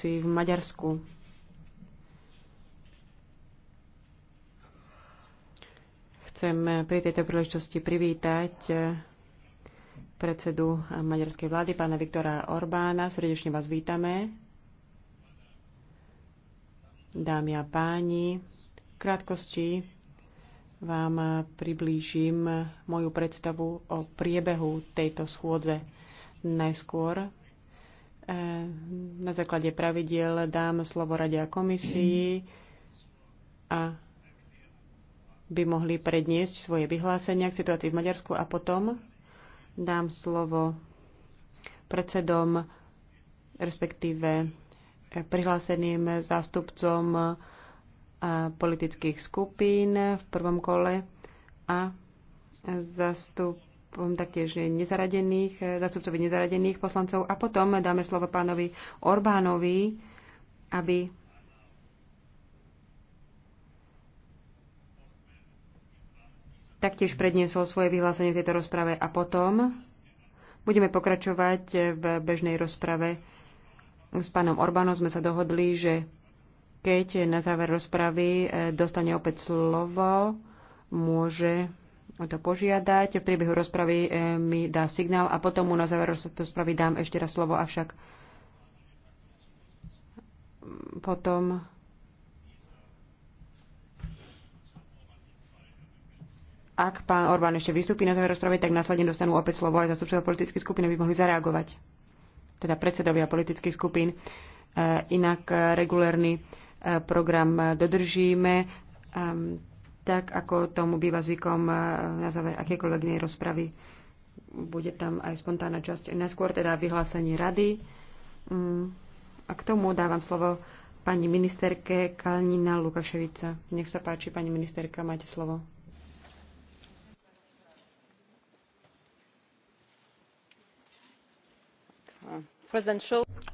korupcii v Maďarsku. Chcem pri tejto príležitosti privítať predsedu maďarskej vlády, pána Viktora Orbána. Srdečne vás vítame. Dámy a páni, v krátkosti vám priblížim moju predstavu o priebehu tejto schôdze. Najskôr Eh, na základe pravidiel dám slovo Rade a komisii a by mohli predniesť svoje vyhlásenia k situácii v Maďarsku a potom dám slovo predsedom, respektíve eh, prihláseným zástupcom eh, politických skupín v prvom kole a zastup Mm, taktiež nezaradených, e, zastupcovi nezaradených poslancov a potom dáme slovo pánovi Orbánovi, aby taktiež predniesol svoje vyhlásenie v tejto rozprave a potom budeme pokračovať v bežnej rozprave. S pánom Orbánom sme sa dohodli, že keď na záver rozpravy e, dostane opäť slovo, môže o to požiadať. V priebehu rozpravy e, mi dá signál a potom mu na záver rozpravy dám ešte raz slovo, avšak potom ak pán Orbán ešte vystúpi na záver rozpravy, tak následne dostanú opäť slovo aj zastupcovia politických skupín, aby mohli zareagovať. Teda predsedovia politických skupín. E, inak regulérny e, program dodržíme. Ehm, tak ako tomu býva zvykom e, na záver akékoľvek inej rozpravy. Bude tam aj spontánna časť. Najskôr teda vyhlásenie rady. Mm, a k tomu dávam slovo pani ministerke Kalnina Lukaševica. Nech sa páči, pani ministerka, máte slovo.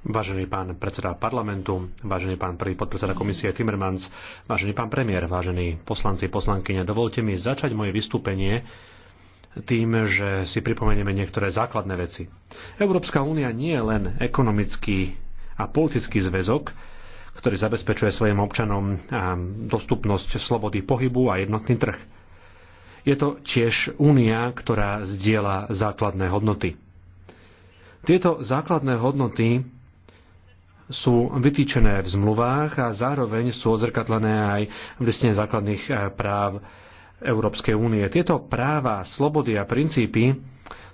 Vážený pán predseda parlamentu, vážený pán prvý podpredseda komisie Timmermans, vážený pán premiér, vážení poslanci, poslankyne, dovolte mi začať moje vystúpenie tým, že si pripomenieme niektoré základné veci. Európska únia nie je len ekonomický a politický zväzok, ktorý zabezpečuje svojim občanom dostupnosť slobody pohybu a jednotný trh. Je to tiež únia, ktorá zdieľa základné hodnoty. Tieto základné hodnoty sú vytýčené v zmluvách a zároveň sú odzrkadlené aj v listine základných eh, práv Európskej únie. Tieto práva, slobody a princípy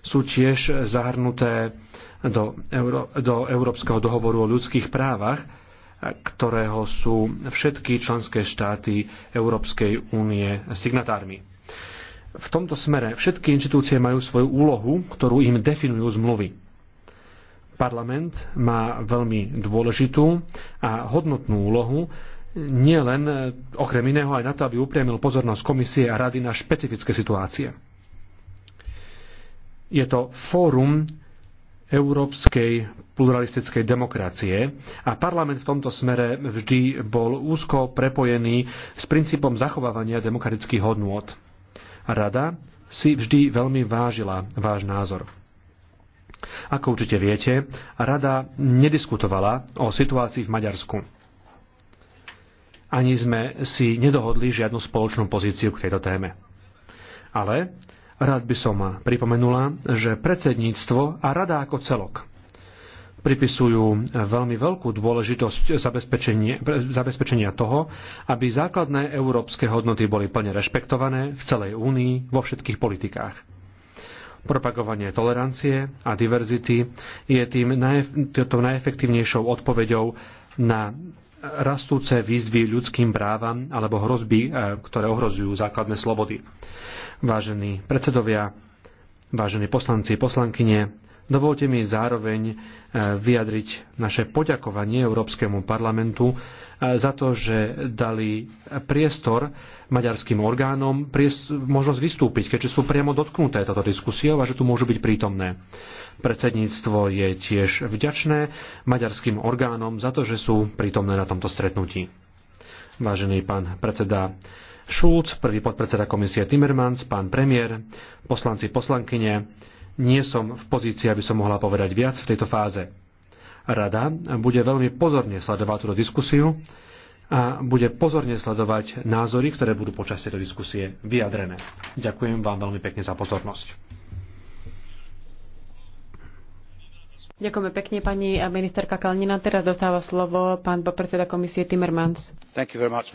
sú tiež zahrnuté do, Euró- do Európskeho dohovoru o ľudských právach, ktorého sú všetky členské štáty Európskej únie signatármi. V tomto smere všetky inštitúcie majú svoju úlohu, ktorú im definujú zmluvy. Parlament má veľmi dôležitú a hodnotnú úlohu, nielen e, okrem iného aj na to, aby upriamil pozornosť komisie a rady na špecifické situácie. Je to fórum európskej pluralistickej demokracie a parlament v tomto smere vždy bol úzko prepojený s princípom zachovávania demokratických hodnôt. Rada si vždy veľmi vážila váš názor. Ako určite viete, rada nediskutovala o situácii v Maďarsku. Ani sme si nedohodli žiadnu spoločnú pozíciu k tejto téme. Ale rád by som pripomenula, že predsedníctvo a rada ako celok pripisujú veľmi veľkú dôležitosť zabezpečenia, zabezpečenia toho, aby základné európske hodnoty boli plne rešpektované v celej únii vo všetkých politikách. Propagovanie tolerancie a diverzity je tým najefektívnejšou odpoveďou na rastúce výzvy ľudským právam alebo hrozby, e, ktoré ohrozujú základné slobody. Vážení predsedovia, vážení poslanci, poslankyne, Dovolte mi zároveň e, vyjadriť naše poďakovanie Európskemu parlamentu e, za to, že dali priestor maďarským orgánom možnosť vystúpiť, keďže sú priamo dotknuté toto diskusiou a že tu môžu byť prítomné. Predsedníctvo je tiež vďačné maďarským orgánom za to, že sú prítomné na tomto stretnutí. Vážený pán predseda Šulc, prvý podpredseda komisie Timmermans, pán premiér, poslanci, poslankyne, nie som v pozícii, aby som mohla povedať viac v tejto fáze. Rada bude veľmi pozorne sledovať túto diskusiu a bude pozorne sledovať názory, ktoré budú počas tejto diskusie vyjadrené. Ďakujem vám veľmi pekne za pozornosť. Ďakujeme pekne, pani ministerka Kalnina. Teraz dostáva slovo pán podpredseda komisie Timmermans. Much,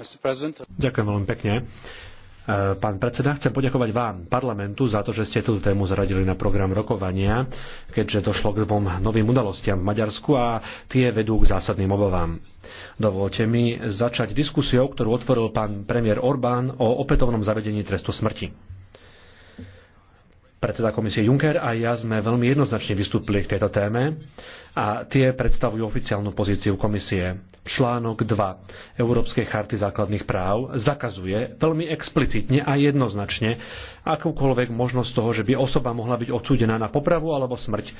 Ďakujem veľmi pekne. E, pán predseda, chcem poďakovať vám, parlamentu, za to, že ste túto tému zaradili na program rokovania, keďže došlo k dvom novým udalostiam v Maďarsku a tie vedú k zásadným obavám. Dovolte mi začať diskusiou, ktorú otvoril pán premiér Orbán o opätovnom zavedení trestu smrti. Predseda komisie Juncker a ja sme veľmi jednoznačne vystúpili k tejto téme a tie predstavujú oficiálnu pozíciu komisie článok 2 Európskej charty základných práv zakazuje veľmi explicitne a jednoznačne akúkoľvek možnosť toho, že by osoba mohla byť odsúdená na popravu alebo smrť.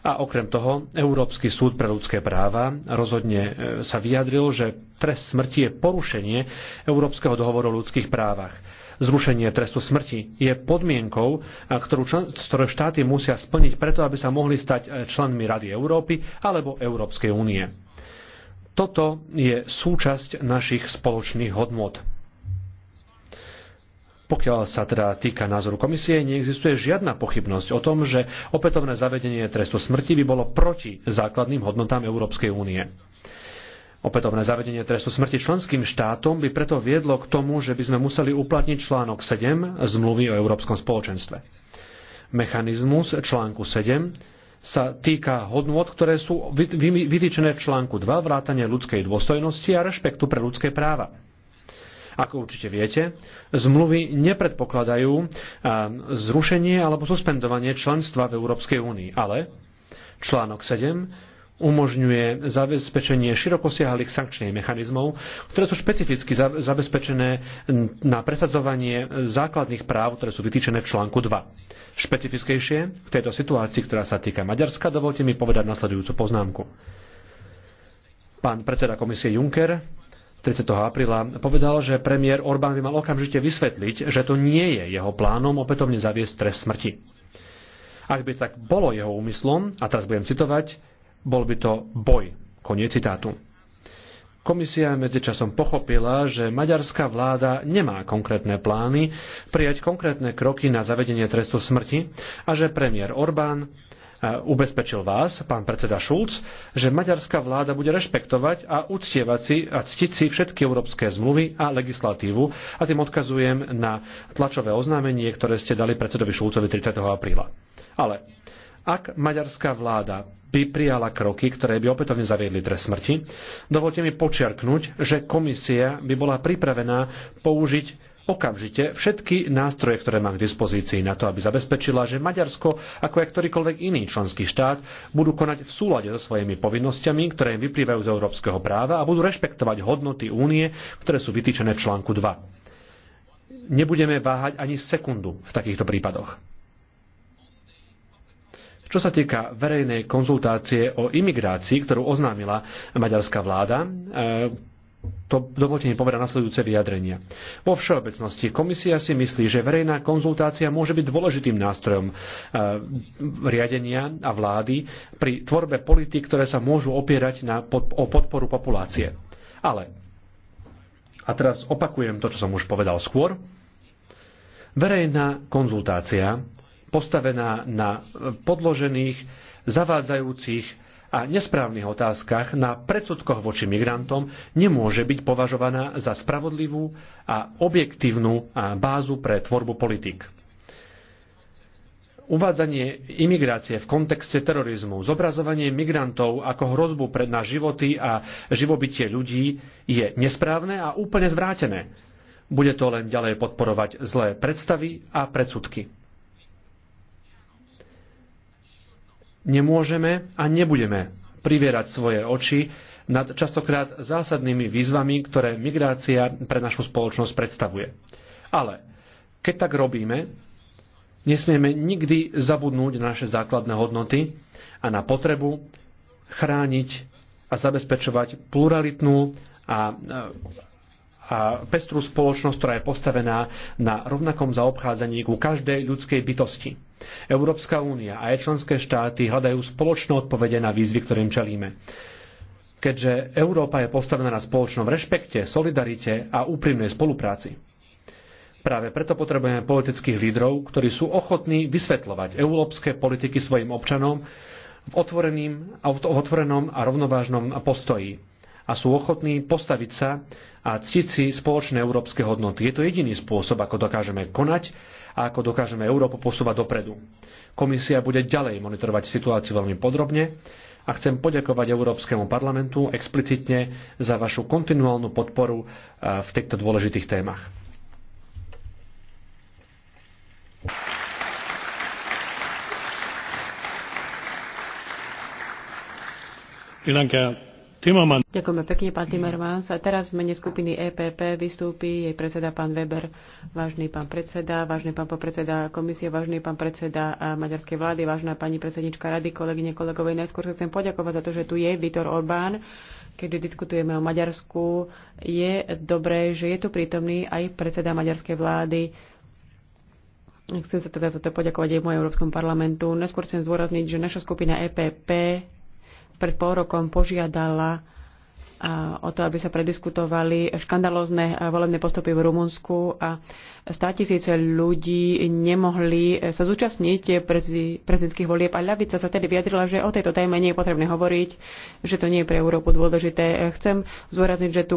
A okrem toho, Európsky súd pre ľudské práva rozhodne e, sa vyjadril, že trest smrti je porušenie Európskeho dohovoru o ľudských právach. Zrušenie trestu smrti je podmienkou, ktorú čl- ktoré štáty musia splniť preto, aby sa mohli stať e, členmi Rady Európy alebo Európskej únie. Toto je súčasť našich spoločných hodnot. Pokiaľ sa teda týka názoru komisie, neexistuje žiadna pochybnosť o tom, že opätovné zavedenie trestu smrti by bolo proti základným hodnotám Európskej únie. Opätovné zavedenie trestu smrti členským štátom by preto viedlo k tomu, že by sme museli uplatniť článok 7 zmluvy o Európskom spoločenstve. Mechanizmus článku 7 sa týka hodnôt, ktoré sú vytýčené v článku 2 vrátanie ľudskej dôstojnosti a rešpektu pre ľudské práva. Ako určite viete, zmluvy nepredpokladajú zrušenie alebo suspendovanie členstva v Európskej únii, ale článok 7 umožňuje zabezpečenie širokosiahlých sankčných mechanizmov, ktoré sú špecificky zabezpečené na presadzovanie základných práv, ktoré sú vytýčené v článku 2. Špecifickejšie v tejto situácii, ktorá sa týka Maďarska, dovolte mi povedať nasledujúcu poznámku. Pán predseda komisie Juncker 30. apríla povedal, že premiér Orbán by mal okamžite vysvetliť, že to nie je jeho plánom opätovne zaviesť trest smrti. Ak by tak bolo jeho úmyslom, a teraz budem citovať, bol by to boj. Koniec citátu. Komisia medzičasom pochopila, že maďarská vláda nemá konkrétne plány prijať konkrétne kroky na zavedenie trestu smrti a že premiér Orbán e, ubezpečil vás, pán predseda Šulc, že maďarská vláda bude rešpektovať a uctievať si a ctiť si všetky európske zmluvy a legislatívu a tým odkazujem na tlačové oznámenie, ktoré ste dali predsedovi Šulcovi 30. apríla. Ale ak maďarská vláda by prijala kroky, ktoré by opätovne zaviedli trest smrti, dovolte mi počiarknúť, že komisia by bola pripravená použiť okamžite všetky nástroje, ktoré má k dispozícii na to, aby zabezpečila, že Maďarsko, ako aj ktorýkoľvek iný členský štát, budú konať v súlade so svojimi povinnosťami, ktoré im vyplývajú z európskeho práva a budú rešpektovať hodnoty únie, ktoré sú vytýčené v článku 2. Nebudeme váhať ani sekundu v takýchto prípadoch. Čo sa týka verejnej konzultácie o imigrácii, ktorú oznámila maďarská vláda, e, to dovolte mi povedať nasledujúce vyjadrenia. Vo všeobecnosti komisia si myslí, že verejná konzultácia môže byť dôležitým nástrojom e, riadenia a vlády pri tvorbe politik, ktoré sa môžu opierať na, o podporu populácie. Ale, a teraz opakujem to, čo som už povedal skôr, verejná konzultácia postavená na podložených, zavádzajúcich a nesprávnych otázkach na predsudkoch voči migrantom nemôže byť považovaná za spravodlivú a objektívnu bázu pre tvorbu politik. Uvádzanie imigrácie v kontexte terorizmu, zobrazovanie migrantov ako hrozbu pre na životy a živobytie ľudí je nesprávne a úplne zvrátené. Bude to len ďalej podporovať zlé predstavy a predsudky. Nemôžeme a nebudeme privierať svoje oči nad častokrát zásadnými výzvami, ktoré migrácia pre našu spoločnosť predstavuje. Ale keď tak robíme, nesmieme nikdy zabudnúť naše základné hodnoty a na potrebu chrániť a zabezpečovať pluralitnú a, a pestrú spoločnosť, ktorá je postavená na rovnakom zaobchádzaní ku každej ľudskej bytosti. Európska únia a jej členské štáty hľadajú spoločné odpovede na výzvy, ktorým čelíme. Keďže Európa je postavená na spoločnom rešpekte, solidarite a úprimnej spolupráci. Práve preto potrebujeme politických lídrov, ktorí sú ochotní vysvetľovať európske politiky svojim občanom v, otvoreným, v otvorenom a rovnovážnom postoji a sú ochotní postaviť sa a ctiť si spoločné európske hodnoty. Je to jediný spôsob, ako dokážeme konať a ako dokážeme Európu posúvať dopredu. Komisia bude ďalej monitorovať situáciu veľmi podrobne a chcem poďakovať Európskemu parlamentu explicitne za vašu kontinuálnu podporu e, v týchto dôležitých témach. Vielen Dank, Herr Timmermans. Ďakujeme pekne, pán Timmermans. A teraz v mene skupiny EPP vystúpi jej predseda pán Weber, vážny pán predseda, vážny pán popredseda komisie, vážny pán predseda maďarskej vlády, vážna pani predsednička rady, kolegyne, kolegovej. Najskôr sa chcem poďakovať za to, že tu je Viktor Orbán. keď diskutujeme o Maďarsku, je dobré, že je tu prítomný aj predseda maďarskej vlády. Chcem sa teda za to poďakovať aj v mojom Európskom parlamentu. Neskôr chcem zdôrazniť, že naša skupina EPP pred pol rokom požiadala o to, aby sa prediskutovali škandalózne volebné postupy v Rumunsku a 100 tisíce ľudí nemohli sa zúčastniť prezidentských volieb a ľavica sa tedy vyjadrila, že o tejto téme nie je potrebné hovoriť, že to nie je pre Európu dôležité. Chcem zúrazniť, že tu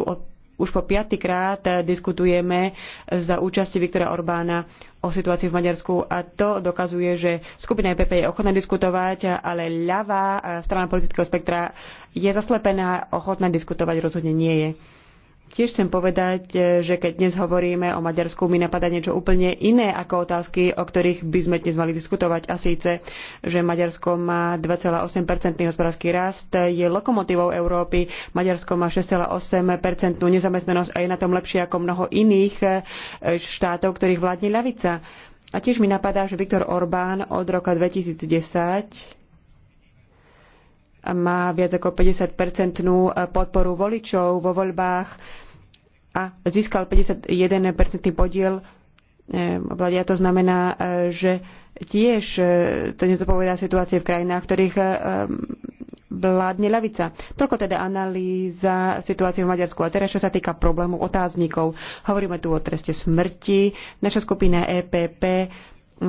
už po piatýkrát eh, diskutujeme eh, za účasti Viktora Orbána o situácii v Maďarsku a to dokazuje, že skupina EPP je ochotná diskutovať, ale ľavá eh, strana politického spektra je zaslepená, ochotná diskutovať rozhodne nie je. Tiež chcem povedať, e, že keď dnes hovoríme o Maďarsku, mi napadá niečo úplne iné ako otázky, o ktorých by sme dnes mali diskutovať. A síce, že Maďarsko má 2,8% hospodársky rast, je lokomotívou Európy, Maďarsko má 6,8% nezamestnanosť a je na tom lepšie ako mnoho iných e, štátov, ktorých vládne ľavica. A tiež mi napadá, že Viktor Orbán od roka 2010 má viac ako 50-percentnú podporu voličov vo voľbách a získal 51% podiel e, vláde. A to znamená, e, že tiež e, to nezopovedá situácie v krajinách, v ktorých vládne ľavica. Toľko teda analýza situácie v Maďarsku. A teraz, čo sa týka problémov otáznikov. Hovoríme tu o treste smrti. Naša skupina EPP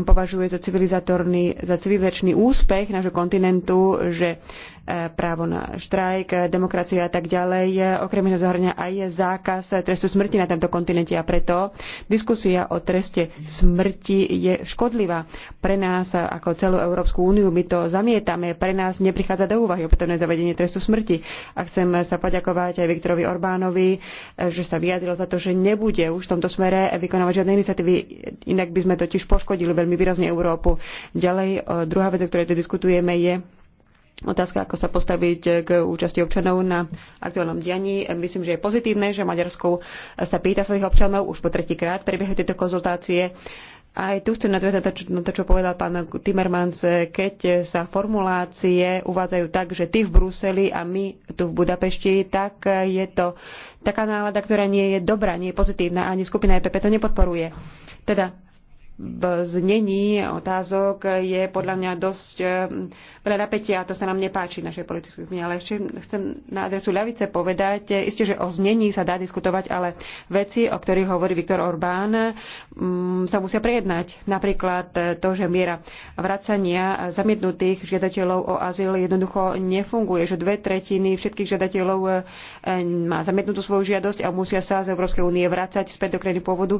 považuje za civilizatorný, za civilizačný úspech nášho kontinentu, že právo na štrajk, demokraciu a tak ďalej. Okrem iného zahrňa aj zákaz trestu smrti na tomto kontinente a preto diskusia o treste smrti je škodlivá. Pre nás ako celú Európsku úniu my to zamietame, pre nás neprichádza do úvahy opätovné zavedenie trestu smrti. A chcem sa poďakovať aj Viktorovi Orbánovi, že sa vyjadril za to, že nebude už v tomto smere vykonávať žiadne iniciatívy, inak by sme totiž poškodili veľmi výrazne Európu. Ďalej, druhá vec, o ktorej tu diskutujeme, je Otázka, ako sa postaviť k účasti občanov na aktuálnom dianí. Myslím, že je pozitívne, že Maďarsko sa pýta svojich občanov už po tretíkrát prebiehajú tieto konzultácie. Aj tu chcem nadviazať na to, čo povedal pán Timmermans, keď sa formulácie uvádzajú tak, že ty v Bruseli a my tu v Budapešti, tak je to taká nálada, ktorá nie je dobrá, nie je pozitívna, ani skupina EPP to nepodporuje. Teda v znení otázok je podľa mňa dosť eh, veľa napätia a to sa nám nepáči v našej politickej skupine. Ale ešte chcem na adresu ľavice povedať, eh, isté, že o znení sa dá diskutovať, ale veci, o ktorých hovorí Viktor Orbán, mm, sa musia prejednať. Napríklad eh, to, že miera vracania zamietnutých žiadateľov o azyl jednoducho nefunguje, že dve tretiny všetkých žiadateľov má zamietnutú svoju žiadosť a musia sa z Európskej únie vrácať späť do krajiny pôvodu.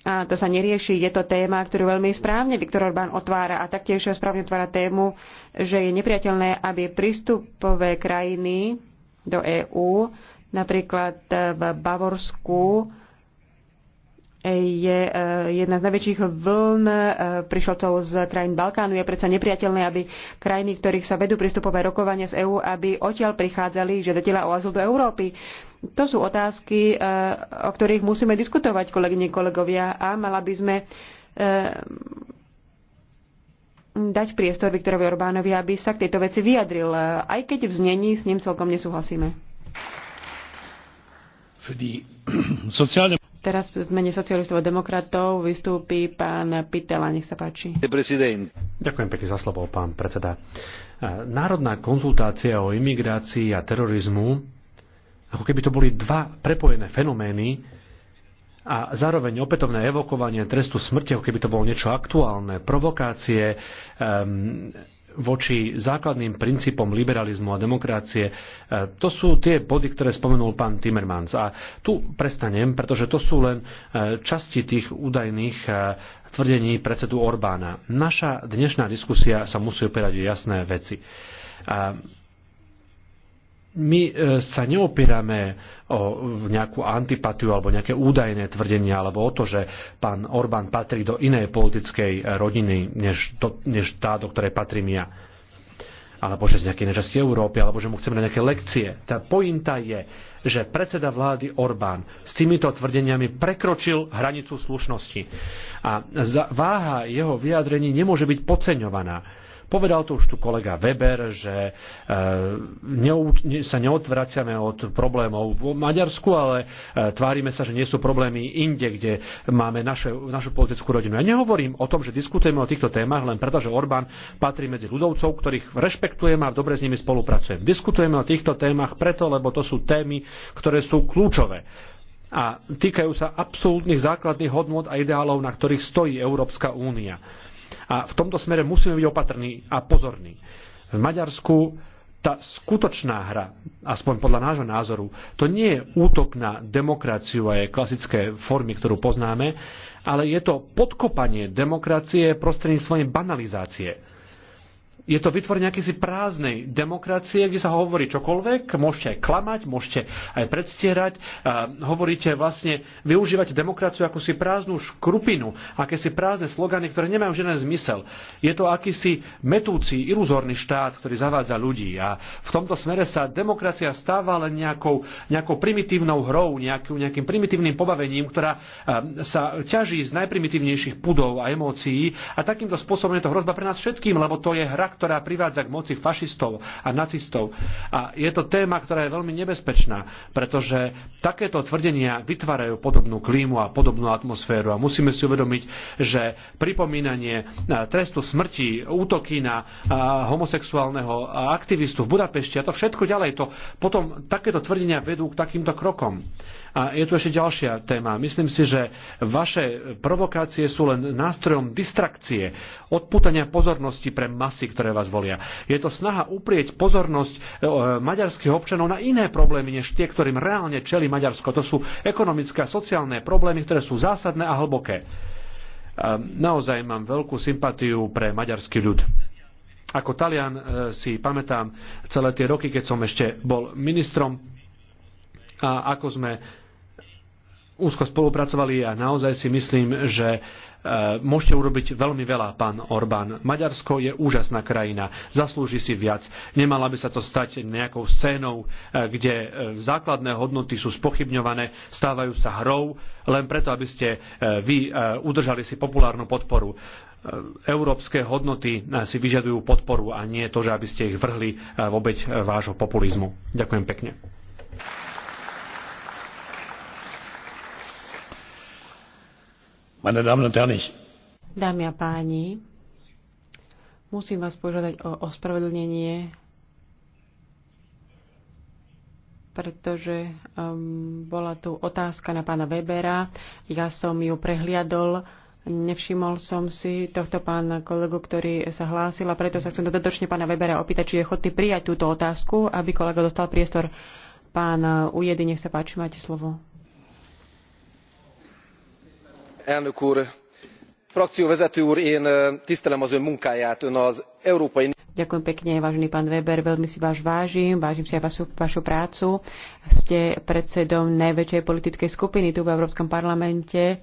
A to sa nerieši. Je to téma, ktorú veľmi správne Viktor Orbán otvára a taktiež správne otvára tému, že je nepriateľné, aby prístupové krajiny do EÚ, napríklad v Bavorsku, je e, jedna z najväčších vln e, prišlcov z krajín Balkánu. Je predsa nepriateľné, aby krajiny, ktorých sa vedú prístupové rokovania z EÚ, aby odtiaľ prichádzali žiadatelia o azyl do Európy. To sú otázky, e, o ktorých musíme diskutovať, kolegyne, kolegovia, a mala by sme dať priestor Viktorovi Orbánovi, aby sa k tejto veci vyjadril, aj keď v znení s ním celkom nesúhlasíme. Für die Teraz v mene socialistov a demokratov vystúpi pán Pitela. Nech sa páči. Ďakujem pekne za slovo, pán predseda. Národná konzultácia o imigrácii a terorizmu, ako keby to boli dva prepojené fenomény, a zároveň opätovné evokovanie trestu smrti, ako keby to bolo niečo aktuálne, provokácie, um, voči základným princípom liberalizmu a demokracie. E, to sú tie body, ktoré spomenul pán Timmermans. A tu prestanem, pretože to sú len e, časti tých údajných e, tvrdení predsedu Orbána. Naša dnešná diskusia sa musí opierať o jasné veci my e, sa neopierame o nejakú antipatiu alebo nejaké údajné tvrdenia alebo o to, že pán Orbán patrí do inej politickej rodiny, než, to, než tá, do ktorej patrím ja. Alebo že z nejakej nežasti Európy, alebo že mu chceme na nejaké lekcie. Tá pointa je, že predseda vlády Orbán s týmito tvrdeniami prekročil hranicu slušnosti. A váha jeho vyjadrení nemôže byť podceňovaná Povedal to už tu kolega Weber, že e, sa neodvraciame od problémov v Maďarsku, ale e, tvárime sa, že nie sú problémy inde, kde máme naše, našu politickú rodinu. Ja nehovorím o tom, že diskutujeme o týchto témach len preto, že Orbán patrí medzi ľudovcov, ktorých rešpektujem a dobre s nimi spolupracujem. Diskutujeme o týchto témach preto, lebo to sú témy, ktoré sú kľúčové a týkajú sa absolútnych základných hodnot a ideálov, na ktorých stojí Európska únia. A v tomto smere musíme byť opatrní a pozorní. V Maďarsku tá skutočná hra, aspoň podľa nášho názoru, to nie je útok na demokraciu a jej klasické formy, ktorú poznáme, ale je to podkopanie demokracie prostredníctvom banalizácie je to vytvorenie akýsi prázdnej demokracie, kde sa hovorí čokoľvek, môžete aj klamať, môžete aj predstierať, hovoríte vlastne, využívate demokraciu ako si prázdnu škrupinu, akési prázdne slogany, ktoré nemajú žiaden zmysel. Je to akýsi metúci, iluzórny štát, ktorý zavádza ľudí a v tomto smere sa demokracia stáva len nejakou, nejakou primitívnou hrou, nejakým, nejakým primitívnym pobavením, ktorá sa ťaží z najprimitívnejších pudov a emócií a takýmto spôsobom je to hrozba pre nás všetkým, lebo to je hra, ktorá privádza k moci fašistov a nacistov. A je to téma, ktorá je veľmi nebezpečná, pretože takéto tvrdenia vytvárajú podobnú klímu a podobnú atmosféru. A musíme si uvedomiť, že pripomínanie trestu smrti, útoky na homosexuálneho aktivistu v Budapešti a to všetko ďalej, to potom takéto tvrdenia vedú k takýmto krokom. A je tu ešte ďalšia téma. Myslím si, že vaše provokácie sú len nástrojom distrakcie, odputania pozornosti pre masy, ktoré vás volia. Je to snaha uprieť pozornosť e, maďarských občanov na iné problémy, než tie, ktorým reálne čeli Maďarsko. To sú ekonomické a sociálne problémy, ktoré sú zásadné a hlboké. E, naozaj mám veľkú sympatiu pre maďarský ľud. Ako Talian e, si pamätám celé tie roky, keď som ešte bol ministrom a ako sme úzko spolupracovali a naozaj si myslím, že e, môžete urobiť veľmi veľa, pán Orbán. Maďarsko je úžasná krajina, zaslúži si viac. Nemala by sa to stať nejakou scénou, e, kde e, základné hodnoty sú spochybňované, stávajú sa hrou, len preto, aby ste vy udržali si populárnu podporu. Európske hodnoty si vyžadujú podporu a nie to, že aby ste ich vrhli v obeď vášho populizmu. Ďakujem pekne. Dámy a páni, musím vás požiadať o ospravedlnenie, pretože um, bola tu otázka na pána Webera. Ja som ju prehliadol. Nevšimol som si tohto pána kolegu, ktorý sa hlásil a preto sa chcem dodatočne pána Webera opýtať, či je chodný prijať túto otázku, aby kolega dostal priestor. Pán Ujedy, nech sa páči, máte slovo elnök úr frakcióvezető úr én tisztelem az ön munkáját ön az európai. Ďakujem pekne, vážený pán Weber, veľmi si vás vážim, vážim si aj vašu, vašu prácu. Ste predsedom najväčšej politickej skupiny tu v Európskom parlamente. E,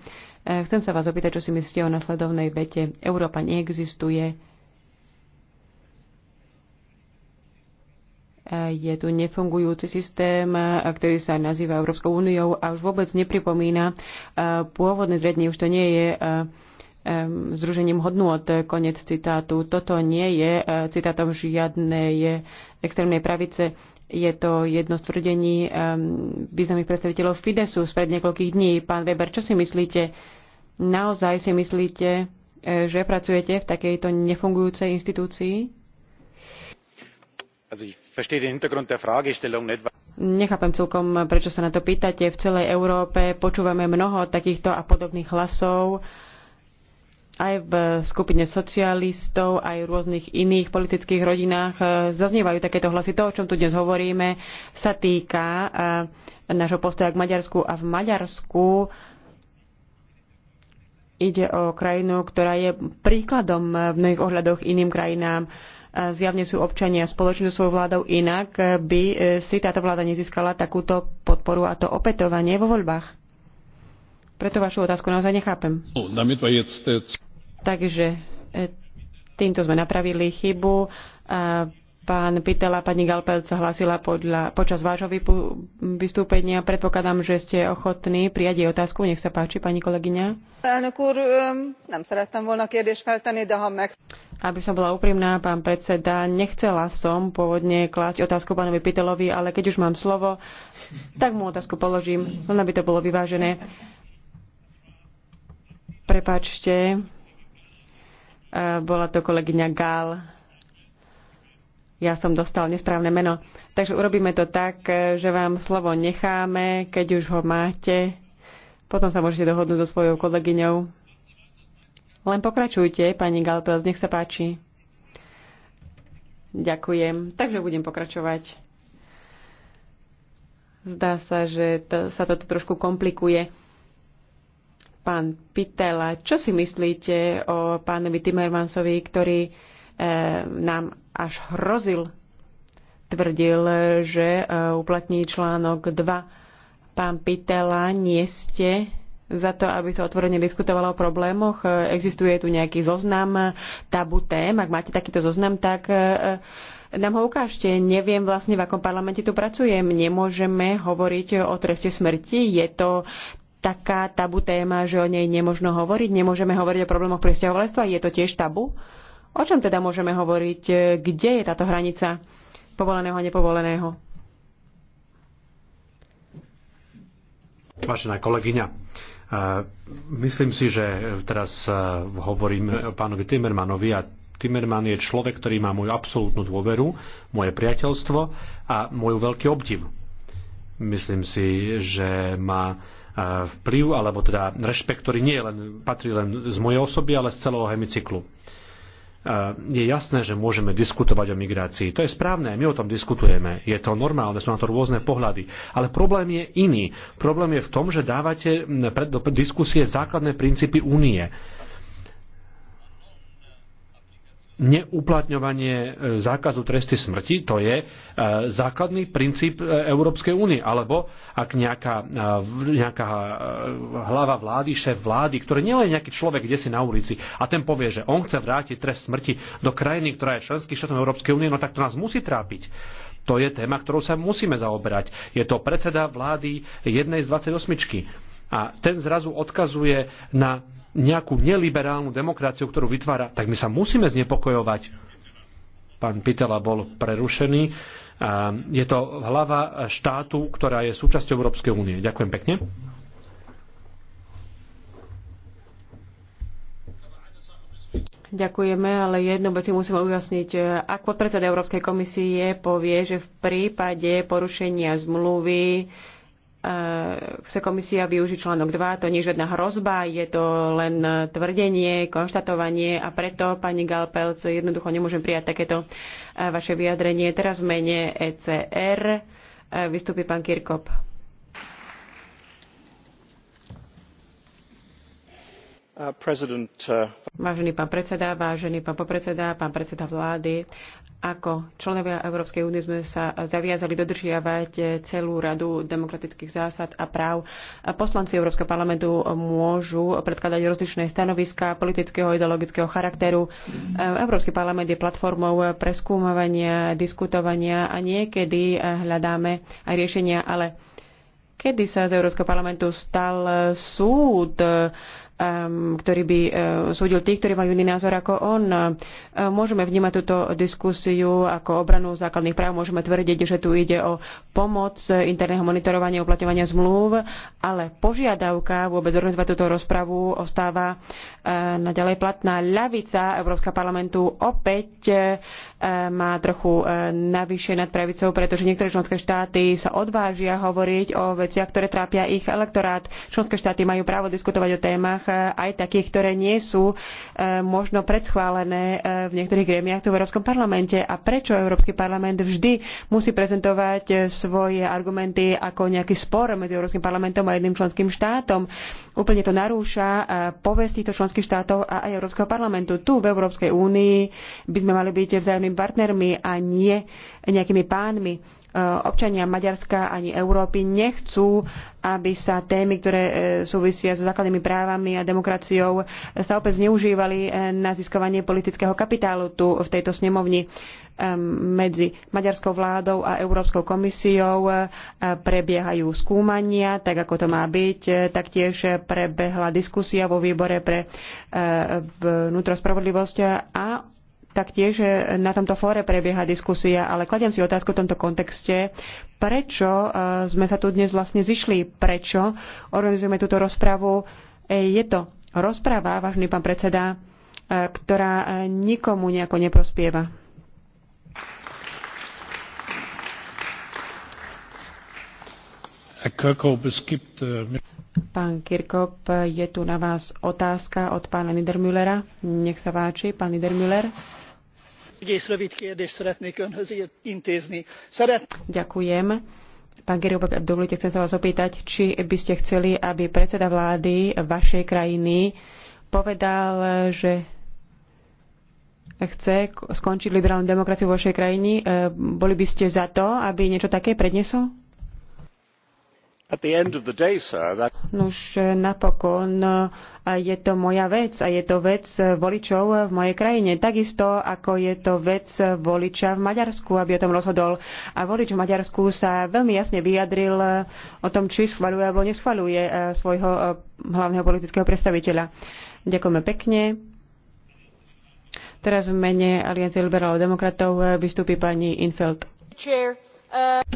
chcem sa vás opýtať, čo si myslíte o nasledovnej vete. Európa neexistuje Je tu nefungujúci systém, ktorý sa nazýva Európskou úniou a už vôbec nepripomína pôvodné zriadenie. Už to nie je združením hodnôt, konec citátu. Toto nie je citátom žiadnej extrémnej pravice. Je to jedno z tvrdení významných predstaviteľov Fidesu spred niekoľkých dní. Pán Weber, čo si myslíte? Naozaj si myslíte, e, že pracujete v takejto nefungujúcej inštitúcii? nechápem celkom prečo sa na to pýtate. v celej európe počúvame mnoho takýchto a podobných hlasov aj v skupine socialistov aj v rôznych iných politických rodinách e, zaznievajú takéto hlasy. to o čom tu dnes hovoríme sa týka e, nášho postoja k maďarsku a v maďarsku ide o krajinu ktorá je príkladom v mnohých ohľadoch iným krajinám zjavne sú občania spoločne so svojou vládou, inak by e, si táto vláda nezískala takúto podporu a to opätovanie vo voľbách. Preto vašu otázku naozaj nechápem. No, Takže e, týmto sme napravili chybu. Pán Pitela, pani Galpel sa hlásila podľa, počas vášho vypu, vystúpenia. Predpokladám, že ste ochotní prijať jej otázku. Nech sa páči, pani kolegyňa. Aby som bola úprimná, pán predseda, nechcela som pôvodne klásť otázku pánovi Pitelovi, ale keď už mám slovo, tak mu otázku položím, len aby to bolo vyvážené. Prepačte, e, bola to kolegyňa Gál ja som dostal nesprávne meno. Takže urobíme to tak, že vám slovo necháme, keď už ho máte. Potom sa môžete dohodnúť so svojou kolegyňou. Len pokračujte, pani Galpels, nech sa páči. Ďakujem. Takže budem pokračovať. Zdá sa, že to, sa toto trošku komplikuje. Pán Pitela, čo si myslíte o pánovi Timmermansovi, ktorý e, nám až hrozil. Tvrdil, že e, uplatní článok 2. Pán Pitela, nie ste za to, aby sa otvorene diskutovalo o problémoch. E, existuje tu nejaký zoznam e, tabu tém. Ak máte takýto zoznam, tak nám ho ukážte. Neviem vlastne, v akom parlamente tu pracujem. Nemôžeme hovoriť o treste smrti. Je to taká tabu téma, že o nej nemožno hovoriť. Nemôžeme hovoriť o problémoch presťahovalectva. Je to tiež tabu? O čom teda môžeme hovoriť? E, kde je táto hranica povoleného a nepovoleného? Vážená kolegyňa, e, myslím si, že teraz e, hovorím pánovi Timmermanovi a Timerman je človek, ktorý má moju absolútnu dôveru, moje priateľstvo a môj veľký obdiv. Myslím si, že má vplyv, alebo teda rešpekt, ktorý nie len, patrí len z mojej osoby, ale z celého hemicyklu je jasné, že môžeme diskutovať o migrácii. To je správne, my o tom diskutujeme. Je to normálne, sú na to rôzne pohľady. Ale problém je iný. Problém je v tom, že dávate do diskusie základné princípy únie neuplatňovanie e, zákazu tresty smrti, to je e, základný princíp e, Európskej únie. Alebo ak nejaká, nejaká hlava vlády, šéf vlády, ktorý nie je nejaký človek, kde si na ulici, a ten povie, že on chce vrátiť trest smrti do krajiny, ktorá je členský štátom Európskej únie, no tak to nás musí trápiť. To je téma, ktorou sa musíme zaoberať. Je to predseda vlády jednej z 28. A ten zrazu odkazuje na nejakú neliberálnu demokraciu, ktorú vytvára, tak my sa musíme znepokojovať. Pán Pitela bol prerušený. Je to hlava štátu, ktorá je súčasťou Európskej únie. Ďakujem pekne. Ďakujeme, ale jednu vec si musíme ujasniť. Ak podpredseda Európskej komisie povie, že v prípade porušenia zmluvy E, chce komisia využiť článok 2, to nie je žiadna hrozba, je to len tvrdenie, konštatovanie a preto, pani Galpelc, jednoducho nemôžem prijať takéto e, vaše vyjadrenie. Teraz v mene ECR e, vystúpi pán Kirkop. Uh, uh, vážený pán predseda, vážený pán popredseda, pán predseda vlády, ako členovia Európskej únie sme sa zaviazali dodržiavať celú radu demokratických zásad a práv. Poslanci Európskeho parlamentu môžu predkladať rozličné stanoviska politického a ideologického charakteru. Európsky parlament je platformou preskúmovania, diskutovania a niekedy hľadáme aj riešenia, ale kedy sa z Európskeho parlamentu stal súd ktorý by e, súdil tých, ktorí majú iný názor ako on. E, môžeme vnímať túto diskusiu ako obranu základných práv, môžeme tvrdiť, že tu ide o pomoc interného monitorovania, a uplatňovania zmluv, ale požiadavka vôbec organizovať túto rozpravu ostáva naďalej platná. Ľavica Európska parlamentu opäť e, má trochu e, navyše nad pravicou, pretože niektoré členské štáty sa odvážia hovoriť o veciach, ktoré trápia ich elektorát. Členské štáty majú právo diskutovať o témach e, aj takých, ktoré nie sú možno predschválené v niektorých gremiách tu v Európskom parlamente. A prečo Európsky parlament vždy musí prezentovať svoje argumenty ako nejaký spor medzi Európskym parlamentom a jedným členským štátom? Úplne to narúša povesť týchto členských členských štátov a aj Európskeho parlamentu. Tu v Európskej únii by sme mali byť vzájomnými partnermi a nie nejakými pánmi. E, občania Maďarska ani Európy nechcú, aby sa témy, ktoré e, súvisia so základnými právami a demokraciou, e, sa opäť zneužívali na získovanie politického kapitálu tu v tejto snemovni medzi maďarskou vládou a Európskou komisiou eh, prebiehajú skúmania, tak ako to má byť. Eh, taktiež prebehla diskusia vo výbore pre eh, vnútro spravodlivosť a taktiež na tomto fóre prebieha diskusia, ale kladiem si otázku v tomto kontexte, prečo sme sa tu dnes vlastne zišli, prečo organizujeme túto rozpravu. Je to rozprava, vážny pán predseda, ktorá nikomu nejako neprospieva. Äh, pán Kirkop, je tu na vás otázka od pána Niedermüllera. Nech sa váči, pán Niedermüller. Ďakujem. Pán Kirkop, dovolite, chcem sa vás opýtať, či by ste chceli, aby predseda vlády vašej krajiny povedal, že chce skončiť liberálnu demokraciu vo vašej krajine. Boli by ste za to, aby niečo také prednesol? Nuž napokon je to moja vec a je to vec voličov v mojej krajine. Takisto ako je to vec voliča v Maďarsku, aby o tom rozhodol. A volič v Maďarsku sa veľmi jasne vyjadril o tom, či schvaľuje alebo neschvaľuje e, svojho e, hlavného politického predstaviteľa. Ďakujeme pekne. Teraz v mene Aliancie liberálov demokratov e, vystúpi pani Infeld. Chair.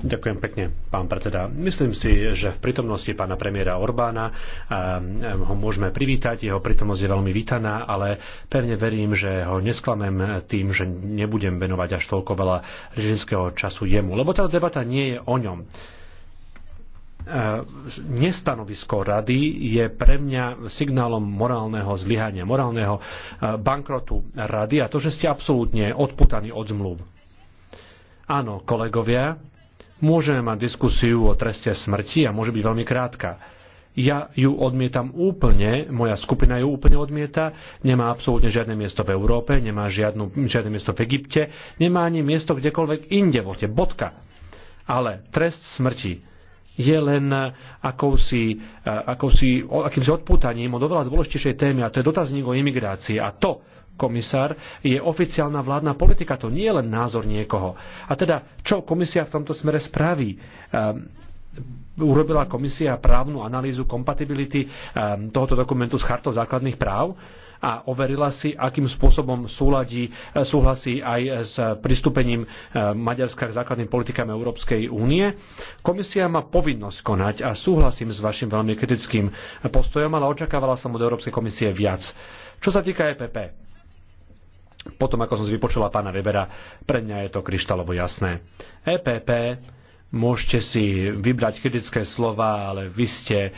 Ďakujem pekne, pán predseda. Myslím si, že v prítomnosti pána premiéra Orbána ehm, ho môžeme privítať. Jeho prítomnosť je veľmi vítaná, ale pevne verím, že ho nesklamem tým, že nebudem venovať až toľko veľa režimského času jemu. Lebo tá debata nie je o ňom ehm, nestanovisko rady je pre mňa signálom morálneho zlyhania, morálneho ehm, bankrotu rady a to, že ste absolútne odputaní od zmluv. Áno, kolegovia, môžeme mať diskusiu o treste smrti a môže byť veľmi krátka. Ja ju odmietam úplne, moja skupina ju úplne odmieta, nemá absolútne žiadne miesto v Európe, nemá žiadnu, žiadne miesto v Egypte, nemá ani miesto kdekoľvek inde vo bodka. Ale trest smrti je len akousi, akousi, akýmsi odputaním od oveľa dôležitejšej témy, a to je dotazník o imigrácii. A to, komisár, je oficiálna vládna politika. To nie je len názor niekoho. A teda, čo komisia v tomto smere spraví? Ehm, urobila komisia právnu analýzu kompatibility ehm, tohoto dokumentu s chartou základných práv? a overila si, akým spôsobom súladí, e, súhlasí aj s pristúpením e, Maďarska k základným politikám Európskej únie. Komisia má povinnosť konať a súhlasím s vašim veľmi kritickým postojom, ale očakávala som od Európskej komisie viac. Čo sa týka EPP, potom, ako som si vypočula pána Webera, pre mňa je to kryštálovo jasné. EPP Môžete si vybrať kritické slova, ale vy ste e,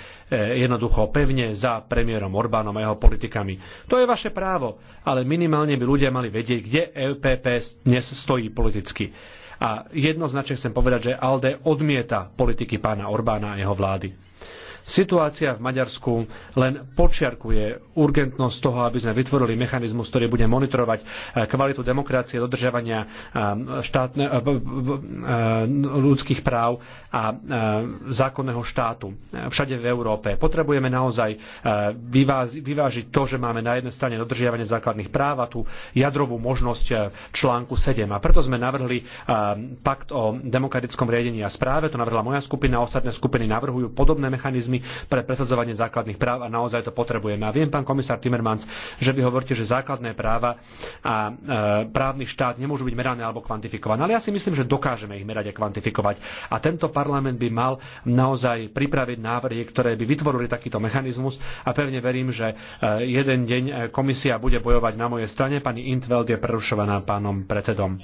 jednoducho pevne za premiérom Orbánom a jeho politikami. To je vaše právo, ale minimálne by ľudia mali vedieť, kde EPP dnes stojí politicky. A jednoznačne chcem povedať, že ALDE odmieta politiky pána Orbána a jeho vlády. Situácia v Maďarsku len počiarkuje urgentnosť toho, aby sme vytvorili mechanizmus, ktorý bude monitorovať e, kvalitu demokracie, dodržiavania e, štátne, e, ľudských práv a zákonného štátu všade v Európe. Potrebujeme naozaj vyvážiť to, že máme na jednej strane dodržiavanie základných práv a tú jadrovú možnosť článku 7. A preto sme navrhli pakt o demokratickom riadení a správe, to navrhla moja skupina, ostatné skupiny navrhujú podobné mechanizmy mechanizmy pre presadzovanie základných práv a naozaj to potrebujeme. A viem, pán komisár Timmermans, že vy hovoríte, že základné práva a e, právny štát nemôžu byť merané alebo kvantifikované. Ale ja si myslím, že dokážeme ich merať a kvantifikovať. A tento parlament by mal naozaj pripraviť návrhy, ktoré by vytvorili takýto mechanizmus a pevne verím, že e, jeden deň e, komisia bude bojovať na mojej strane. Pani Intveld je prerušovaná pánom predsedom.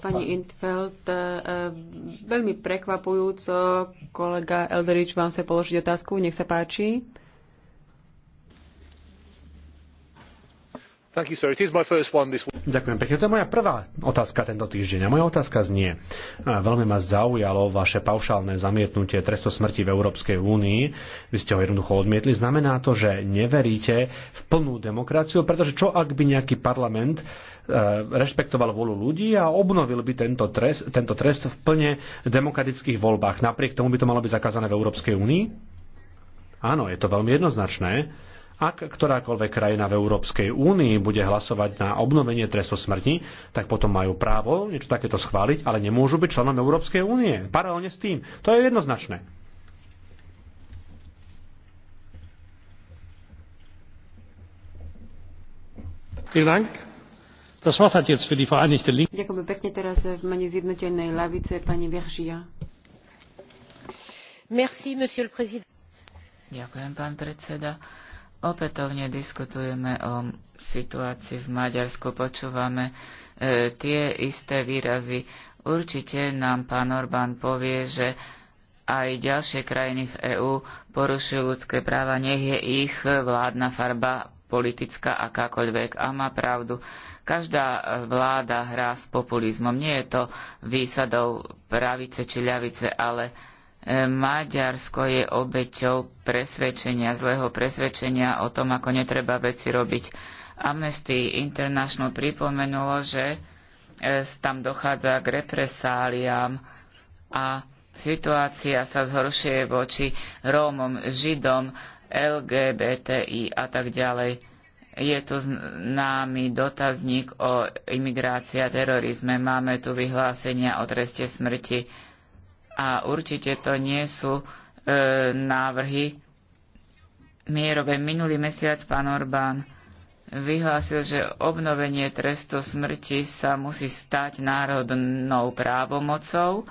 Pani Intfeld, e, e, veľmi prekvapujúco, kolega Elderič vám sa položiť otázku, nech sa páči. Ďakujem pekne. To je moja prvá otázka tento týždeň. A moja otázka znie. Veľmi ma zaujalo vaše paušálne zamietnutie trestu smrti v Európskej únii. Vy ste ho jednoducho odmietli. Znamená to, že neveríte v plnú demokraciu, pretože čo ak by nejaký parlament e, rešpektoval volu ľudí a obnovil by tento trest, tento trest v plne demokratických voľbách. Napriek tomu by to malo byť zakázané v Európskej únii? Áno, je to veľmi jednoznačné ak ktorákoľvek krajina v Európskej únii bude hlasovať na obnovenie trestu smrti, tak potom majú právo niečo takéto schváliť, ale nemôžu byť členom Európskej únie. Paralelne s tým. To je jednoznačné. Ďakujem pekne teraz v mene zjednotenej lavice pani Veržia. Merci, monsieur le président. Ďakujem, pán predseda. Opätovne diskutujeme o situácii v Maďarsku, počúvame e, tie isté výrazy. Určite nám pán Orbán povie, že aj ďalšie krajiny v EÚ porušujú ľudské práva, nech je ich vládna farba politická akákoľvek. A má pravdu. Každá vláda hrá s populizmom. Nie je to výsadou pravice či ľavice, ale Maďarsko je obeťou presvedčenia, zlého presvedčenia o tom, ako netreba veci robiť. Amnesty International pripomenulo, že e, tam dochádza k represáliám a situácia sa zhoršuje voči Rómom, Židom, LGBTI a tak ďalej. Je tu známy dotazník o imigrácii a terorizme. Máme tu vyhlásenia o treste smrti a určite to nie sú e, návrhy mierové. Minulý mesiac pán Orbán vyhlásil, že obnovenie trestu smrti sa musí stať národnou právomocou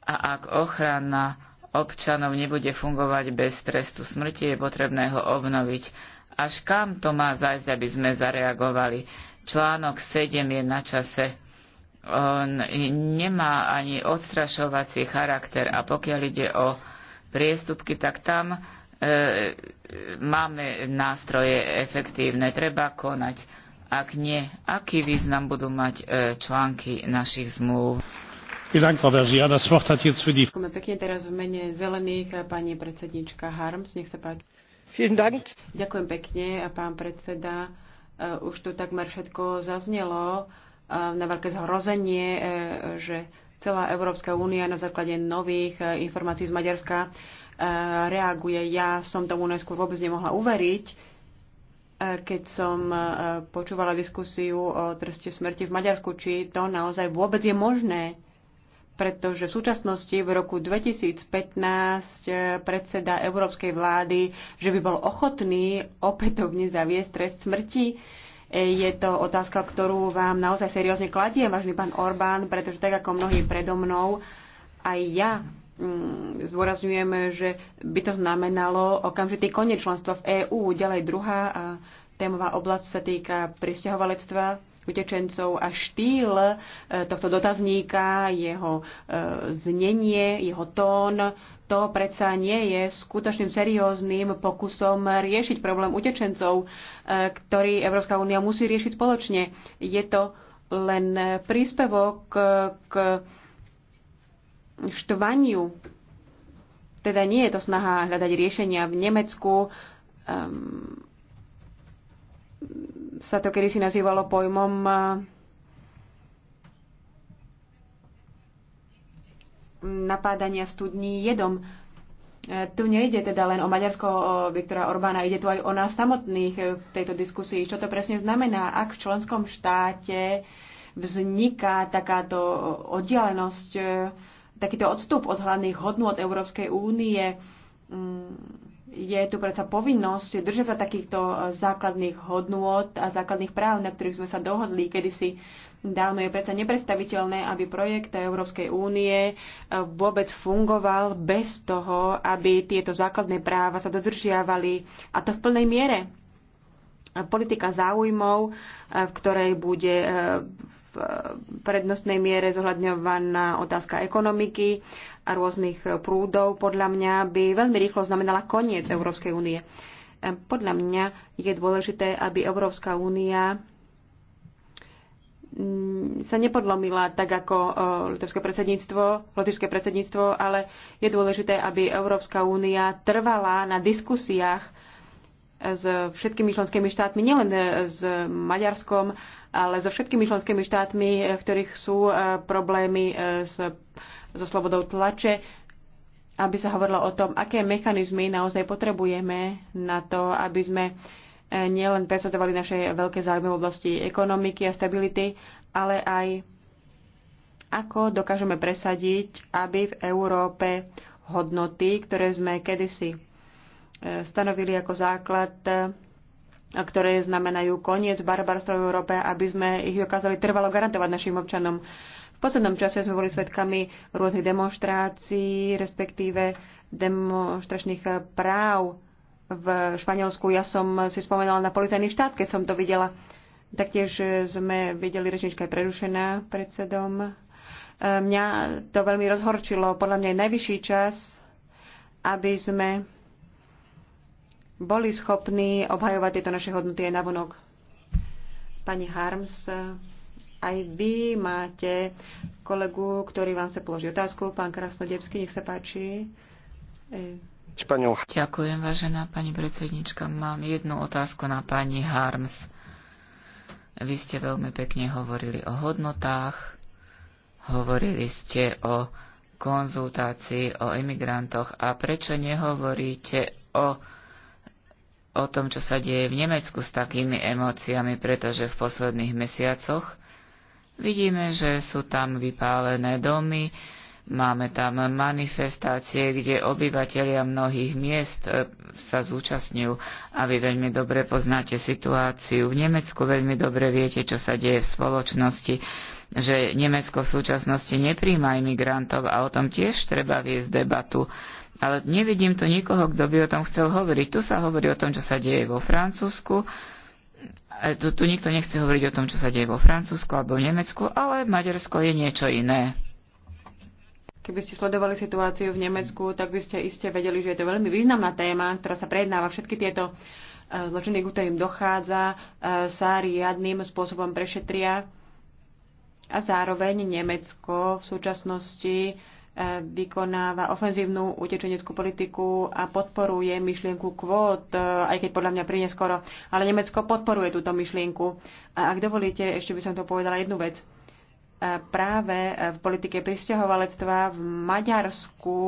a ak ochrana občanov nebude fungovať bez trestu smrti, je potrebné ho obnoviť. Až kam to má zajsť, aby sme zareagovali? Článok 7 je na čase on nemá ani odstrašovací charakter a pokiaľ ide o priestupky, tak tam e, máme nástroje efektívne, treba konať. Ak nie, aký význam budú mať e, články našich zmluv? Ďakujeme pekne teraz v mene zelených e, pani predsednička Harms, nech sa páči. Ďakujem pekne, e, pán predseda. E, už tu takmer všetko zaznelo na veľké zhrozenie, e, že celá Európska únia na základe nových e, informácií z Maďarska e, reaguje. Ja som tomu najskôr vôbec nemohla uveriť, keď som počúvala diskusiu o treste smrti v Maďarsku, či to naozaj vôbec je možné. Pretože v súčasnosti v roku 2015 predseda Európskej vlády, že by bol ochotný opätovne zaviesť trest smrti, je to otázka, ktorú vám naozaj seriózne kladiem, vážny pán Orbán, pretože tak ako mnohí predo mnou, aj ja mm, zdôrazňujem, že by to znamenalo okamžitý koniec členstva v EÚ. Ďalej druhá témová oblasť sa týka pristahovalectva utečencov a štýl e, tohto dotazníka, jeho e, znenie, jeho tón, to predsa nie je skutočným serióznym pokusom riešiť problém utečencov, e, ktorý Európska únia musí riešiť spoločne. Je to len príspevok k štvaniu. Teda nie je to snaha hľadať riešenia v Nemecku. Ehm, sa to kedysi nazývalo pojmom napádania studní jedom. E, tu nejde teda len o Maďarsko, o Viktora Orbána, ide tu aj o nás samotných e, v tejto diskusii. Čo to presne znamená, ak v členskom štáte vzniká takáto oddialenosť, e, takýto odstup od hlavných od Európskej únie, mm, je tu predsa povinnosť držať sa takýchto e, základných hodnôt a základných práv, na ktorých sme sa dohodli kedysi dávno. Je predsa neprestaviteľné, aby projekt Európskej únie e, vôbec fungoval bez toho, aby tieto základné práva sa dodržiavali a to v plnej miere. E, politika záujmov, e, v ktorej bude e, v prednostnej miere zohľadňovaná otázka ekonomiky a rôznych prúdov, podľa mňa by veľmi rýchlo znamenala koniec Európskej únie. Podľa mňa je dôležité, aby Európska únia mm, sa nepodlomila tak ako litovské predsedníctvo, lotišské predsedníctvo, ale je dôležité, aby Európska únia trvala na diskusiách s všetkými členskými štátmi, nielen e, s Maďarskom, ale so všetkými členskými štátmi, e, v ktorých sú e, problémy s, so slobodou tlače, aby sa hovorilo o tom, aké mechanizmy naozaj potrebujeme na to, aby sme nielen presadzovali naše veľké záujmy v oblasti ekonomiky a stability, ale aj ako dokážeme presadiť, aby v Európe hodnoty, ktoré sme kedysi stanovili ako základ a e, ktoré znamenajú koniec barbarstva v Európe, aby sme ich dokázali trvalo garantovať našim občanom. V poslednom čase sme boli svedkami rôznych demonstrácií, respektíve demonstračných práv v Španielsku. Ja som si spomenala na policajný štát, keď som to videla. Taktiež sme videli, rečnička je prerušená predsedom. E, mňa to veľmi rozhorčilo. Podľa mňa je najvyšší čas, aby sme boli schopní obhajovať tieto naše hodnoty aj navonok. Pani Harms, aj vy máte kolegu, ktorý vám chce položiť otázku. Pán Krasnodebský, nech sa páči. E, Španiel. Ďakujem, vážená pani predsednička. Mám jednu otázku na pani Harms. Vy ste veľmi pekne hovorili o hodnotách, hovorili ste o konzultácii o imigrantoch a prečo nehovoríte o o tom, čo sa deje v Nemecku s takými emóciami, pretože v posledných mesiacoch vidíme, že sú tam vypálené domy, máme tam manifestácie, kde obyvateľia mnohých miest e, sa zúčastňujú a vy veľmi dobre poznáte situáciu. V Nemecku veľmi dobre viete, čo sa deje v spoločnosti, že Nemecko v súčasnosti nepríjma imigrantov a o tom tiež treba viesť debatu ale nevidím tu nikoho, kto by o tom chcel hovoriť. Tu sa hovorí o tom, čo sa deje vo Francúzsku. Tu, tu nikto nechce hovoriť o tom, čo sa deje vo Francúzsku alebo v Nemecku, ale Maďarsko je niečo iné. Keby ste sledovali situáciu v Nemecku, tak by ste iste vedeli, že je to veľmi významná téma, ktorá sa prejednáva všetky tieto e, zločiny, ku ktorým dochádza, e, sa riadným spôsobom prešetria. A zároveň Nemecko v súčasnosti E, vykonáva ofenzívnu utečeneckú politiku a podporuje myšlienku kvót, e, aj keď podľa mňa skoro, Ale Nemecko podporuje túto myšlienku. A ak dovolíte, ešte by som to povedala jednu vec. E, práve v politike pristahovalectva v Maďarsku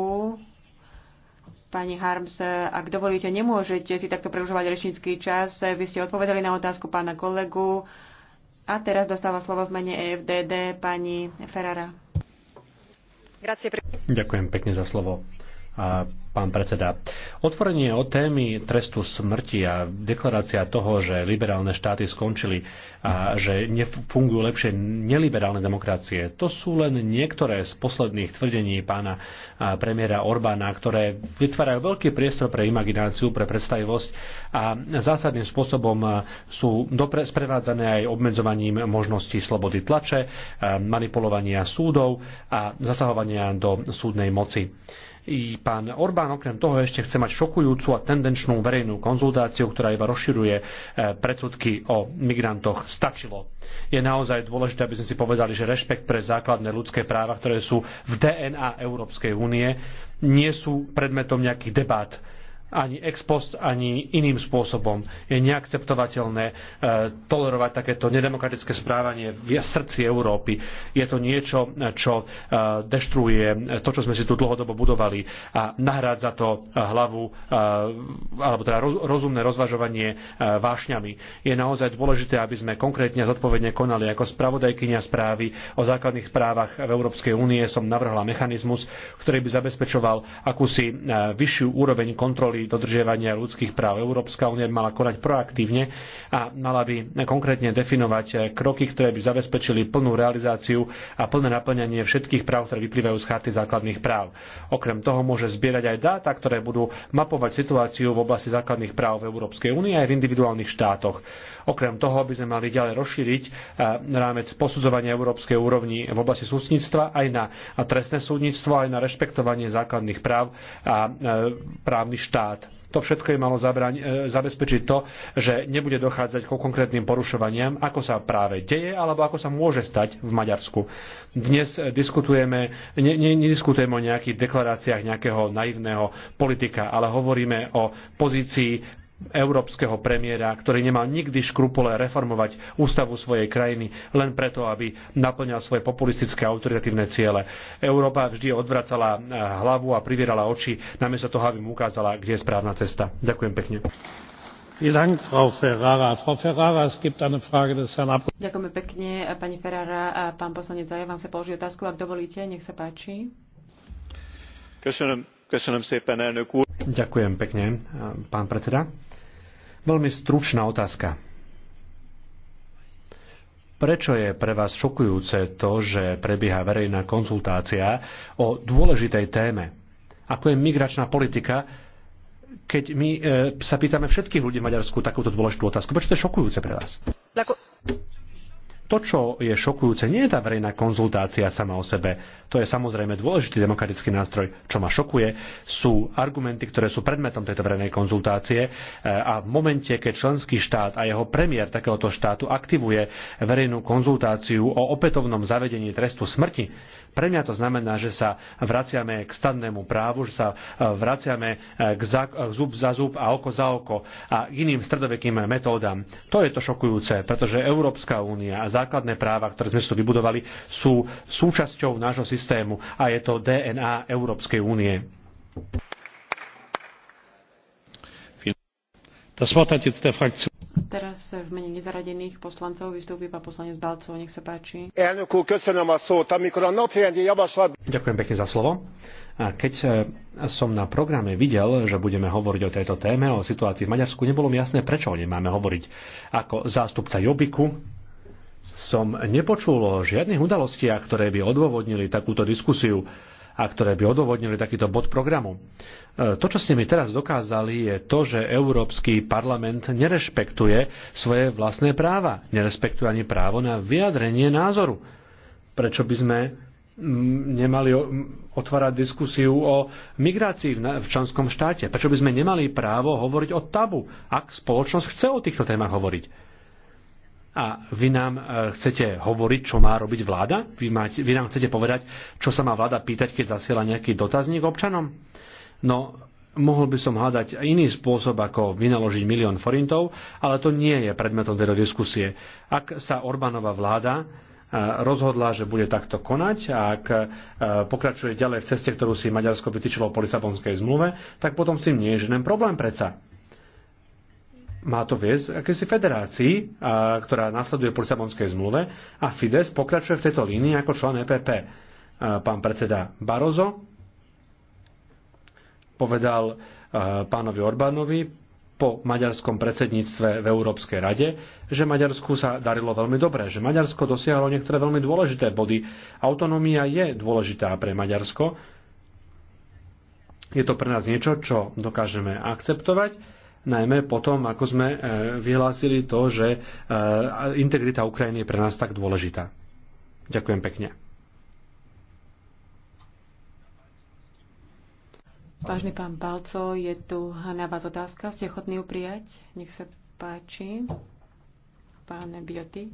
Pani Harms, ak dovolíte, nemôžete si takto preužovať rečnícky čas. Vy ste odpovedali na otázku pána kolegu. A teraz dostáva slovo v mene EFDD pani Ferrara. Ďakujem pekne za slovo. A pán predseda. Otvorenie o témy trestu smrti a deklarácia toho, že liberálne štáty skončili a že nefungujú lepšie neliberálne demokracie, to sú len niektoré z posledných tvrdení pána premiéra Orbána, ktoré vytvárajú veľký priestor pre imagináciu, pre predstavivosť a zásadným spôsobom sú dopre- sprevádzané aj obmedzovaním možností slobody tlače, manipulovania súdov a zasahovania do súdnej moci. I pán Orbán okrem toho ešte chce mať šokujúcu a tendenčnú verejnú konzultáciu, ktorá iba rozširuje e, predsudky o migrantoch. Stačilo. Je naozaj dôležité, aby sme si povedali, že rešpekt pre základné ľudské práva, ktoré sú v DNA Európskej únie, nie sú predmetom nejakých debát ani ex post, ani iným spôsobom. Je neakceptovateľné e, tolerovať takéto nedemokratické správanie v srdci Európy. Je to niečo, čo e, deštruuje to, čo sme si tu dlhodobo budovali a nahrádza to e, hlavu, alebo teda rozumné rozvažovanie vášňami. Je naozaj dôležité, aby sme konkrétne a zodpovedne konali. Ako spravodajkynia správy o základných právach v Európskej únie som navrhla mechanizmus, ktorý by zabezpečoval akúsi vyššiu úroveň kontroly dodržiavania ľudských práv. Európska únia by mala konať proaktívne a mala by konkrétne definovať kroky, ktoré by zabezpečili plnú realizáciu a plné naplňanie všetkých práv, ktoré vyplývajú z charty základných práv. Okrem toho môže zbierať aj dáta, ktoré budú mapovať situáciu v oblasti základných práv v Európskej únii aj v individuálnych štátoch. Okrem toho by sme mali ďalej rozšíriť eh, rámec posudzovania európskej úrovni v oblasti súdnictva aj na trestné súdnictvo, aj na rešpektovanie základných práv a eh, právny štát štát. To všetko je malo zabraň, e, zabezpečiť to, že nebude dochádzať ku konkrétnym porušovaniam, ako sa práve deje alebo ako sa môže stať v Maďarsku. Dnes e, diskutujeme, ne, ne, nediskutujeme o nejakých deklaráciách nejakého naivného politika, ale hovoríme o pozícii európskeho premiéra, ktorý nemal nikdy škrupule reformovať ústavu svojej krajiny len preto, aby naplňal svoje populistické a autoritatívne ciele. Európa vždy odvracala eh, hlavu a privierala oči, namiesto toho, aby mu ukázala, kde je správna cesta. Ďakujem pekne. Ďakujeme pekne, eh, pani Ferrara. A pán poslanec Zaja vám sa položí otázku, ak dovolíte, nech sa páči. Ďakujem pekne, eh, pán predseda Veľmi stručná otázka. Prečo je pre vás šokujúce to, že prebieha verejná konzultácia o dôležitej téme, ako je migračná politika, keď my e, sa pýtame všetkých ľudí v Maďarsku takúto dôležitú otázku? Prečo to je šokujúce pre vás? Lako to, čo je šokujúce, nie je tá verejná konzultácia sama o sebe. To je samozrejme dôležitý demokratický nástroj. Čo ma šokuje, sú argumenty, ktoré sú predmetom tejto verejnej konzultácie e, a v momente, keď členský štát a jeho premiér takéhoto štátu aktivuje verejnú konzultáciu o opätovnom zavedení trestu smrti, pre mňa to znamená, že sa vraciame k stannému právu, že sa e, vraciame e, k, e, zub za zub a oko za oko a k iným stredovekým metódam. To je to šokujúce, pretože Európska únia a základné práva, ktoré sme si tu vybudovali, sú súčasťou nášho systému a je to DNA Európskej únie. Das Wort hat jetzt der Fraktion. Teraz v mene nezaradených poslancov vystúpi pán poslanec Balcov. Nech sa páči. Ďakujem pekne za slovo. A keď e, som na programe videl, že budeme hovoriť o tejto téme, o situácii v Maďarsku, nebolo mi jasné, prečo o nej máme hovoriť. Ako zástupca Jobiku som nepočul o žiadnych udalostiach, ktoré by odôvodnili takúto diskusiu a ktoré by odôvodnili takýto bod programu. E, to, čo ste mi teraz dokázali, je to, že Európsky parlament nerešpektuje svoje vlastné práva. Nerespektuje ani právo na vyjadrenie názoru. Prečo by sme nemali otvárať diskusiu o migrácii v členskom štáte? Prečo by sme nemali právo hovoriť o tabu, ak spoločnosť chce o týchto témach hovoriť? a vy nám e, chcete hovoriť, čo má robiť vláda? Vy, máte, vy nám chcete povedať, čo sa má vláda pýtať, keď zasiela nejaký dotazník občanom? No, mohol by som hľadať iný spôsob, ako vynaložiť milión forintov, ale to nie je predmetom tejto diskusie. Ak sa Orbánova vláda e, rozhodla, že bude takto konať a ak e, pokračuje ďalej v ceste, ktorú si Maďarsko vytýčilo po Lisabonskej zmluve, tak potom s tým nie je žiaden problém predsa. Má to viesť akési federácii, a, ktorá nasleduje po Lisabonskej zmluve a Fides pokračuje v tejto línii ako člen EPP. A, pán predseda Barozo povedal a, pánovi Orbánovi po maďarskom predsedníctve v Európskej rade, že Maďarsku sa darilo veľmi dobre, že Maďarsko dosiahlo niektoré veľmi dôležité body. Autonómia je dôležitá pre Maďarsko. Je to pre nás niečo, čo dokážeme akceptovať najmä potom, ako sme e, vyhlásili to, že e, integrita Ukrajiny je pre nás tak dôležitá. Ďakujem pekne. Vážny pán Palco, je tu na vás otázka. Ste ochotní ju prijať? Nech sa páči. Pán Bioty.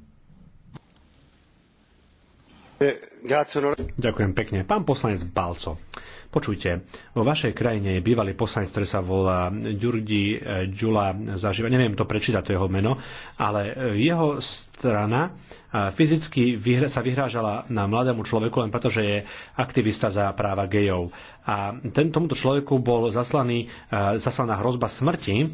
E, Ďakujem pekne. Pán poslanec Balco, Počujte, vo vašej krajine je bývalý poslanec, ktorý sa volá Ďurdi eh, Ďula zažíva, neviem to prečítať, to jeho meno, ale eh, jeho strana eh, fyzicky sa vyhrážala na mladému človeku len pretože je aktivista za práva gejov. A ten, tomuto človeku bol zaslaný, zaslaná hrozba smrti,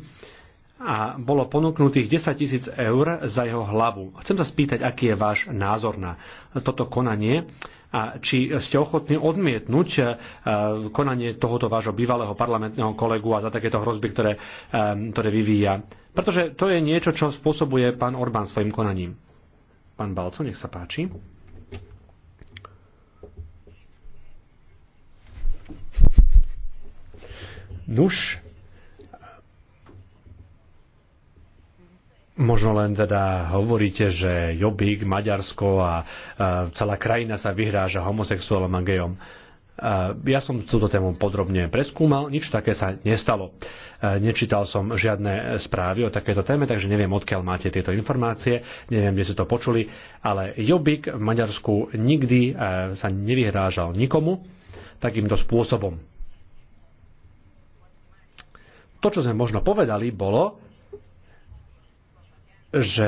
a bolo ponúknutých 10 tisíc eur za jeho hlavu. Chcem sa spýtať, aký je váš názor na toto konanie a či ste ochotní odmietnúť eh, konanie tohoto vášho bývalého parlamentného kolegu a za takéto hrozby, ktoré, eh, ktoré vyvíja. Pretože to je niečo, čo spôsobuje pán Orbán svojim konaním. Pán Balco, nech sa páči. Nuž, Možno len teda hovoríte, že Jobbik, Maďarsko a celá krajina sa vyhráža homosexuálom a gejom. Ja som túto tému podrobne preskúmal, nič také sa nestalo. Nečítal som žiadne správy o takéto téme, takže neviem, odkiaľ máte tieto informácie, neviem, kde ste to počuli, ale Jobbik v Maďarsku nikdy e, sa nevyhrážal nikomu takýmto spôsobom. To, čo sme možno povedali, bolo, že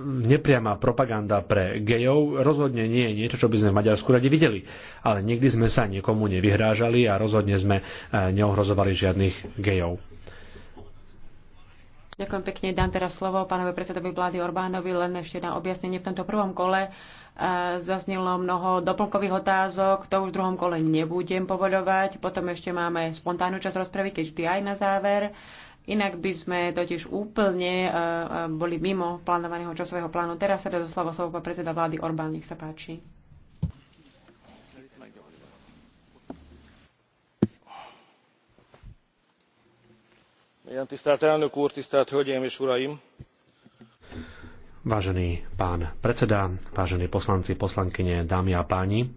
nepriama propaganda pre gejov rozhodne nie je niečo, čo by sme v Maďarsku radi videli. Ale nikdy sme sa nikomu nevyhrážali a rozhodne sme e, neohrozovali žiadnych gejov. Ďakujem pekne. Dám teraz slovo pánovi predsedovi vlády Orbánovi. Len ešte na objasnenie v tomto prvom kole e, zaznelo mnoho doplnkových otázok. To už v druhom kole nebudem povoľovať. Potom ešte máme spontánnu časť rozpravy, keď aj na záver. Inak by sme totiž úplne eh, eh, boli mimo plánovaného časového plánu. Teraz sa doslova slovo predseda vlády Orbán, nech sa páči. Vážený pán predseda, vážení poslanci, poslankyne, dámy a páni,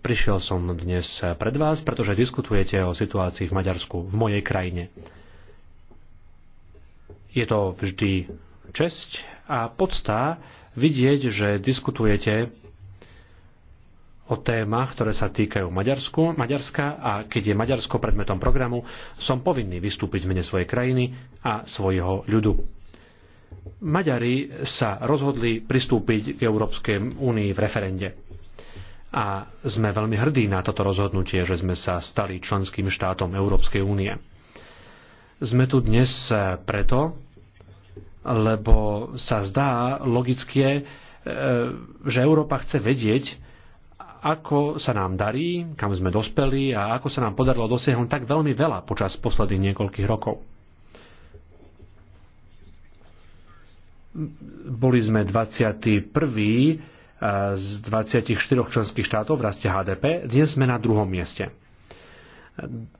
prišiel som dnes pred vás, pretože diskutujete o situácii v Maďarsku, v mojej krajine. Je to vždy česť a podstá vidieť, že diskutujete o témach, ktoré sa týkajú Maďarsku, Maďarska a keď je Maďarsko predmetom programu, som povinný vystúpiť z mene svojej krajiny a svojho ľudu. Maďari sa rozhodli pristúpiť k Európskej únii v referende. A sme veľmi hrdí na toto rozhodnutie, že sme sa stali členským štátom Európskej únie. Sme tu dnes e, preto, lebo sa zdá logické, e, že Európa chce vedieť, ako sa nám darí, kam sme dospeli a ako sa nám podarilo dosiahnuť tak veľmi veľa počas posledných niekoľkých rokov. Boli sme 21 e, z 24 členských štátov v raste HDP, dnes sme na druhom mieste.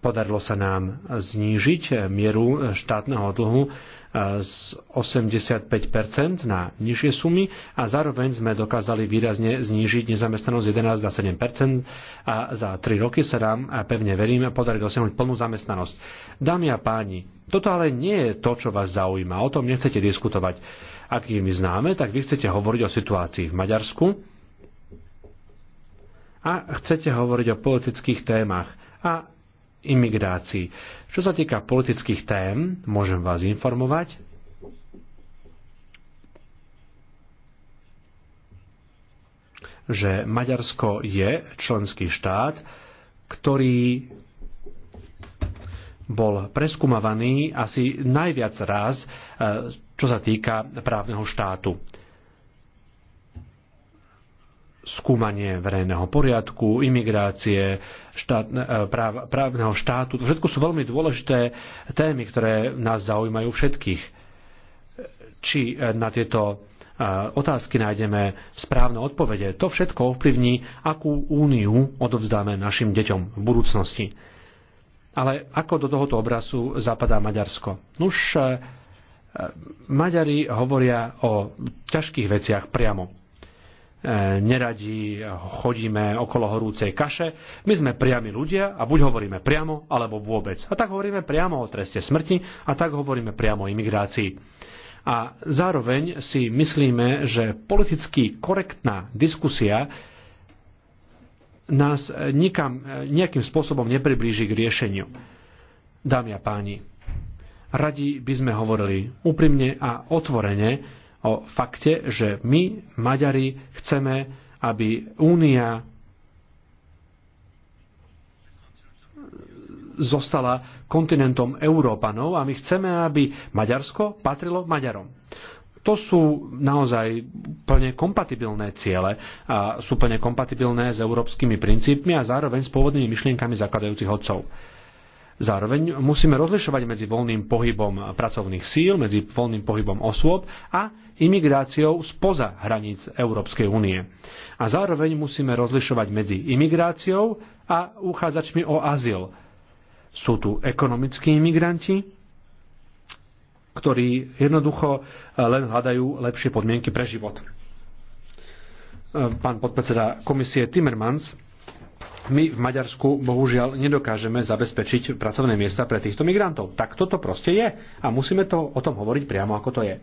Podarilo sa nám znížiť mieru štátneho dlhu e, z 85 na nižšie sumy a zároveň sme dokázali výrazne znížiť nezamestnanosť 11 na 7 a za 3 roky sa nám, a pevne verím, podarí dosiahnuť plnú zamestnanosť. Dámy a páni, toto ale nie je to, čo vás zaujíma, o tom nechcete diskutovať. Ak je my známe, tak vy chcete hovoriť o situácii v Maďarsku a chcete hovoriť o politických témach a imigrácii. Čo sa týka politických tém, môžem vás informovať, že Maďarsko je členský štát, ktorý bol preskúmavaný asi najviac raz, e, čo sa týka právneho štátu skúmanie verejného poriadku, imigrácie, štát, e, práv, právneho štátu. To všetko sú veľmi dôležité témy, ktoré nás zaujímajú všetkých. Či e, na tieto e, otázky nájdeme správne odpovede. To všetko ovplyvní, akú úniu odovzdáme našim deťom v budúcnosti. Ale ako do tohoto obrazu zapadá Maďarsko? Nuž, Maďari hovoria o ťažkých veciach priamo. E, neradi chodíme okolo horúcej kaše. My sme priami ľudia a buď hovoríme priamo, alebo vôbec. A tak hovoríme priamo o treste smrti a tak hovoríme priamo o imigrácii. A zároveň si myslíme, že politicky korektná diskusia nás nikam, nejakým spôsobom nepriblíži k riešeniu. Dámy a páni, radi by sme hovorili úprimne a otvorene o fakte, že my, Maďari, chceme, aby Únia zostala kontinentom Európanov a my chceme, aby Maďarsko patrilo Maďarom. To sú naozaj plne kompatibilné ciele a sú plne kompatibilné s európskymi princípmi a zároveň s pôvodnými myšlienkami zakladajúcich odcov. Zároveň musíme rozlišovať medzi voľným pohybom pracovných síl, medzi voľným pohybom osôb a imigráciou spoza hraníc Európskej únie. A zároveň musíme rozlišovať medzi imigráciou a uchádzačmi o azyl. Sú tu ekonomickí imigranti, ktorí jednoducho e, len hľadajú lepšie podmienky pre život. E, pán podpredseda komisie Timmermans my v Maďarsku bohužiaľ nedokážeme zabezpečiť pracovné miesta pre týchto migrantov. Tak toto proste je a musíme to o tom hovoriť priamo, ako to je.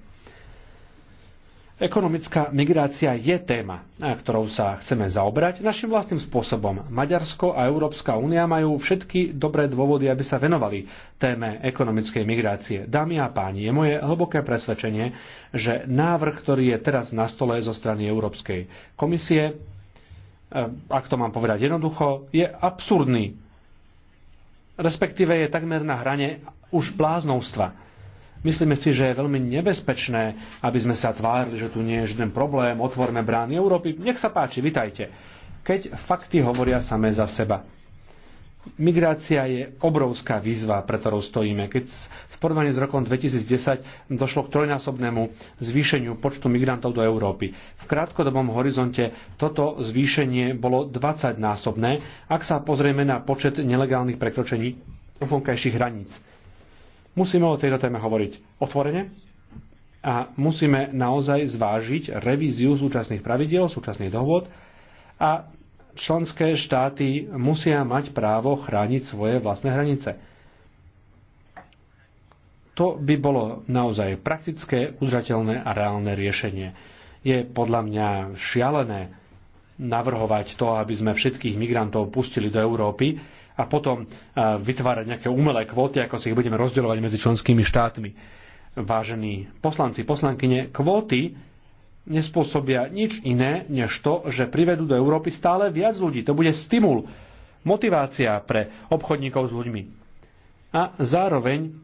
Ekonomická migrácia je téma, ktorou sa chceme zaobrať našim vlastným spôsobom. Maďarsko a Európska únia majú všetky dobré dôvody, aby sa venovali téme ekonomickej migrácie. Dámy a páni, je moje hlboké presvedčenie, že návrh, ktorý je teraz na stole zo strany Európskej komisie, Eh, ak to mám povedať jednoducho, je absurdný. Respektíve je takmer na hrane už bláznovstva. Myslíme si, že je veľmi nebezpečné, aby sme sa tvárili, že tu nie je žiaden problém, otvorme brány Európy. Nech sa páči, vitajte. Keď fakty hovoria same za seba. Migrácia je obrovská výzva, pre ktorou stojíme. Keď v porovnaní s rokom 2010 došlo k trojnásobnému zvýšeniu počtu migrantov do Európy. V krátkodobom horizonte toto zvýšenie bolo 20-násobné, ak sa pozrieme na počet nelegálnych prekročení vonkajších hraníc. Musíme o tejto téme hovoriť otvorene a musíme naozaj zvážiť revíziu súčasných pravidiel, súčasných dohôd a členské štáty musia mať právo chrániť svoje vlastné hranice. To by bolo naozaj praktické, udržateľné a reálne riešenie. Je podľa mňa šialené navrhovať to, aby sme všetkých migrantov pustili do Európy a potom e, vytvárať nejaké umelé kvóty, ako si ich budeme rozdeľovať medzi členskými štátmi. Vážení poslanci, poslankyne, kvóty nespôsobia nič iné, než to, že privedú do Európy stále viac ľudí. To bude stimul, motivácia pre obchodníkov s ľuďmi. A zároveň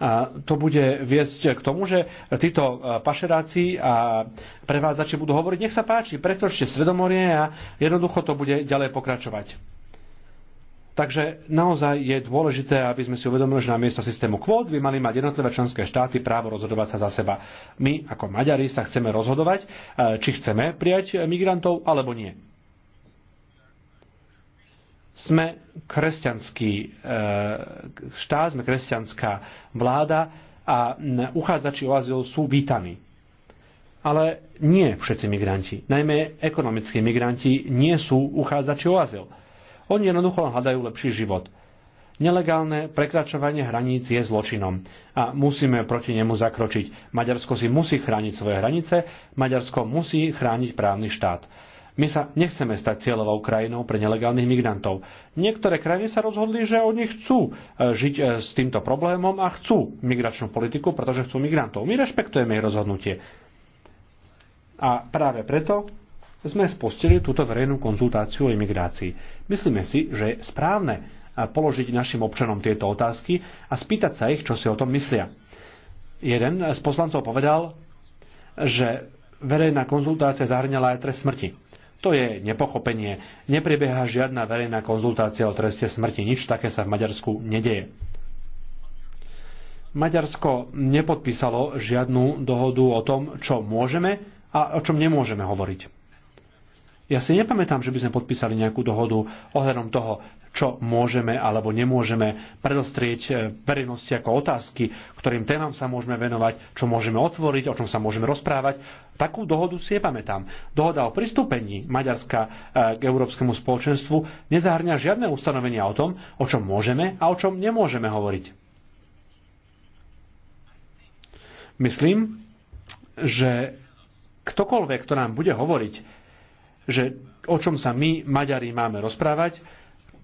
a to bude viesť k tomu, že títo pašeráci a prevádzači budú hovoriť, nech sa páči, pretože Svedomorie a jednoducho to bude ďalej pokračovať. Takže naozaj je dôležité, aby sme si uvedomili, že namiesto systému kvót by mali mať jednotlivé členské štáty právo rozhodovať sa za seba. My ako Maďari sa chceme rozhodovať, eh, či chceme prijať migrantov alebo nie. Sme kresťanský eh, štát, sme kresťanská vláda a hm, uchádzači o azyl sú vítaní. Ale nie všetci migranti, najmä ekonomickí migranti, nie sú uchádzači o azyl. Oni jednoducho hľadajú lepší život. Nelegálne prekračovanie hraníc je zločinom a musíme proti nemu zakročiť. Maďarsko si musí chrániť svoje hranice, Maďarsko musí chrániť právny štát. My sa nechceme stať cieľovou krajinou pre nelegálnych migrantov. Niektoré krajiny sa rozhodli, že oni chcú e, žiť e, s týmto problémom a chcú migračnú politiku, pretože chcú migrantov. My rešpektujeme ich rozhodnutie. A práve preto sme spustili túto verejnú konzultáciu o imigrácii. Myslíme si, že je správne položiť našim občanom tieto otázky a spýtať sa ich, čo si o tom myslia. Jeden z poslancov povedal, že verejná konzultácia zahrňala aj trest smrti. To je nepochopenie. Neprebieha žiadna verejná konzultácia o treste smrti. Nič také sa v Maďarsku nedeje. Maďarsko nepodpísalo žiadnu dohodu o tom, čo môžeme a o čom nemôžeme hovoriť. Ja si nepamätám, že by sme podpísali nejakú dohodu ohľadom toho, čo môžeme alebo nemôžeme predostrieť eh, verejnosti ako otázky, ktorým témam sa môžeme venovať, čo môžeme otvoriť, o čom sa môžeme rozprávať. Takú dohodu si nepamätám. Dohoda o pristúpení Maďarska eh, k Európskemu spoločenstvu nezahrňa žiadne ustanovenia o tom, o čom môžeme a o čom nemôžeme hovoriť. Myslím, že ktokoľvek, kto nám bude hovoriť, že o čom sa my, Maďari, máme rozprávať,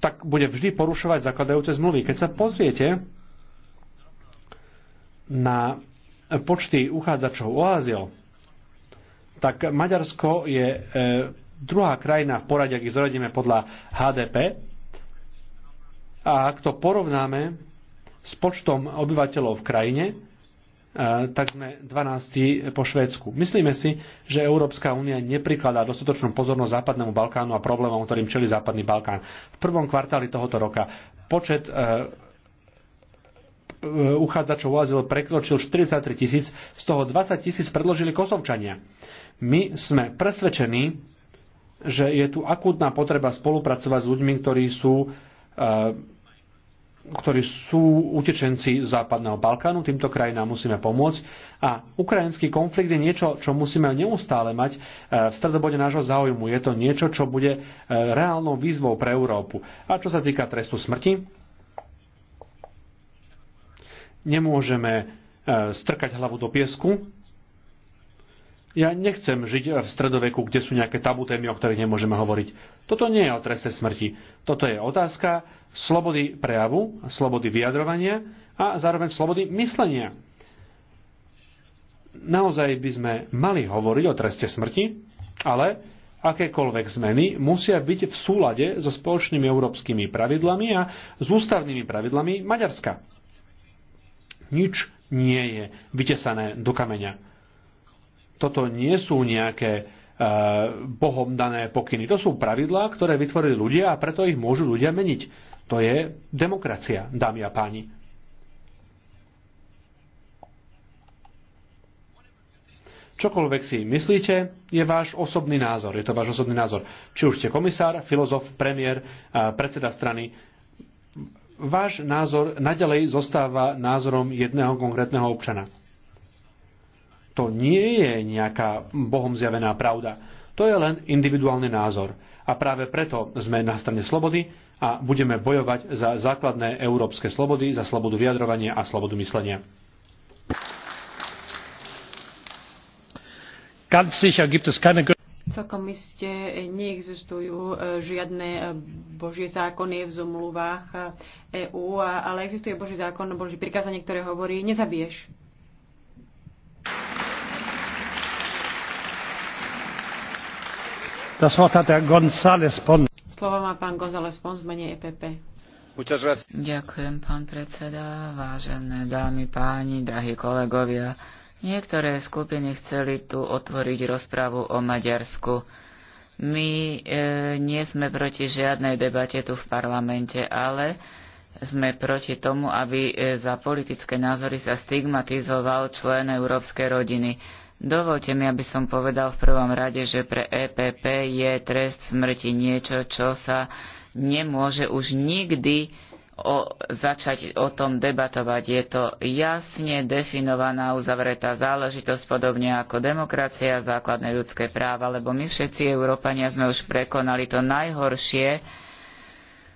tak bude vždy porušovať zakladajúce zmluvy. Keď sa pozriete na počty uchádzačov o azyl, tak Maďarsko je e, druhá krajina v poradí, ak ich zoradíme podľa HDP. A ak to porovnáme s počtom obyvateľov v krajine, tak sme 12 po Švédsku. Myslíme si, že Európska únia neprikladá dostatočnú pozornosť Západnému Balkánu a problémom, ktorým čeli Západný Balkán. V prvom kvartáli tohoto roka počet e, e, uchádzačov o azyl prekročil 43 tisíc, z toho 20 tisíc predložili Kosovčania. My sme presvedčení, že je tu akútna potreba spolupracovať s ľuďmi, ktorí sú e, ktorí sú utečenci západného Balkánu. Týmto krajinám musíme pomôcť. A ukrajinský konflikt je niečo, čo musíme neustále mať e, v stredobode nášho záujmu. Je to niečo, čo bude e, reálnou výzvou pre Európu. A čo sa týka trestu smrti, nemôžeme e, strkať hlavu do piesku ja nechcem žiť v stredoveku, kde sú nejaké tabu témy, o ktorých nemôžeme hovoriť. Toto nie je o treste smrti. Toto je otázka slobody prejavu, slobody vyjadrovania a zároveň slobody myslenia. Naozaj by sme mali hovoriť o treste smrti, ale akékoľvek zmeny musia byť v súlade so spoločnými európskymi pravidlami a s ústavnými pravidlami Maďarska. Nič nie je vytesané do kameňa toto nie sú nejaké e, Bohom dané pokyny. To sú pravidlá, ktoré vytvorili ľudia a preto ich môžu ľudia meniť. To je demokracia, dámy a páni. Čokoľvek si myslíte, je váš osobný názor. Je to váš osobný názor. Či už ste komisár, filozof, premiér, e, predseda strany. Váš názor nadalej zostáva názorom jedného konkrétneho občana. To nie je nejaká Bohom zjavená pravda. To je len individuálny názor. A práve preto sme na strane slobody a budeme bojovať za základné európske slobody, za slobodu vyjadrovania a slobodu myslenia. Celkom iste neexistujú e, žiadne e, božie zákony v zmluvách EÚ, e ale existuje boží zákon, boží prikázanie, ktoré hovorí, nezabiješ. Slovo má pán González Pons v EPP. E Ďakujem, pán predseda, vážené dámy, páni, drahí kolegovia. Niektoré skupiny chceli tu otvoriť rozpravu o Maďarsku. My e, nie sme proti žiadnej debate tu v parlamente, ale sme proti tomu, aby e, za politické názory sa stigmatizoval člen európskej rodiny. Dovolte mi, aby som povedal v prvom rade, že pre EPP je trest smrti niečo, čo sa nemôže už nikdy o, začať o tom debatovať. Je to jasne definovaná, uzavretá záležitosť, podobne ako demokracia, základné ľudské práva, lebo my všetci Európania sme už prekonali to najhoršie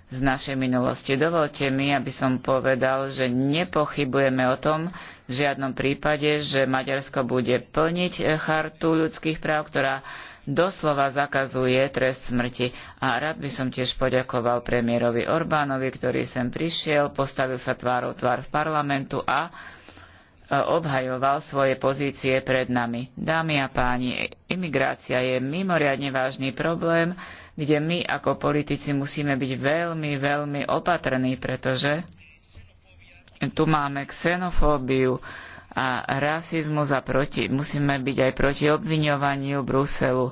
z našej minulosti. Dovolte mi, aby som povedal, že nepochybujeme o tom, v žiadnom prípade, že Maďarsko bude plniť e, chartu ľudských práv, ktorá doslova zakazuje trest smrti. A rád by som tiež poďakoval premiérovi Orbánovi, ktorý sem prišiel, postavil sa tvárou tvár v parlamentu a e, obhajoval svoje pozície pred nami. Dámy a páni, imigrácia je mimoriadne vážny problém, kde my ako politici musíme byť veľmi, veľmi opatrní, pretože tu máme xenofóbiu a rasizmus a proti, musíme byť aj proti obviňovaniu Bruselu.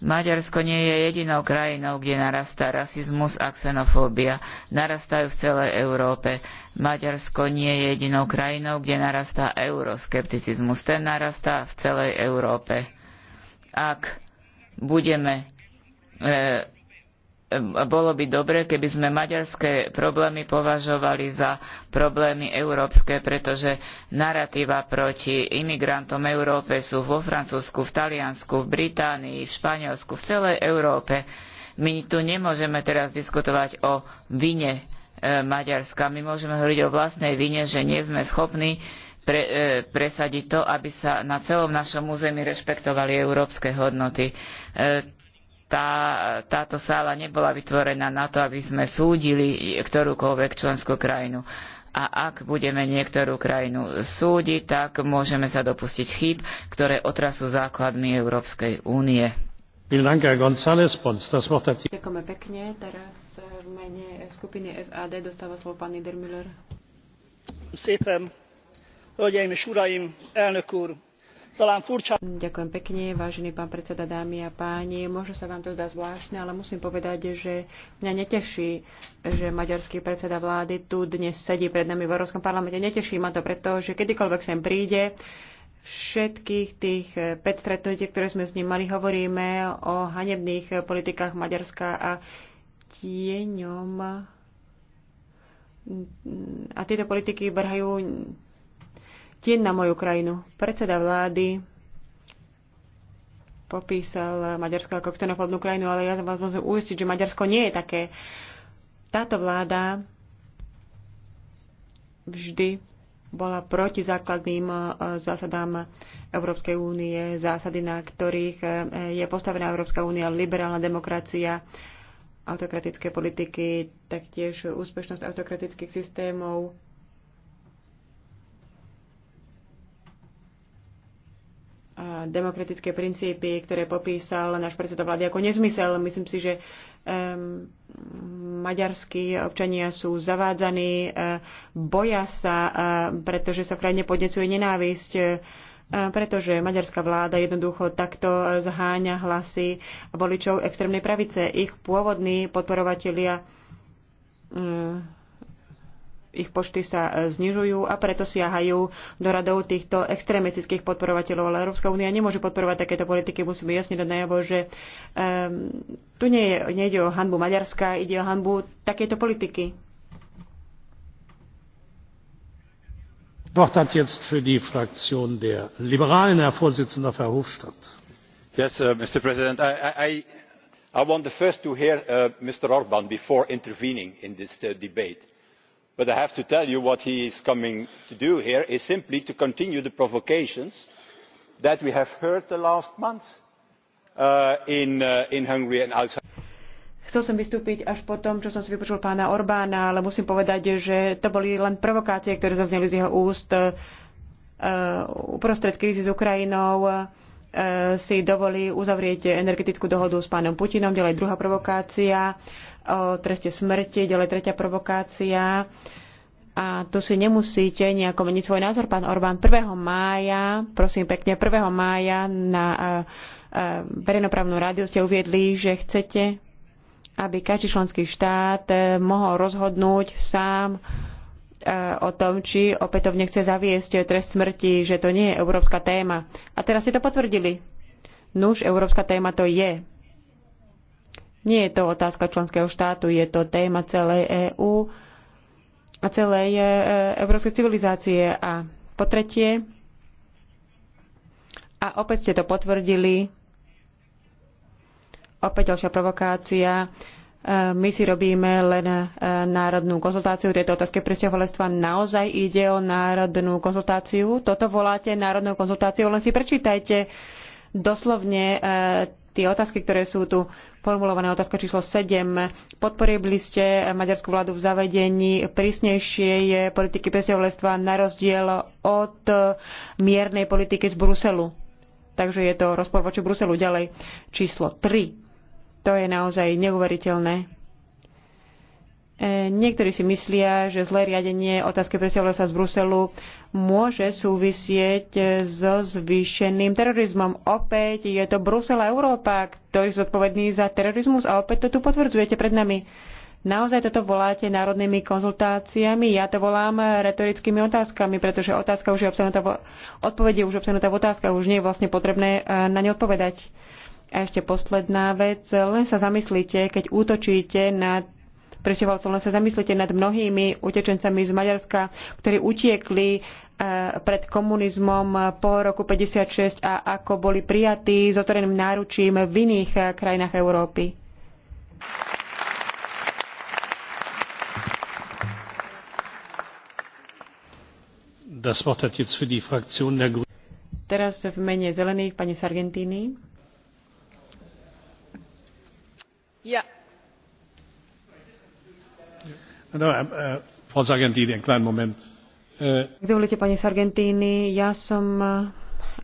Maďarsko nie je jedinou krajinou, kde narastá rasizmus a xenofóbia. Narastajú v celej Európe. Maďarsko nie je jedinou krajinou, kde narastá euroskepticizmus. Ten narastá v celej Európe. Ak budeme e, bolo by dobre, keby sme maďarské problémy považovali za problémy európske, pretože naratíva proti imigrantom Európe sú vo Francúzsku, v Taliansku, v Británii, v Španielsku, v celej Európe. My tu nemôžeme teraz diskutovať o vine Maďarska. My môžeme hovoriť o vlastnej vine, že nie sme schopní pre, e, presadiť to, aby sa na celom našom území rešpektovali európske hodnoty. E, tá, táto sála nebola vytvorená na to, aby sme súdili ktorúkoľvek členskú krajinu. A ak budeme niektorú krajinu súdiť, tak môžeme sa dopustiť chýb, ktoré otrasú základmi Európskej únie. Ďakujeme pekne. Teraz v mene skupiny SAD dostáva slovo pán Niedermüller. elnök úr, Ďakujem pekne, vážený pán predseda, dámy a páni. Možno sa vám to zdá zvláštne, ale musím povedať, že mňa neteší, že maďarský predseda vlády tu dnes sedí pred nami v Európskom parlamente. Neteší ma to, pretože kedykoľvek sem príde, všetkých tých 5 stretnutí, ktoré sme s ním mali, hovoríme o hanebných politikách Maďarska a tieňom. A tieto politiky vrhajú tieň na moju krajinu. Predseda vlády popísal Maďarsko ako xenofóbnu krajinu, ale ja vás môžem uistiť, že Maďarsko nie je také. Táto vláda vždy bola proti základným e, zásadám Európskej únie, zásady, na ktorých e, je postavená Európska únia, liberálna demokracia, autokratické politiky, taktiež úspešnosť autokratických systémov, demokratické princípy, ktoré popísal náš predseda vlády ako nezmysel. Myslím si, že um, maďarskí občania sú zavádzaní, uh, boja sa, uh, pretože sa v krajine podnecuje nenávisť, uh, pretože maďarská vláda jednoducho takto zháňa hlasy voličov extrémnej pravice. Ich pôvodní podporovatelia uh, ich počty sa e, znižujú a preto siahajú do radov týchto extrémistických podporovateľov. Ale Európska únia nemôže podporovať takéto politiky. Musíme jasne dať najavo, že um, tu nie je, nejde o hanbu Maďarska, ide o hanbu takéto politiky. Wort hat jetzt für die Fraktion der Liberalen Herr Vorsitzender Verhofstadt. Yes, uh, Mr. President, I, I, I want the first to hear uh, Mr. Orban before intervening in this uh, debate but i have to tell you what he is coming to do here is simply to continue the provocations that we have heard the last months uh, uh, in, hungary and outside. Chcel som vystúpiť až po tom, čo som si vypočul pána Orbána, ale musím povedať, že to boli len provokácie, ktoré zazneli z jeho úst. Uh, uprostred krízy s Ukrajinou si dovolí uzavrieť energetickú dohodu s pánom Putinom, ďalej druhá provokácia o treste smrti, ďalej tretia provokácia. A tu si nemusíte nejako meniť svoj názor, pán Orbán. 1. mája, prosím pekne, 1. mája na e, e, verejnoprávnu rádiu ste uviedli, že chcete, aby každý členský štát e, mohol rozhodnúť sám o tom, či opätovne chce zaviesť trest smrti, že to nie je európska téma. A teraz ste to potvrdili. Nuž, európska téma to je. Nie je to otázka členského štátu, je to téma celej EÚ a celej e, európskej civilizácie. A po tretie, a opäť ste to potvrdili, opäť ďalšia provokácia, e, my si robíme len e, národnú konzultáciu tejto otázke presťahovalectva. Naozaj ide o národnú konzultáciu? Toto voláte národnú konzultáciu, len si prečítajte doslovne tie otázky, ktoré sú tu formulované, otázka číslo 7. Podporili ste maďarskú vládu v zavedení prísnejšej politiky presťahovalectva na rozdiel od miernej politiky z Bruselu. Takže je to rozpor voči Bruselu. Ďalej číslo 3. To je naozaj neuveriteľné. E, niektorí si myslia, že zlé riadenie otázky presťahovalectva z Bruselu môže súvisieť so zvýšeným terorizmom. Opäť je to Brusel a Európa, ktorý je zodpovedný za terorizmus a opäť to tu potvrdzujete pred nami. Naozaj toto voláte národnými konzultáciami, ja to volám retorickými otázkami, pretože otázka už je obsahnutá v je už obsahnutá v otázkach, už nie je vlastne potrebné e, na ne odpovedať. A ešte posledná vec, len sa zamyslíte, keď útočíte na presťovalcov. Len sa zamyslite nad mnohými utečencami z Maďarska, ktorí utiekli e, pred komunizmom po roku 56 a ako boli prijatí s otvoreným náručím v iných e, krajinách Európy. Teraz v mene zelených pani Sargentini. Dovolite no, eh, eh, eh, Ak dovolíte, pani Sargentini, ja som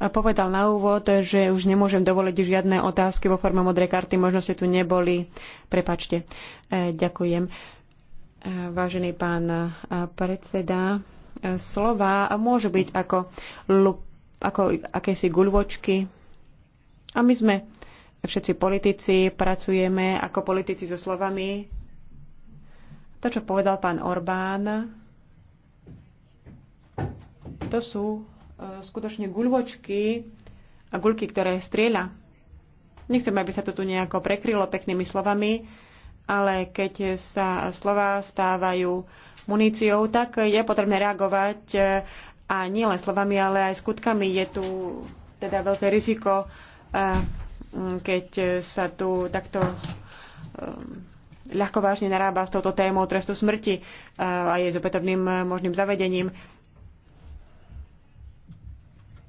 povedal na úvod, že už nemôžem dovoliť žiadne otázky vo forme modrej karty, možno ste tu neboli. Prepačte. Ďakujem. Vážený pán predseda, slova môžu byť ako, ako akési guľvočky. A my sme všetci politici, pracujeme ako politici so slovami, to, čo povedal pán Orbán, to sú e, skutočne guľvočky a guľky, ktoré strieľa. Nechcem, aby sa to tu nejako prekrylo peknými slovami, ale keď sa slova stávajú muníciou, tak je potrebné reagovať e, a nielen slovami, ale aj skutkami. Je tu teda veľké riziko, e, keď sa tu takto ľahko vážne narába s touto témou trestu smrti eh, a jej zopätovným eh, možným zavedením.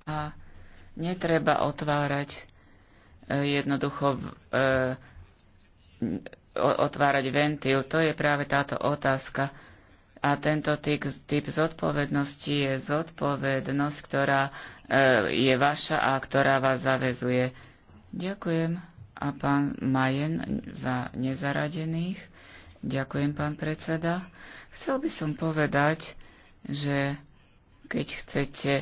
A netreba otvárať eh, jednoducho otvárať ventil. To je práve táto otázka. A tento typ, typ zodpovednosti je zodpovednosť, ktorá je vaša a ktorá vás zavezuje. Ďakujem a pán Majen za nezaradených. Ďakujem, pán predseda. Chcel by som povedať, že keď chcete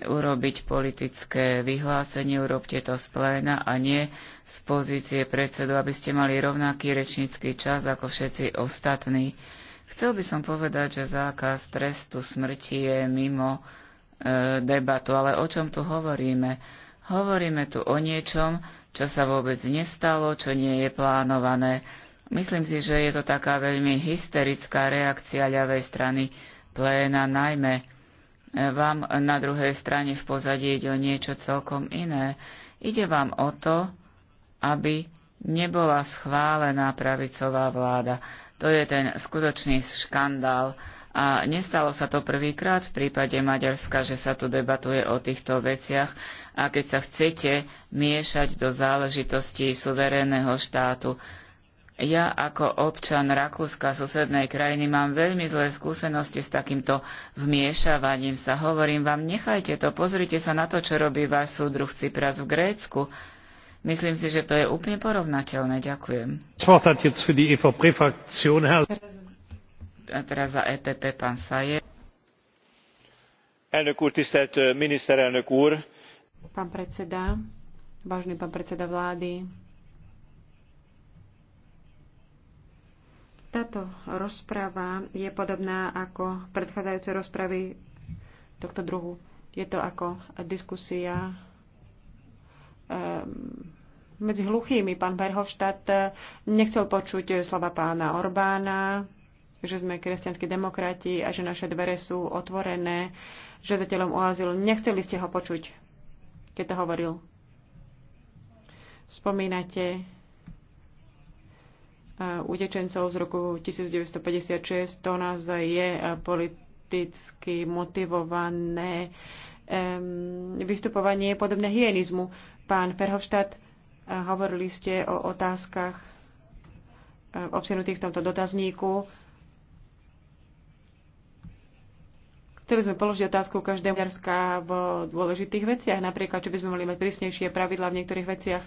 urobiť politické vyhlásenie, urobte to z pléna a nie z pozície predsedu, aby ste mali rovnaký rečnícky čas ako všetci ostatní. Chcel by som povedať, že zákaz trestu smrti je mimo e, debatu, ale o čom tu hovoríme? Hovoríme tu o niečom, čo sa vôbec nestalo, čo nie je plánované. Myslím si, že je to taká veľmi hysterická reakcia ľavej strany pléna, najmä e, vám na druhej strane v pozadí ide o niečo celkom iné. Ide vám o to, aby nebola schválená pravicová vláda. To je ten skutočný škandál. A nestalo sa to prvýkrát v prípade Maďarska, že sa tu debatuje o týchto veciach a keď sa chcete miešať do záležitostí suverénneho štátu. Ja ako občan Rakúska, susednej krajiny, mám veľmi zlé skúsenosti s takýmto vmiešavaním sa. Hovorím vám, nechajte to, pozrite sa na to, čo robí váš súdruh Cipras v Grécku. Myslím si, že to je úplne porovnateľné. Ďakujem teraz za EPP pán Saje. Elnök úr, tisztelt miniszterelnök úr! Pán predseda, vážny pán predseda vlády, Táto rozpráva je podobná ako predchádzajúce rozpravy tohto druhu. Je to ako diskusia ehm, medzi hluchými. Pán Verhofstadt eh, nechcel počuť eh, slova pána Orbána, že sme kresťanskí demokrati a že naše dvere sú otvorené žiadateľom o azyl. Nechceli ste ho počuť, keď to hovoril. Spomínate e, utečencov z roku 1956. To naozaj je e, politicky motivované vystupovanie podobné hyenizmu. Pán Ferhovštát, e, hovorili ste o otázkach obsenutých v tomto dotazníku Chceli sme položiť otázku každému Maďarska v dôležitých veciach, napríklad, či by sme mohli mať prísnejšie pravidla v niektorých veciach.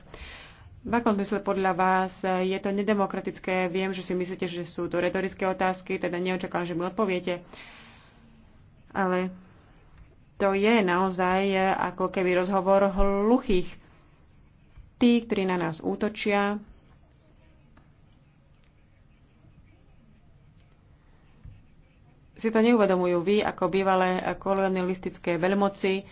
V akom zmysle podľa vás je to nedemokratické? Viem, že si myslíte, že sú to retorické otázky, teda neočakávam, že mi odpoviete. Ale to je naozaj ako keby rozhovor hluchých. Tí, ktorí na nás útočia, si to neuvedomujú vy ako bývalé kolonialistické veľmoci.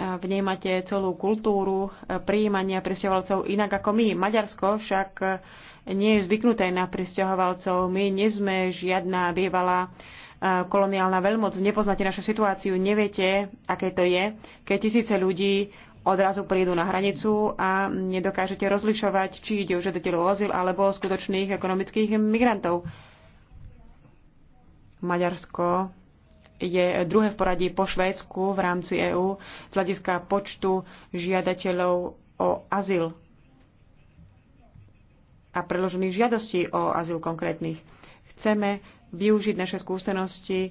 Vnímate celú kultúru prijímania pristahovalcov inak ako my. Maďarsko však nie je zvyknuté na pristahovalcov. My nie sme žiadna bývalá koloniálna veľmoc. Nepoznáte našu situáciu, neviete, aké to je, keď tisíce ľudí odrazu prídu na hranicu a nedokážete rozlišovať, či ide o žiadateľov o azyl alebo o skutočných ekonomických migrantov. Maďarsko je druhé v poradí po Švédsku v rámci EÚ z hľadiska počtu žiadateľov o azyl a preložených žiadostí o azyl konkrétnych. Chceme využiť naše skúsenosti e,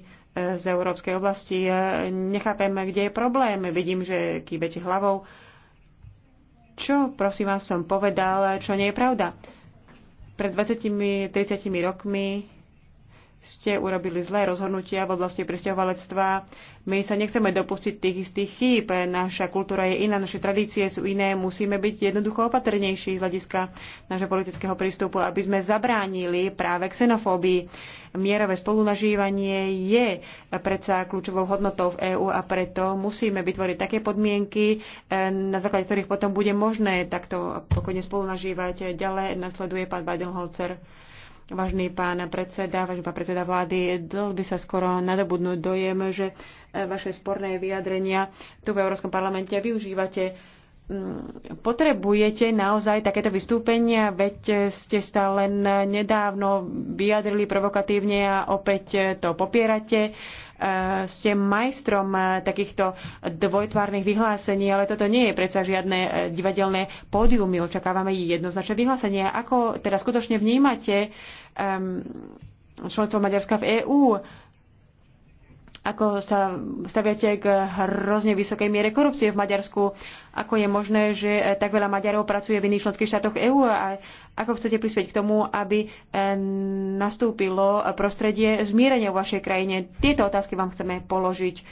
z európskej oblasti. E, Nechápeme, kde je problém. Vidím, že kýbete hlavou. Čo, prosím vás, som povedal, čo nie je pravda? Pred 20-30 rokmi ste urobili zlé rozhodnutia v oblasti pristahovalectva. My sa nechceme dopustiť tých istých chýb. Naša kultúra je iná, naše tradície sú iné. Musíme byť jednoducho opatrnejší z hľadiska nášho politického prístupu, aby sme zabránili práve xenofóbii. Mierové spolunažívanie je predsa kľúčovou hodnotou v EÚ a preto musíme vytvoriť také podmienky, na základe ktorých potom bude možné takto pokojne spolunažívať. Ďalej nasleduje pán Badenholzer. Vážny pán predseda, vážený pán predseda vlády, dal by sa skoro nadobudnúť dojem, že e, vaše sporné vyjadrenia tu v Európskom parlamente využívate. Mm, potrebujete naozaj takéto vystúpenia, veď ste sa len nedávno vyjadrili provokatívne a opäť to popierate e, ste majstrom e, takýchto dvojtvárnych vyhlásení, ale toto nie je predsa žiadne divadelné pódium. My očakávame jednoznačné vyhlásenie. Ako teda skutočne vnímate Um, členstvo Maďarska v EÚ. Ako sa staviate k hrozne vysokej miere korupcie v Maďarsku? Ako je možné, že eh, tak veľa Maďarov pracuje v iných členských štátoch EÚ? A ako chcete prispieť k tomu, aby eh, nastúpilo prostredie zmierenia v vašej krajine? Tieto otázky vám chceme položiť eh,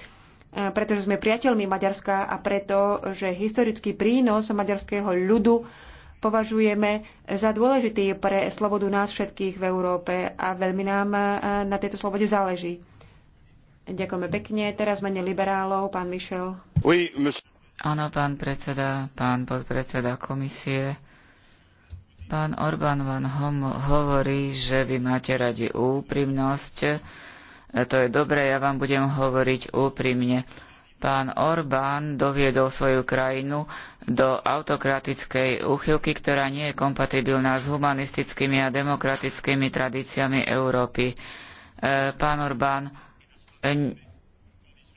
pretože sme priateľmi Maďarska a preto, že historický prínos maďarského ľudu považujeme za dôležitý pre slobodu nás všetkých v Európe a veľmi nám e, na tejto slobode záleží. Ďakujeme pekne. Teraz mene liberálov, pán Mišel. Oui, Áno, pán predseda, pán podpredseda komisie. Pán Orbán vám hovorí, že vy máte radi úprimnosť. E, to je dobré, ja vám budem hovoriť úprimne pán Orbán doviedol svoju krajinu do autokratickej úchylky, ktorá nie je kompatibilná s humanistickými a demokratickými tradíciami Európy. E, pán Orbán, e,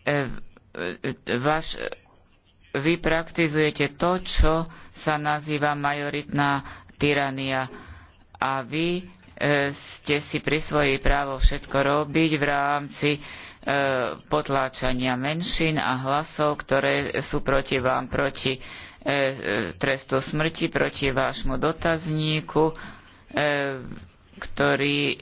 e, vaš, vy praktizujete to, čo sa nazýva majoritná tyrania a vy ste si prisvojili právo všetko robiť v rámci Eh, potláčania menšín a hlasov, ktoré sú proti vám, proti eh, eh, trestu smrti, proti vášmu dotazníku, ktorý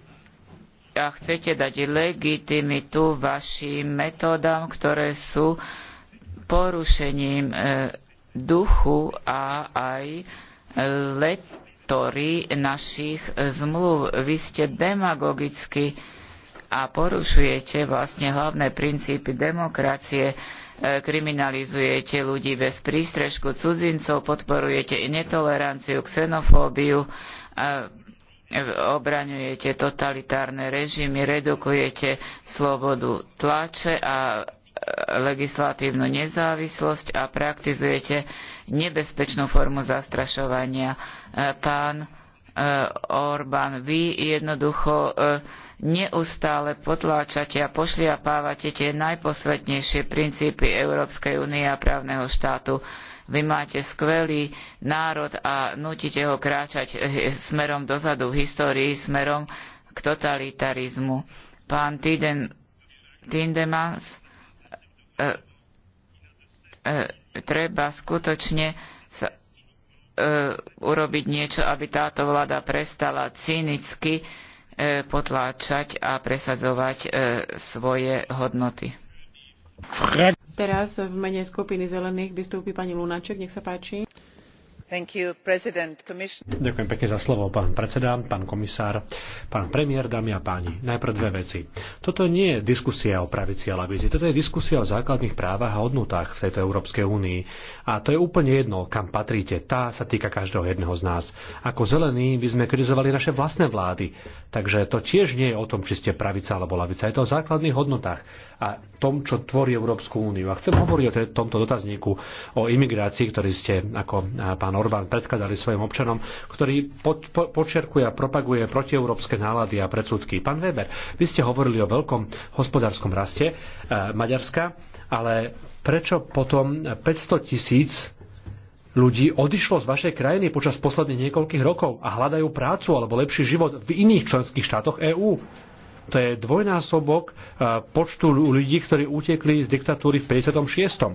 a chcete dať legitimitu vašim metódam, ktoré sú porušením duchu a aj letory našich zmluv. Vy ste demagogicky a porušujete vlastne hlavné princípy demokracie, e, kriminalizujete ľudí bez prístrežku cudzincov, podporujete netoleranciu, xenofóbiu, e, obraňujete totalitárne režimy, redukujete slobodu tlače a e, legislatívnu nezávislosť a praktizujete nebezpečnú formu zastrašovania. Pán E, Orbán. Vy jednoducho e, neustále potláčate a pošliapávate tie najposvetnejšie princípy Európskej únie a právneho štátu. Vy máte skvelý národ a nutíte ho kráčať e, smerom dozadu v histórii, smerom k totalitarizmu. Pán Tiden, Tindemans, e, e, treba skutočne E, urobiť niečo, aby táto vláda prestala cynicky e, potláčať a presadzovať e, svoje hodnoty. Teraz v mene skupiny zelených vystúpi pani Lunaček, nech sa páči. Ďakujem pekne za slovo, pán predseda, pán komisár, pán premiér, dámy a páni. Najprv dve veci. Toto nie je diskusia o pravici a lavici, toto je diskusia o základných právach a hodnotách v tejto Európskej únii. A to je úplne jedno, kam patríte. Tá sa týka každého jedného z nás. Ako zelení by sme kritizovali naše vlastné vlády. Takže to tiež nie je o tom, či ste pravica alebo lavica. Je to o základných hodnotách a tom, čo tvorí Európsku úniu. A chcem hovoriť o tomto dotazníku o imigrácii, ktorý ste ako pán Orbán predkladali svojim občanom, ktorý po, po, počerkuje a propaguje protieurópske nálady a predsudky. Pán Weber, vy ste hovorili o veľkom hospodárskom raste e, Maďarska, ale prečo potom 500 tisíc ľudí odišlo z vašej krajiny počas posledných niekoľkých rokov a hľadajú prácu alebo lepší život v iných členských štátoch EÚ? To je dvojnásobok e, počtu ľudí, ktorí utekli z diktatúry v 56.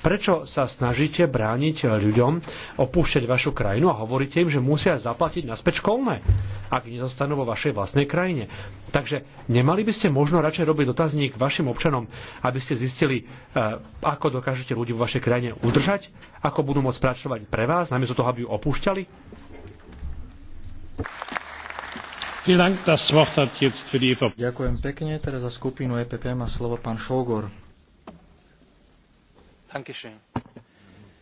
Prečo sa snažíte brániť ľuďom opúšťať vašu krajinu a hovoríte im, že musia zaplatiť naspäť školné, ak nezostanú vo vašej vlastnej krajine? Takže nemali by ste možno radšej robiť dotazník vašim občanom, aby ste zistili, e, ako dokážete ľudí vo vašej krajine udržať, ako budú môcť pracovať pre vás, namiesto toho, aby ju opúšťali? E Ďakujem pekne. Teraz za skupinu EPP má slovo pán Šogor.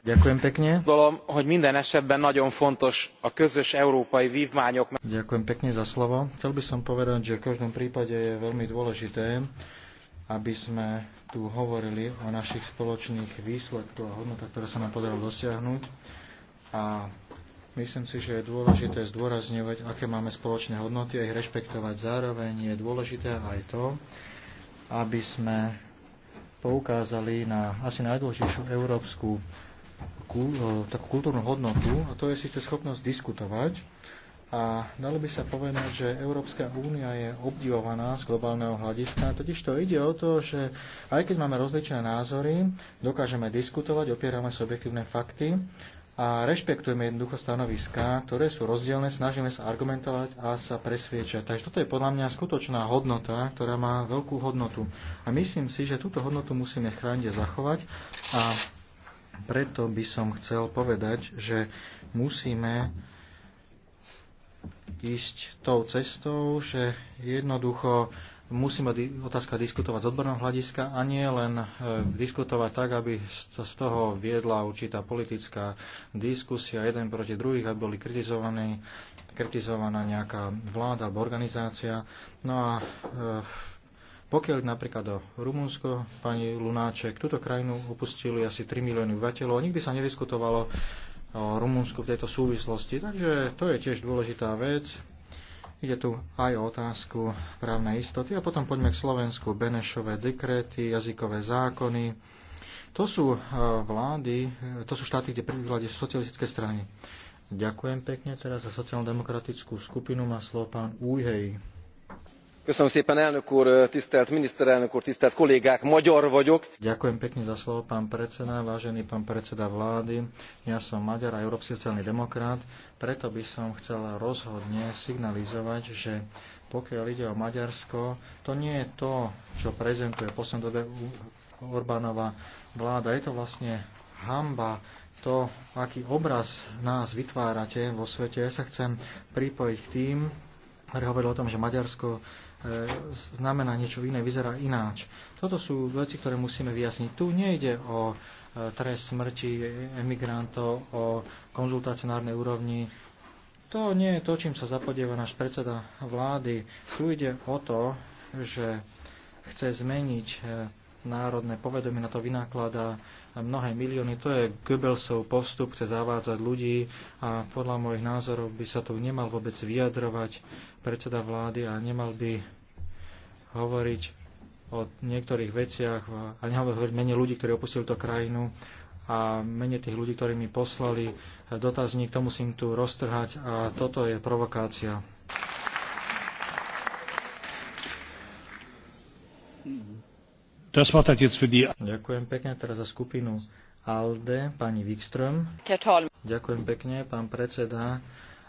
Ďakujem pekne. Gondolom, hogy minden esetben nagyon fontos a közös európai vívmányok. Ďakujem pekne za slovo. Chcel by som povedať, že v každom prípade je veľmi dôležité, aby sme tu hovorili o našich spoločných výsledkoch a hodnotách, ktoré sa nám podarilo dosiahnuť. A Myslím si, že je dôležité zdôrazňovať, aké máme spoločné hodnoty a ich rešpektovať. Zároveň je dôležité aj to, aby sme poukázali na asi najdôležitejšiu európsku e, takú kultúrnu hodnotu, a to je síce schopnosť diskutovať. A dalo by sa povedať, že Európska únia je obdivovaná z globálneho hľadiska, totiž to ide o to, že aj keď máme rozličné názory, dokážeme diskutovať, opierame objektívne fakty a rešpektujeme jednoducho stanoviská, ktoré sú rozdielne, snažíme sa argumentovať a sa presviečať. Takže toto je podľa mňa skutočná hodnota, ktorá má veľkú hodnotu. A myslím si, že túto hodnotu musíme chrániť a zachovať a preto by som chcel povedať, že musíme ísť tou cestou, že jednoducho musíme otázka diskutovať z odborného hľadiska a nie len e, diskutovať tak, aby sa z toho viedla určitá politická diskusia jeden proti druhých, aby boli kritizovaní, kritizovaná nejaká vláda alebo organizácia. No a e, pokiaľ napríklad do Rumunsko, pani Lunáček, túto krajinu opustili asi 3 milióny obyvateľov a nikdy sa nediskutovalo o Rumunsku v tejto súvislosti. Takže to je tiež dôležitá vec. Ide tu aj o otázku právnej istoty a potom poďme k Slovensku. Benešové dekréty, jazykové zákony. To sú e, vlády, e, to sú štáty, kde prvý sú socialistické strany. Ďakujem pekne. Teraz za sociálno-demokratickú skupinu má slovo pán Újhej magyar vagyok. ďakujem pekne za slovo pán predseda vážený pán predseda vlády ja som maďar a sociálny demokrat preto by som chcel rozhodne signalizovať že pokiaľ ide o maďarsko to nie je to čo prezentuje v poslednej dobe orbánova vláda je to vlastne hanba to, aký obraz nás vytvárate vo svete. Ja sa chcem pripojiť k tým, ktorí hovorili o tom, že Maďarsko E, znamená niečo iné, vyzerá ináč. Toto sú veci, ktoré musíme vyjasniť. Tu nejde o e, trest smrti emigrantov, o konzultácie na úrovni. To nie je to, čím sa zapodieva náš predseda vlády. Tu ide o to, že chce zmeniť e, národné povedomie na to vynáklada mnohé milióny. To je Goebbelsov postup, chce zavádzať ľudí a podľa mojich názorov by sa tu nemal vôbec vyjadrovať predseda vlády a nemal by hovoriť o niektorých veciach a nehovoriť hovoriť menej ľudí, ktorí opustili tú krajinu a menej tých ľudí, ktorí mi poslali dotazník, to musím tu roztrhať a toto je provokácia. Ďakujem pekne teraz za skupinu ALDE, pani Wikström. Ďakujem pekne, pán predseda.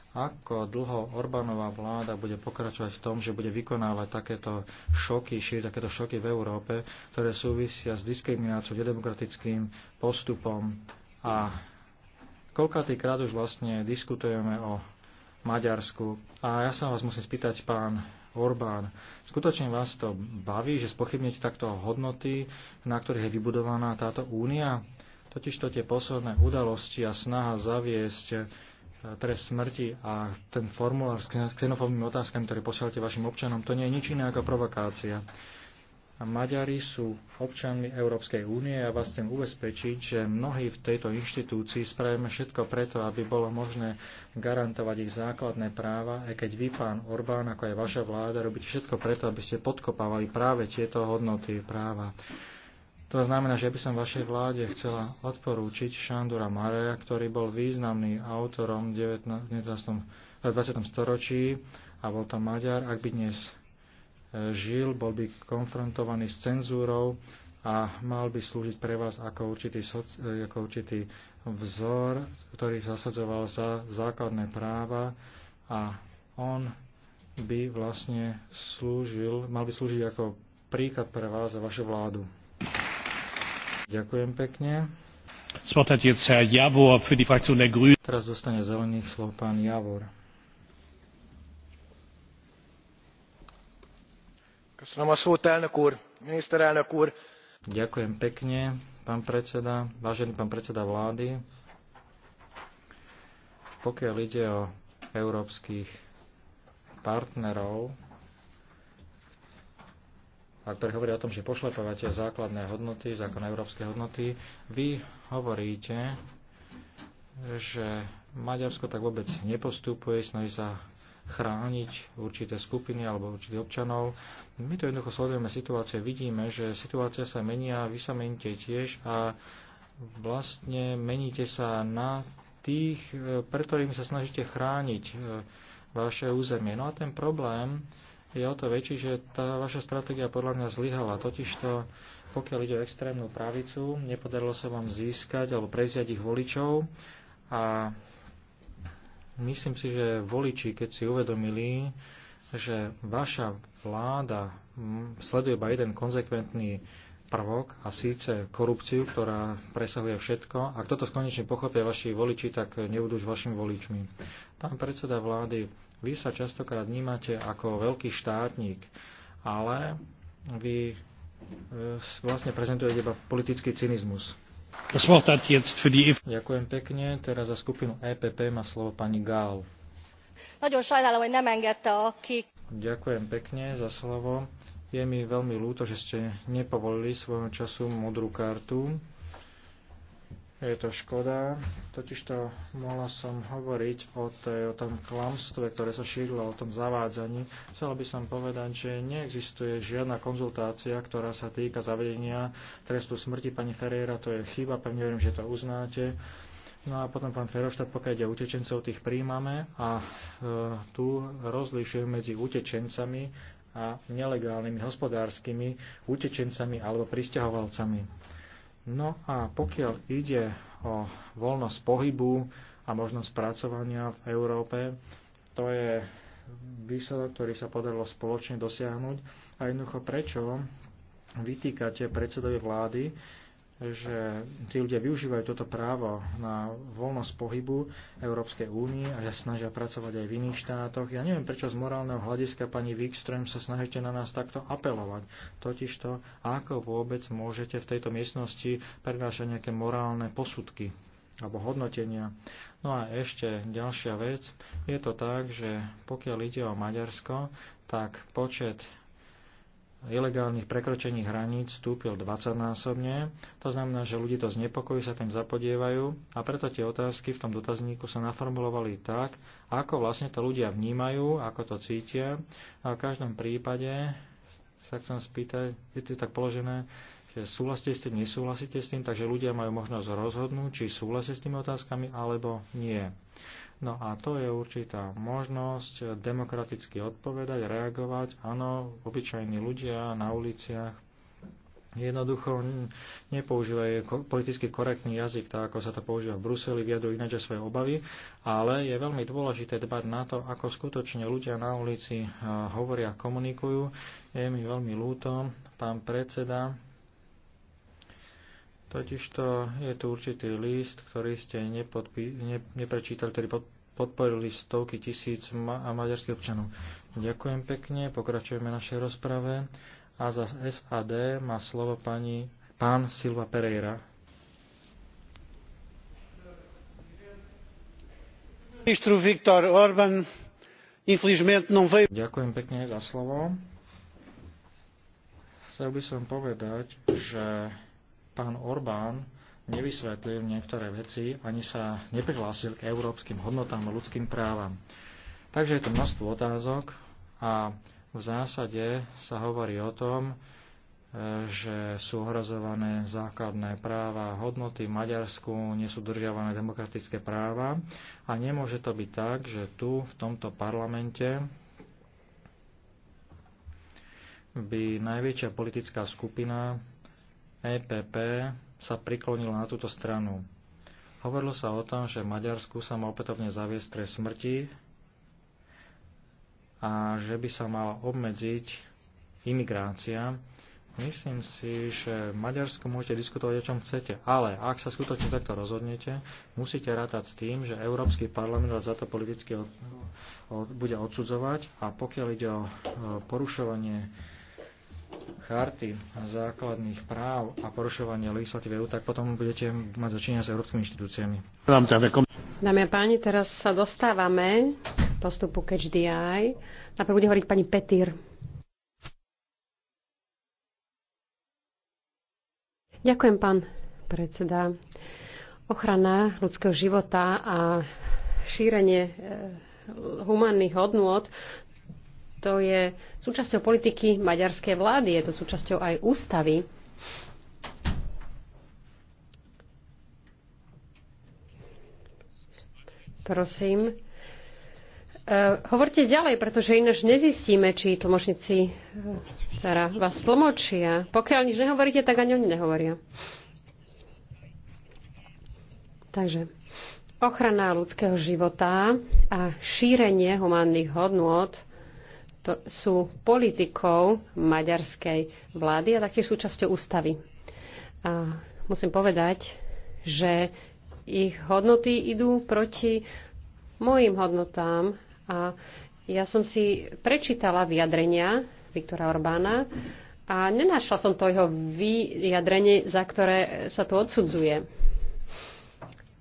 Ako dlho Orbánová vláda bude pokračovať v tom, že bude vykonávať takéto šoky, šíriť takéto šoky v Európe, ktoré súvisia s diskrimináciou, nedemokratickým postupom a krát už vlastne diskutujeme o Maďarsku. A ja sa vás musím spýtať, pán Orbán. Skutočne vás to baví, že spochybnete takto hodnoty, na ktorých je vybudovaná táto únia? Totižto tie posledné udalosti a snaha zaviesť eh, trest smrti a ten formulár s xenofóbnymi otázkami, ktoré posielate vašim občanom, to nie je nič iné ako provokácia a Maďari sú občanmi Európskej únie. Ja vás chcem ubezpečiť, že mnohí v tejto inštitúcii spravíme všetko preto, aby bolo možné garantovať ich základné práva, aj keď vy, pán Orbán, ako aj vaša vláda, robíte všetko preto, aby ste podkopávali práve tieto hodnoty práva. To znamená, že by som vašej vláde chcela odporúčiť Šandura Mareja, ktorý bol významný autorom v 19, 20. storočí a bol to Maďar, ak by dnes žil, bol by konfrontovaný s cenzúrou a mal by slúžiť pre vás ako určitý, eh, ako určitý vzor, ktorý zasadzoval za základné práva a on by vlastne slúžil, mal by slúžiť ako príklad pre vás a vašu vládu. Ďakujem pekne. Teraz dostane zelených slov pán Javor. Ďakujem pekne, pán predseda, vážený pán predseda vlády. Pokiaľ ide o európskych partnerov, a ktorý hovorí o tom, že pošlepávate základné hodnoty, základné európske hodnoty, vy hovoríte, že Maďarsko tak vôbec nepostupuje, snaží sa chrániť určité skupiny alebo určitých občanov. My to jednoducho sledujeme situáciu, vidíme, že situácia sa menia, vy sa meníte tiež a vlastne meníte sa na tých, e, pre ktorými sa snažíte chrániť e, vaše územie. No a ten problém je o to väčší, že tá vaša stratégia podľa mňa zlyhala. Totižto, pokiaľ ide o extrémnu pravicu, nepodarilo sa vám získať alebo preziať ich voličov a Myslím si, že voliči, keď si uvedomili, že vaša vláda mm, sleduje iba jeden konzekventný prvok a síce korupciu, ktorá presahuje všetko. Ak toto konečne pochopia vaši voliči, tak nebudú už vašimi voličmi. Pán predseda vlády, vy sa častokrát vnímate ako veľký štátnik, ale vy e, vlastne prezentujete iba politický cynizmus. E Ďakujem pekne. Teraz za skupinu EPP má slovo pani Gál. Ďakujem pekne za slovo. Je mi veľmi ľúto, že ste nepovolili svojom času modrú kartu. Je to škoda, totižto mohla som hovoriť o, tej, o tom klamstve, ktoré sa šírilo, o tom zavádzaní. Chcela by som povedať, že neexistuje žiadna konzultácia, ktorá sa týka zavedenia trestu smrti pani Ferreira. To je chyba, pevne verím, že to uznáte. No a potom pán Feroštát, pokiaľ ide utečencov, tých príjmame a e, tu rozlišujem medzi utečencami a nelegálnymi hospodárskymi utečencami alebo pristahovalcami No a pokiaľ ide o voľnosť pohybu a možnosť pracovania v Európe, to je výsledok, ktorý sa podarilo spoločne dosiahnuť. A jednoducho prečo vytýkate predsedovi vlády, že tí ľudia využívajú toto právo na voľnosť pohybu Európskej únie a že snažia pracovať aj v iných štátoch. Ja neviem, prečo z morálneho hľadiska pani Wikström sa snažíte na nás takto apelovať. Totižto, ako vôbec môžete v tejto miestnosti prednášať nejaké morálne posudky alebo hodnotenia. No a ešte ďalšia vec. Je to tak, že pokiaľ ide o Maďarsko, tak počet ilegálnych prekročení hraníc stúpil 20-násobne. To znamená, že ľudí to znepokojí, sa tým zapodievajú a preto tie otázky v tom dotazníku sa naformulovali tak, ako vlastne to ľudia vnímajú, ako to cítia. A v každom prípade sa chcem spýtať, je to tak položené, že súhlasíte s tým, nesúhlasíte s tým, takže ľudia majú možnosť rozhodnúť, či súhlasia s tými otázkami alebo nie. No a to je určitá možnosť demokraticky odpovedať, reagovať. Áno, obyčajní ľudia na uliciach jednoducho nepoužívajú politicky korektný jazyk, tak ako sa to používa v Bruseli, vyjadrujú ináč svoje obavy, ale je veľmi dôležité dbať na to, ako skutočne ľudia na ulici hovoria, komunikujú. Je mi veľmi ľúto, pán predseda, Totižto je tu určitý list, ktorý ste nepodpí, ne, neprečítali, ktorý pod, podporili stovky tisíc ma- a maďarských občanov. Ďakujem pekne, pokračujeme našej rozprave. A za SAD má slovo pani, pán Silva Pereira. Viktor Orbán, Ďakujem pekne za slovo. Chcel by som povedať, že pán Orbán nevysvetlil niektoré veci, ani sa neprihlásil k európskym hodnotám a ľudským právam. Takže je to množstvo otázok a v zásade sa hovorí o tom, e, že sú ohrozované základné práva a hodnoty v Maďarsku, nie sú držiavané demokratické práva a nemôže to byť tak, že tu v tomto parlamente by najväčšia politická skupina EPP sa priklonilo na túto stranu. Hovorilo sa o tom, že v Maďarsku sa má opätovne zaviesť trest smrti a že by sa mala obmedziť imigrácia. Myslím si, že v Maďarsku môžete diskutovať o čom chcete, ale ak sa skutočne takto rozhodnete, musíte rátať s tým, že Európsky parlament vás za to politicky od, od, bude odsudzovať a pokiaľ ide o e, porušovanie charty základných práv a porušovanie legislatívy EU, tak potom budete mať začínať s európskymi inštitúciami. Dámy a páni, teraz sa dostávame postupu Catch the Eye. Najprv bude hovoriť pani Petír. Ďakujem, pán predseda. Ochrana ľudského života a šírenie eh, humánnych hodnôt, to je súčasťou politiky maďarskej vlády, je to súčasťou aj ústavy. Prosím. Uh, hovorte ďalej, pretože ináč nezistíme, či tlmočníci uh, teda vás tlmočia. Pokiaľ nič nehovoríte, tak ani oni nehovoria. Takže ochrana ľudského života a šírenie humánnych hodnôt to sú politikou maďarskej vlády a taktiež súčasťou ústavy. A musím povedať, že ich hodnoty idú proti mojim hodnotám a ja som si prečítala vyjadrenia Viktora Orbána a nenašla som to jeho vyjadrenie, za ktoré sa tu odsudzuje.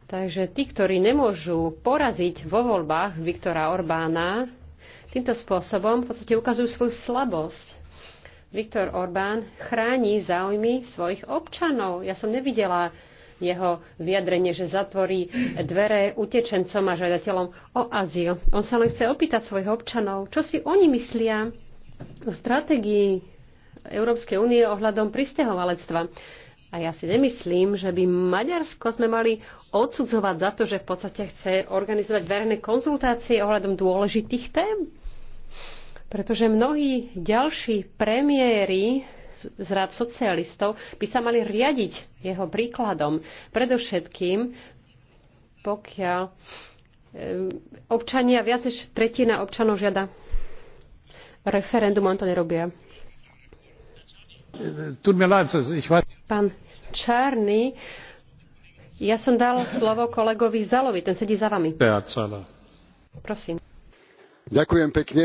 Takže tí, ktorí nemôžu poraziť vo voľbách Viktora Orbána, Týmto spôsobom v podstate ukazujú svoju slabosť. Viktor Orbán chráni záujmy svojich občanov. Ja som nevidela jeho vyjadrenie, že zatvorí dvere utečencom a žiadateľom o azyl. On sa len chce opýtať svojich občanov, čo si oni myslia o stratégii Európskej únie ohľadom pristahovalectva. A ja si nemyslím, že by Maďarsko sme mali odsudzovať za to, že v podstate chce organizovať verejné konzultácie ohľadom dôležitých tém. Pretože mnohí ďalší premiéry z rád socialistov by sa mali riadiť jeho príkladom. Predovšetkým, pokiaľ e, občania, viac než tretina občanov žiada referendum, on to nerobia. Pán Čárny, ja som dal slovo kolegovi Zalovi, ten sedí za vami. Prosím. Ďakujem pekne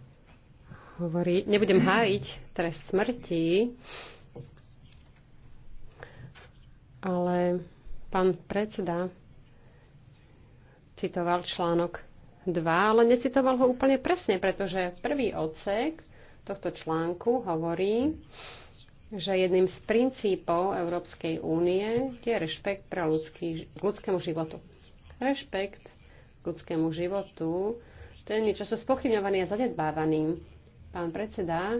hovorí, nebudem hájiť trest smrti, ale pán predseda citoval článok 2, ale necitoval ho úplne presne, pretože prvý odsek tohto článku hovorí, že jedným z princípov Európskej únie je rešpekt pre ľudský, k ľudskému životu. Rešpekt k ľudskému životu, to je niečo, čo spochybňovaný a zanedbávaný. Pán predseda,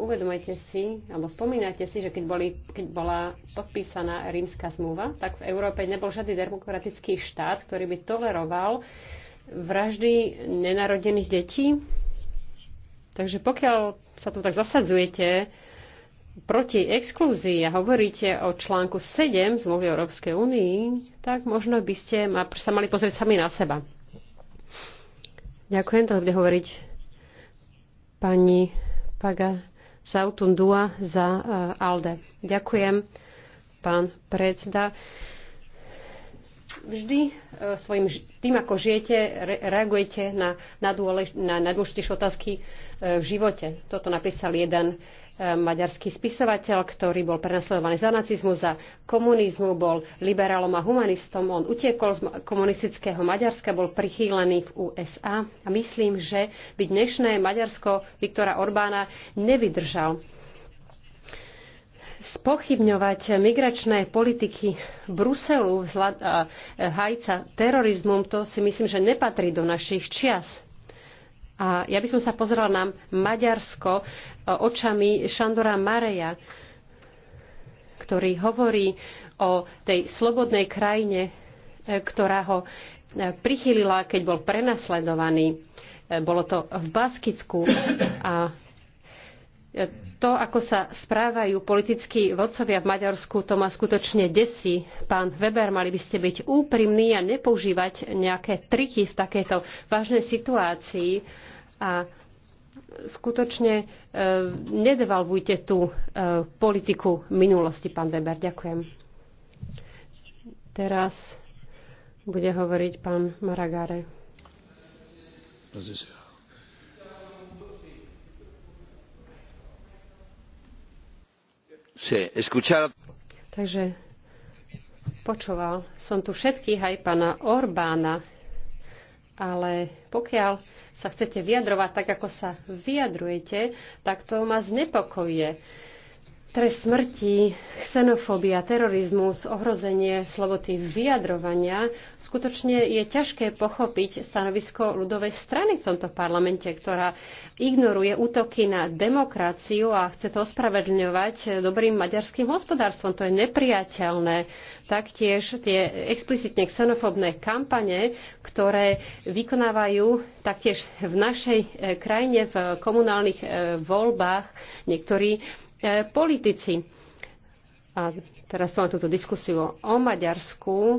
uvedomujete si, alebo spomínate si, že keď, boli, keď bola podpísaná rímska zmluva, tak v Európe nebol žiadny demokratický štát, ktorý by toleroval vraždy nenarodených detí. Takže pokiaľ sa tu tak zasadzujete proti exklúzii a hovoríte o článku 7 zmluvy Európskej únii, tak možno by ste ma, sa mali pozrieť sami na seba. Ďakujem, to bude hovoriť pani Paga Sautundua za eh, ALDE. Ďakujem, pán predseda vždy e, svojim, tým, ako žijete, reagujete na, na, dôlež, na dôležitejšie otázky e, v živote. Toto napísal jeden e, maďarský spisovateľ, ktorý bol prenasledovaný za nacizmu, za komunizmu, bol liberálom a humanistom. On utiekol z komunistického Maďarska, bol prichýlený v USA a myslím, že by dnešné Maďarsko Viktora Orbána nevydržal spochybňovať migračné politiky Bruselu a e, hajca terorizmom, to si myslím, že nepatrí do našich čias. A ja by som sa pozrela na Maďarsko e, očami Šandora Mareja, ktorý hovorí o tej slobodnej krajine, e, ktorá ho prichylila, keď bol prenasledovaný. Bolo to v Baskicku a to, ako sa správajú politickí vodcovia v Maďarsku, to ma skutočne desí. Pán Weber, mali by ste byť úprimní a nepoužívať nejaké triky v takejto vážnej situácii. A skutočne e, nedevalvujte tú e, politiku minulosti, pán Weber. Ďakujem. Teraz bude hovoriť pán Maragare. Pozícia. Takže počúval som tu všetkých, aj pána Orbána, ale pokiaľ sa chcete vyjadrovať tak, ako sa vyjadrujete, tak to ma znepokojuje. Trest smrti, xenofóbia, terorizmus, ohrozenie slobody vyjadrovania. Skutočne je ťažké pochopiť stanovisko ľudovej strany v tomto parlamente, ktorá ignoruje útoky na demokraciu a chce to ospravedlňovať dobrým maďarským hospodárstvom. To je nepriateľné. Taktiež tie explicitne xenofóbne kampane, ktoré vykonávajú taktiež v našej eh, krajine v komunálnych eh, voľbách niektorí E, politici. A teraz tu túto diskusiu o Maďarsku, e,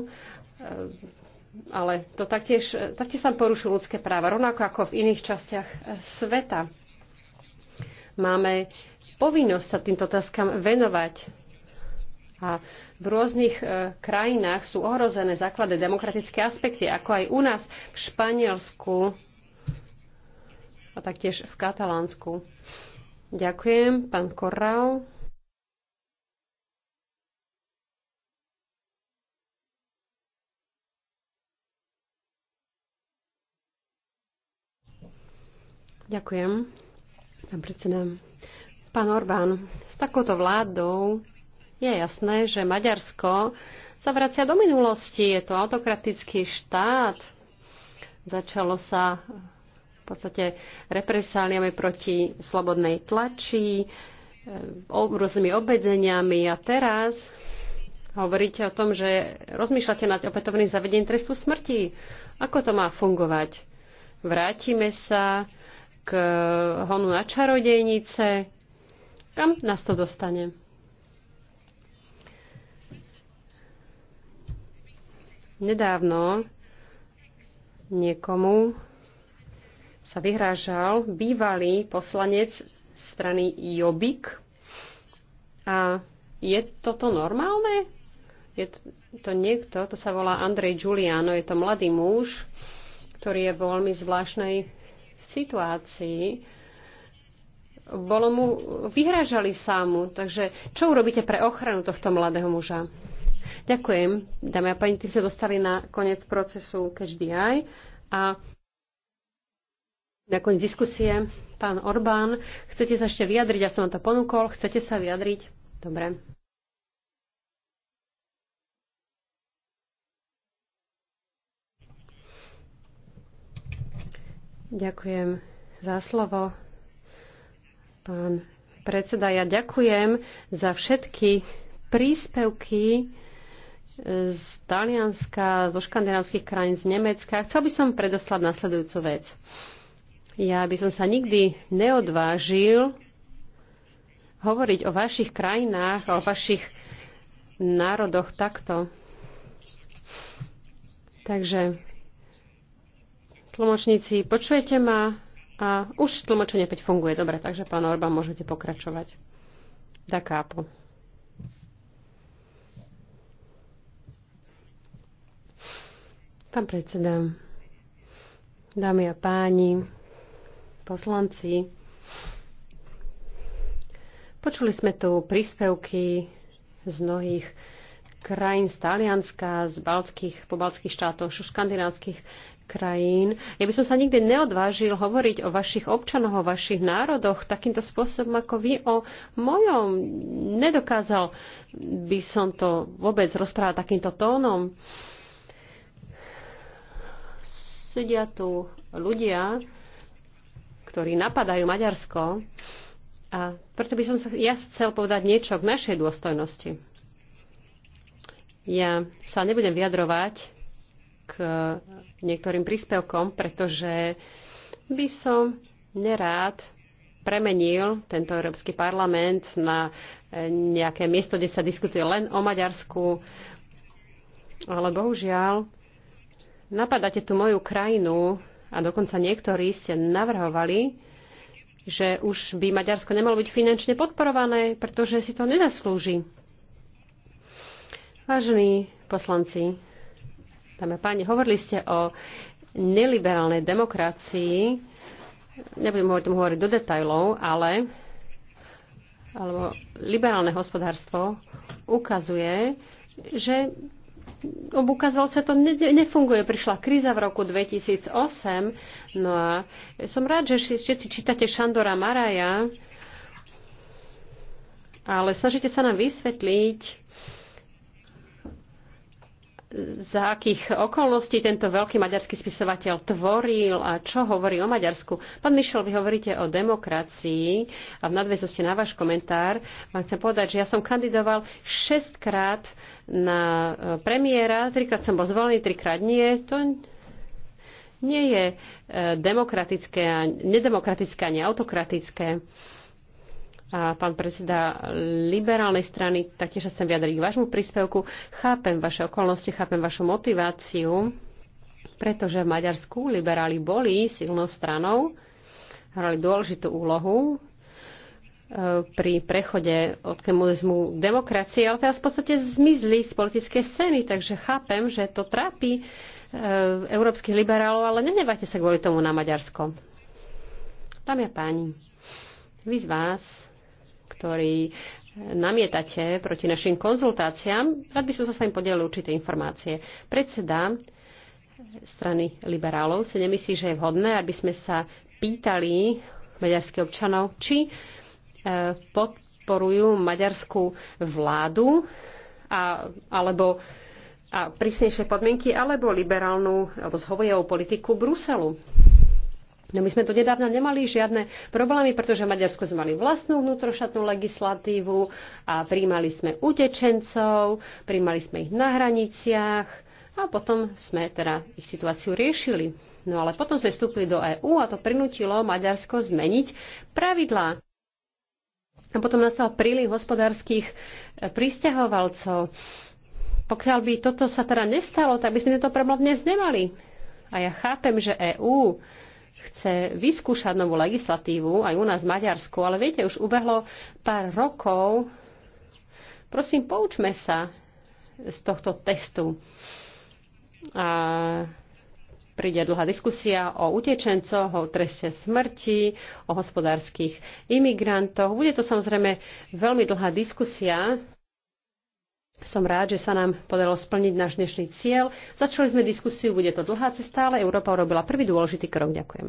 ale to taktiež, e, taktiež sa porušujú ľudské práva, rovnako ako v iných častiach sveta. Máme povinnosť sa týmto otázkam venovať. A v rôznych e, krajinách sú ohrozené základné demokratické aspekty, ako aj u nás v Španielsku a taktiež v Katalánsku. Ďakujem, pán Korral. Ďakujem, pán predseda. Pán Orbán, s takouto vládou je jasné, že Maďarsko sa vracia do minulosti. Je to autokratický štát. Začalo sa podstate represáliami proti slobodnej tlači, e, rôznymi obmedzeniami a teraz hovoríte o tom, že rozmýšľate nad opätovným zavedením trestu smrti. Ako to má fungovať? Vrátime sa k honu na čarodejnice. Kam nás to dostane? Nedávno niekomu sa vyhrážal bývalý poslanec strany Jobik. A je toto normálne? Je to niekto, to sa volá Andrej Giuliano, je to mladý muž, ktorý je vo veľmi zvláštnej situácii. Bolo mu, vyhrážali sa mu, takže čo urobíte pre ochranu tohto mladého muža? Ďakujem. Dámy a páni, ty sa dostali na koniec procesu Catch the Eye a Nakoniec diskusie. Pán Orbán, chcete sa ešte vyjadriť? Ja som vám to ponúkol. Chcete sa vyjadriť? Dobre. Ďakujem za slovo. Pán predseda, ja ďakujem za všetky príspevky e, z Talianska, zo škandinávskych krajín, z Nemecka. Chcel by som predoslať nasledujúcu vec. Ja by som sa nikdy neodvážil hovoriť o vašich krajinách, o vašich národoch takto. Takže, tlmočníci, počujete ma? A už tlmočenie 5 funguje. Dobre, takže, pán Orbán, môžete pokračovať. Da capo. Pán predseda, dámy a páni, poslanci. Počuli sme tu príspevky z mnohých krajín z Talianska, z baltských, pobaltských štátov, škandinávskych krajín. Ja by som sa nikdy neodvážil hovoriť o vašich občanoch, o vašich národoch takýmto spôsobom ako vy o mojom. Nedokázal by som to vôbec rozprávať takýmto tónom. Sedia tu ľudia, ktorí napadajú Maďarsko. A preto by som sa ja chcel povedať niečo k našej dôstojnosti. Ja sa nebudem vyjadrovať k niektorým príspevkom, pretože by som nerád premenil tento Európsky parlament na e, nejaké miesto, kde sa diskutuje len o Maďarsku. Ale bohužiaľ, napadáte tu moju krajinu a dokonca niektorí ste navrhovali, že už by Maďarsko nemalo byť finančne podporované, pretože si to nenaslúži. Vážení poslanci, dáme páni, hovorili ste o neliberálnej demokracii. Nebudem o tom hovoriť do detajlov, ale alebo liberálne hospodárstvo ukazuje, že Ukázalo sa to, ne, nefunguje. Prišla kríza v roku 2008. No a som rád, že všetci čítate Šandora Maraja, ale snažite sa nám vysvetliť, za akých okolností tento veľký maďarský spisovateľ tvoril a čo hovorí o Maďarsku. Pán Mišel, vy hovoríte o demokracii a v nadväzosti na váš komentár vám chcem povedať, že ja som kandidoval šestkrát na e, premiéra, trikrát som bol zvolený, trikrát nie. To nie je e, demokratické a nedemokratické ani autokratické a pán predseda liberálnej strany, taktiež sa chcem vyjadriť k vášmu príspevku. Chápem vaše okolnosti, chápem vašu motiváciu, pretože v Maďarsku liberáli boli silnou stranou, hrali dôležitú úlohu e, pri prechode od komunizmu k demokracii, ale teraz v podstate zmizli z politickej scény, takže chápem, že to trápi e, európskych liberálov, ale nenevajte sa kvôli tomu na Maďarsko. Tam je páni. Vy z vás ktorí eh, namietate proti našim konzultáciám. Rád by som sa s vami podelil určité informácie. Predseda eh, strany liberálov si nemyslí, že je vhodné, aby sme sa pýtali maďarských občanov, či eh, podporujú maďarskú vládu a, alebo a prísnejšie podmienky alebo liberálnu alebo zhovojovú politiku Bruselu. No my sme to nedávno nemali žiadne problémy, pretože v Maďarsku sme mali vlastnú vnútrošatnú legislatívu a príjmali sme utečencov, príjmali sme ich na hraniciach a potom sme teda ich situáciu riešili. No ale potom sme vstúpili do EÚ a to prinútilo Maďarsko zmeniť pravidlá. A potom nastal príliv hospodárskych e, pristahovalcov. Pokiaľ by toto sa teda nestalo, tak by sme tento problém dnes nemali. A ja chápem, že EÚ chce vyskúšať novú legislatívu aj u nás v Maďarsku, ale viete, už ubehlo pár rokov. Prosím, poučme sa z tohto testu. A príde dlhá diskusia o utečencoch, o treste smrti, o hospodárskych imigrantoch. Bude to samozrejme veľmi dlhá diskusia. Som rád, že sa nám podarilo splniť náš dnešný cieľ. Začali sme diskusiu, bude to dlhá cesta, ale Európa urobila prvý dôležitý krok. Ďakujem.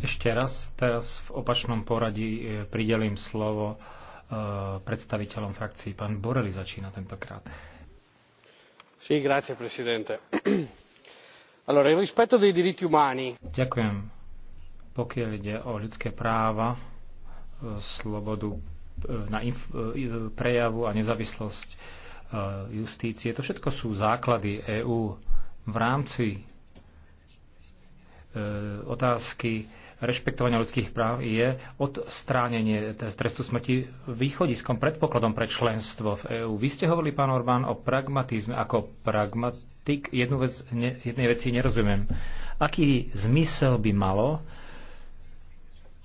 Ešte raz, teraz v opačnom poradí e, pridelím slovo e, predstaviteľom frakcií. Pán Boreli začína tentokrát. grazie Presidente. Allora, rispetto dei diritti umani. Ďakujem pokiaľ ide o ľudské práva, e, slobodu e, na inf- e, prejavu a nezávislosť justície. To všetko sú základy EÚ v rámci otázky rešpektovania ľudských práv je odstránenie trestu smrti východiskom, predpokladom pre členstvo v EÚ. Vy ste hovorili, pán Orbán, o pragmatizme. Ako pragmatik jednu vec, jednej veci nerozumiem. Aký zmysel by malo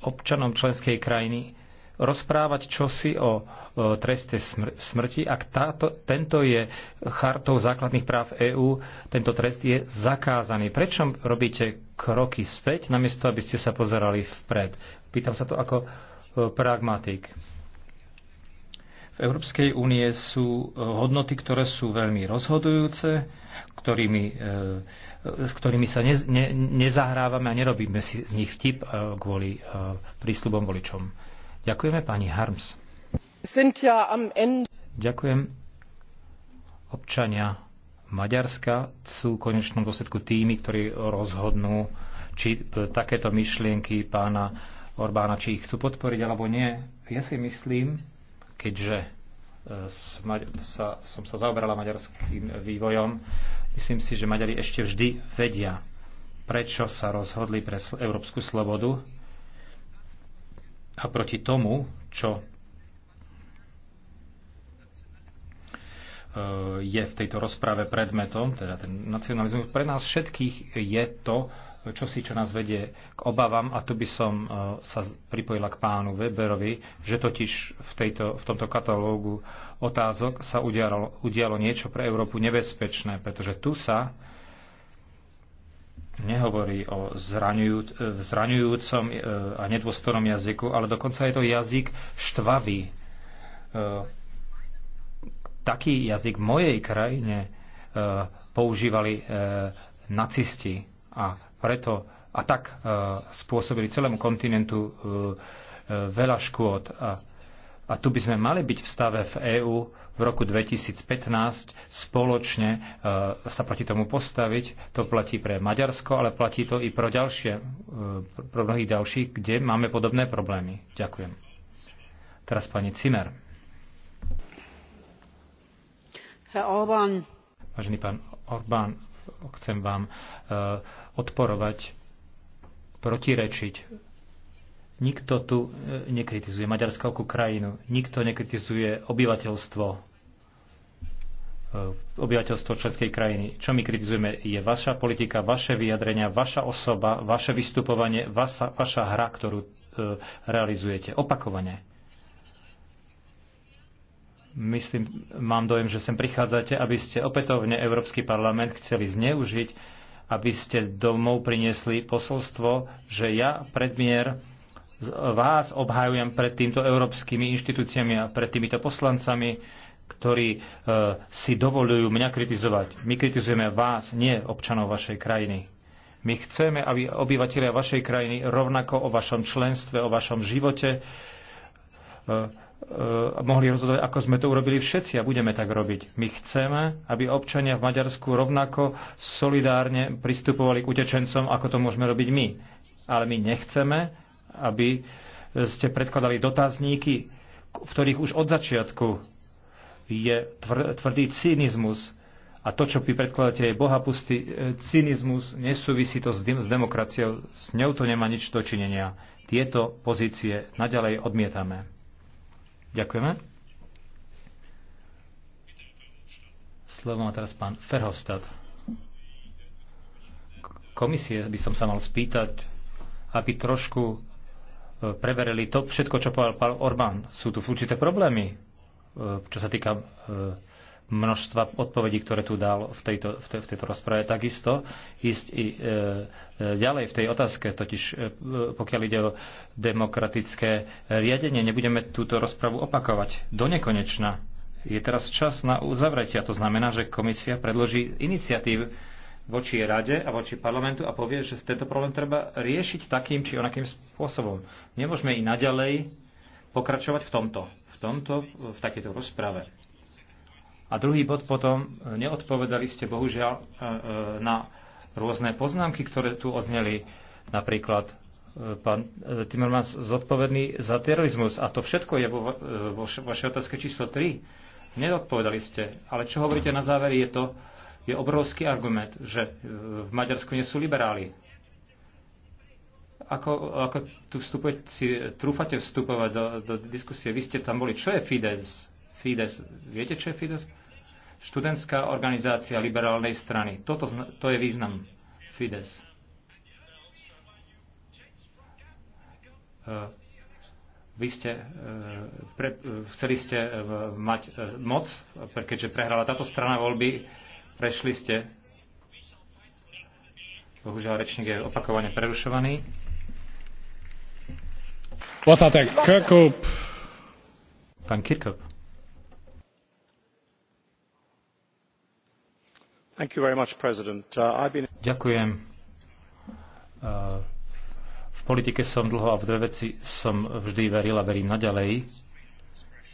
občanom členskej krajiny rozprávať čosi o treste smr- smrti, ak táto, tento je chartou základných práv EÚ, tento trest je zakázaný. Prečo robíte kroky späť, namiesto aby ste sa pozerali vpred? Pýtam sa to ako e, pragmatik. V Európskej únie sú e, hodnoty, ktoré sú veľmi rozhodujúce, ktorými e, s ktorými sa ne, ne, nezahrávame a nerobíme si z nich vtip e, kvôli e, prísľubom voličom. Ďakujeme pani Harms. Ďakujem. Občania Maďarska sú v konečnom dôsledku tými, ktorí rozhodnú, či e, takéto myšlienky pána Orbána, či ich chcú podporiť alebo nie. Ja si myslím, keďže sa, som sa zaoberala maďarským vývojom, Myslím si, že Maďari ešte vždy vedia, prečo sa rozhodli pre európsku slobodu a proti tomu, čo e, je v tejto rozprave predmetom, teda ten nacionalizmus, pre nás všetkých je to čosi, čo nás vedie k obavám, a tu by som e, sa pripojila k pánu Weberovi, že totiž v, tejto, v tomto katalógu otázok sa udialo, udialo niečo pre Európu nebezpečné, pretože tu sa nehovorí o e, zraňujúcom e, a nedôstojnom jazyku, ale dokonca je to jazyk štvavý. Taký jazyk v mojej krajine používali nacisti a preto a tak e, spôsobili celému kontinentu e, e, veľa škôd. A, a tu by sme mali byť v stave v EÚ v roku 2015 spoločne sa proti tomu postaviť. To platí pre Maďarsko, ale platí to i pro, ďalšie, pro mnohých ďalších, kde máme podobné problémy. Ďakujem. Teraz pani Cimer. Herr Orbán. Vážený pán Orbán, chcem vám e, odporovať, protirečiť. Nikto tu e, nekritizuje Maďarska krajinu, nikto nekritizuje obyvateľstvo, e, obyvateľstvo Českej krajiny. Čo my kritizujeme je vaša politika, vaše vyjadrenia, vaša osoba, vaše vystupovanie, vaša, vaša hra, ktorú realizujete opakovane. Myslím, mám dojem, že sem prichádzate, aby ste opätovne Európsky parlament chceli zneužiť, aby ste domov priniesli posolstvo, že ja, predmier, vás obhajujem pred týmto európskymi inštitúciami a pred týmito poslancami, ktorí e, si dovolujú mňa kritizovať. My kritizujeme vás, nie občanov vašej krajiny. My chceme, aby obyvateľia vašej krajiny rovnako o vašom členstve, o vašom živote E, e, mohli rozhodovať, ako sme to urobili všetci a budeme tak robiť. My chceme, aby občania v Maďarsku rovnako solidárne pristupovali k utečencom, ako to môžeme robiť my. Ale my nechceme, aby ste predkladali dotazníky, v ktorých už od začiatku je tvrdý cynizmus a to, čo vy predkladáte, je bohapustý e, cynizmus, nesúvisí to s, s demokraciou, s ňou to nemá nič dočinenia. Tieto pozície naďalej odmietame. Ďakujeme. Slovo má teraz pán Ferhovstad. Komisie by som sa mal spýtať, aby trošku e, preverili to všetko, čo povedal pán Orbán. Sú tu určité problémy, e, čo sa týka e, množstva odpovedí, ktoré tu dal v tejto, v tej, v tejto rozprave. Takisto ísť i e, e, ďalej v tej otázke, totiž e, pokiaľ ide o demokratické riadenie, nebudeme túto rozpravu opakovať do nekonečna. Je teraz čas na uzavretie a to znamená, že komisia predloží iniciatív voči rade a voči parlamentu a povie, že tento problém treba riešiť takým či onakým spôsobom. Nemôžeme i naďalej pokračovať v tomto, v, tomto, v takejto rozprave. A druhý bod potom, e, neodpovedali ste bohužiaľ e, e, na rôzne poznámky, ktoré tu odzneli. Napríklad pán Timmermans zodpovedný za terorizmus. A to všetko je vo, vo vašej otázke číslo 3. Neodpovedali ste. Ale čo hovoríte na záver, je to je obrovský argument, že v Maďarsku nie sú liberáli. Ako, ako tu vstupujete, si trúfate vstupovať do, do diskusie? Vy ste tam boli. Čo je Fidesz? Fides. Viete, čo je Fides? Študentská organizácia liberálnej strany. Toto, to je význam Fides. Uh, e, Vy ste, uh, pre, uh, chceli ste uh, mať uh, moc, keďže prehrala táto strana voľby, prešli ste. Bohužiaľ, rečník je opakovane prerušovaný. Pán Kirkop. Uh, Ďakujem. Uh, v politike som dlho a v dve veci som vždy veril a verím naďalej.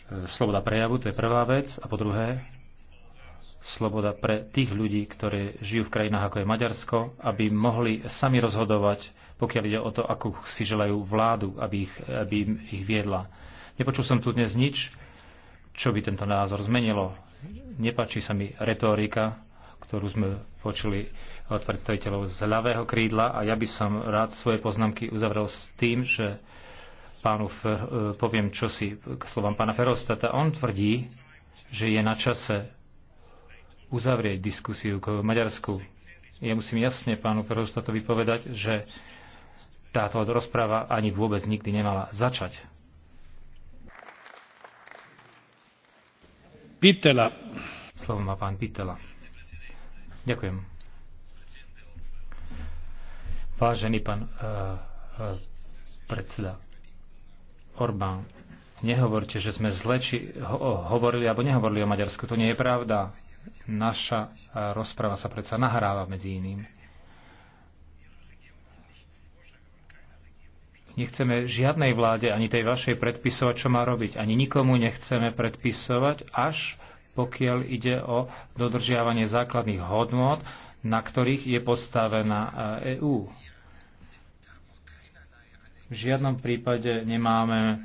Uh, sloboda prejavu, to je prvá vec. A po druhé, sloboda pre tých ľudí, ktorí žijú v krajinách ako je Maďarsko, aby mohli sami rozhodovať, pokiaľ ide o to, akú si želajú vládu, aby ich, aby ich viedla. Nepočul som tu dnes nič, čo by tento názor zmenilo. Nepáči sa mi retórika, ktorú sme počuli od predstaviteľov z ľavého krídla a ja by som rád svoje poznámky uzavrel s tým, že pánu Fer, poviem čosi k slovám pána Ferostata. On tvrdí, že je na čase uzavrieť diskusiu k Maďarsku. Ja musím jasne pánu Ferostatovi povedať, že táto rozpráva ani vôbec nikdy nemala začať. Pitela. Slovo má pán Pitela. Ďakujem. Vážený pán uh, predseda Orbán, nehovorte, že sme zle či ho- hovorili alebo nehovorili o Maďarsku. To nie je pravda. Naša uh, rozpráva sa predsa nahráva medzi iným. Nechceme žiadnej vláde, ani tej vašej, predpisovať, čo má robiť. Ani nikomu nechceme predpisovať, až uh, pokiaľ ide o dodržiavanie základných hodnot, na ktorých je postavená EÚ. Eh, e v žiadnom prípade nemáme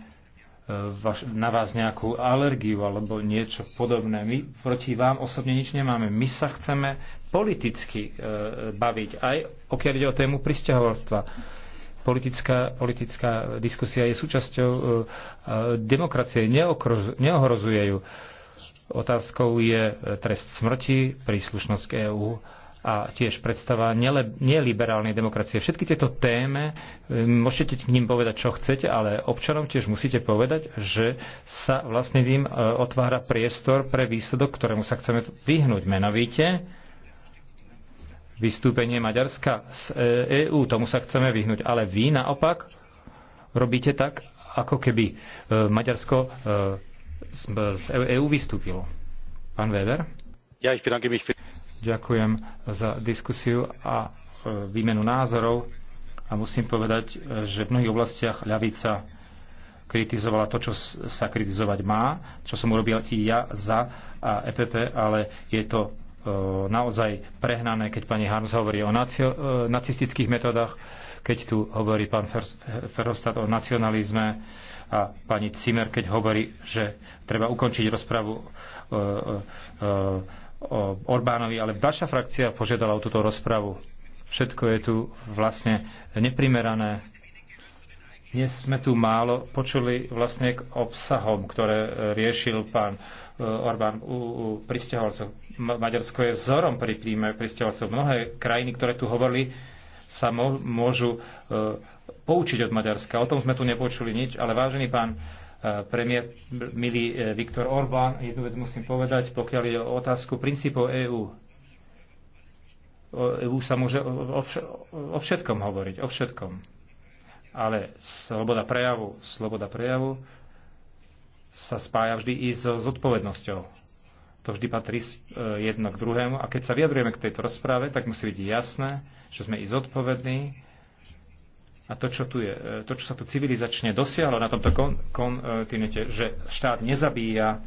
eh, na vás nejakú alergiu alebo niečo podobné. My proti vám osobne nič nemáme. My sa chceme politicky eh, baviť, aj pokiaľ ide o tému pristahovalstva. Politická, politická diskusia je súčasťou demokracie, neohrozuje ju. Otázkou je e, trest smrti, príslušnosť k EÚ a tiež predstava neliberálnej demokracie. Všetky tieto téme, e, môžete k ním povedať, čo chcete, ale občanom tiež musíte povedať, že sa vlastne tým e, otvára priestor pre výsledok, ktorému sa chceme vyhnúť. Menovite vystúpenie Maďarska z EÚ, tomu sa chceme vyhnúť. Ale vy naopak robíte tak, ako keby Maďarsko z EÚ vystúpil. Pán Weber? Ja ich bedanke mich. Ďakujem za diskusiu a e, výmenu názorov a musím povedať, e, že v mnohých oblastiach ľavica kritizovala to, čo sa kritizovať má, čo som urobil i ja za a EPP, ale je to e, naozaj prehnané, keď pani Harms hovorí o nacio, nacistických metodách, keď tu hovorí pán Ferostat o nacionalizme, a pani Cimer, keď hovorí, že treba ukončiť rozpravu e, e, o Orbánovi, ale vaša frakcia požiadala o túto rozpravu. Všetko je tu vlastne neprimerané. Dnes sme tu málo počuli vlastne k obsahom, ktoré riešil pán e, Orbán u, u pristahovalcov. Maďarsko je vzorom pri príjme pristahovalcov. Mnohé krajiny, ktoré tu hovorili, sa môžu poučiť od Maďarska. O tom sme tu nepočuli nič, ale vážený pán e, premiér, milý e, Viktor Orbán, jednu vec musím povedať, pokiaľ je o otázku princípov EÚ. EÚ sa môže o všetkom hovoriť, o všetkom. Ale sloboda prejavu, sloboda prejavu sa spája vždy i so zodpovednosťou. To vždy patrí e, jedno k druhému. A keď sa vyjadrujeme k tejto rozpráve, tak musí byť jasné, že sme i zodpovední a to, čo, tu je, e, to, čo sa tu civilizačne dosiahlo na tomto kon- e, že štát nezabíja,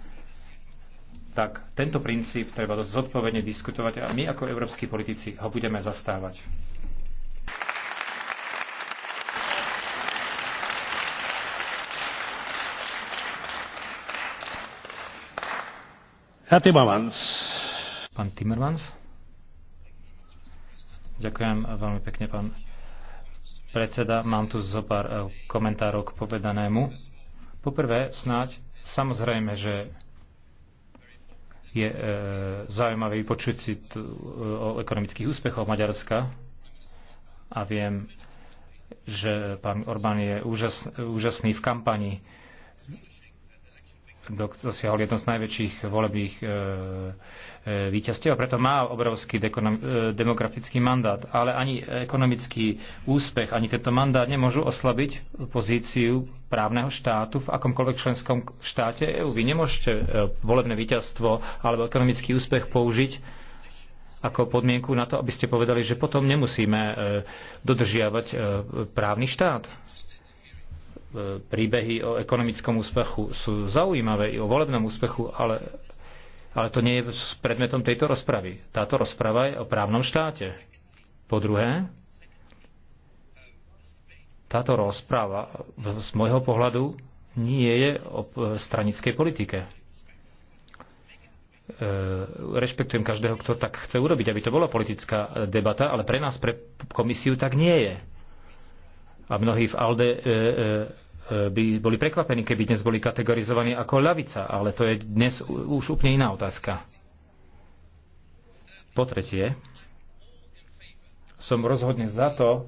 tak tento princíp treba zodpovedne diskutovať a my ako európsky politici ho budeme zastávať. Herr Timmermans. Pán Timmermans. Ďakujem veľmi pekne, pán predseda, mám tu zo pár eh, komentárov k povedanému. Poprvé, snáď, samozrejme, že je e, zaujímavé vypočuť si tu, eh, o ekonomických úspechoch Maďarska a viem, že pán Orbán je úžas, úžasný v kampanii dosiahol jedno z najväčších volebných e, e, víťazstiev a preto má obrovský dekonom, e, demografický mandát. Ale ani ekonomický úspech, ani tento mandát nemôžu oslabiť pozíciu právneho štátu v akomkoľvek členskom štáte EÚ. Vy nemôžete e, volebné víťazstvo alebo ekonomický úspech použiť ako podmienku na to, aby ste povedali, že potom nemusíme e, dodržiavať e, právny štát E, príbehy o ekonomickom úspechu sú zaujímavé i o volebnom úspechu, ale, ale to nie je predmetom tejto rozpravy. Táto rozprava je o právnom štáte. Po druhé, táto rozpráva z môjho pohľadu nie je o stranickej politike. E, rešpektujem každého, kto tak chce urobiť, aby to bola politická debata, ale pre nás, pre komisiu, tak nie je a mnohí v ALDE e, e, e, by boli prekvapení, keby dnes boli kategorizovaní ako ľavica, ale to je dnes už úplne iná otázka. Po tretie, som rozhodne za to,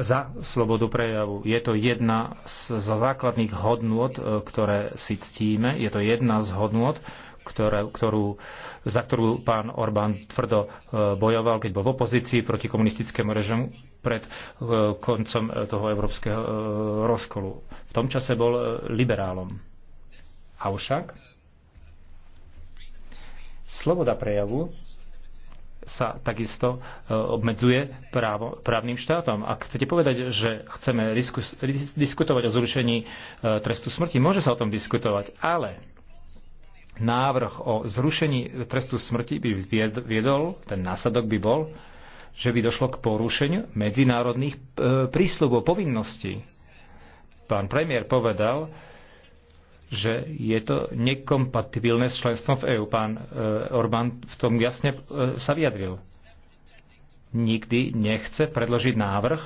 za slobodu prejavu. Je to jedna z základných hodnôt, e, ktoré si ctíme. Je to jedna z hodnôt, ktoré, ktorú, za ktorú pán Orbán tvrdo e, bojoval, keď bol v opozícii proti komunistickému režimu pred eh, koncom eh, toho európskeho eh, rozkolu. V tom čase bol liberálom. Avšak sloboda prejavu sa takisto obmedzuje právo, právnym štátom. Ak chcete povedať, že chceme diskus, diskutovať o zrušení trestu smrti, môže sa o tom diskutovať, ale návrh o zrušení trestu smrti by viedol, ten následok by bol, že by došlo k porušeniu medzinárodných e, prísľubov, povinností. Pán premiér povedal, že je to nekompatibilné s členstvom v EÚ. Pán e, Orbán v tom jasne e, sa vyjadril. Nikdy nechce predložiť návrh,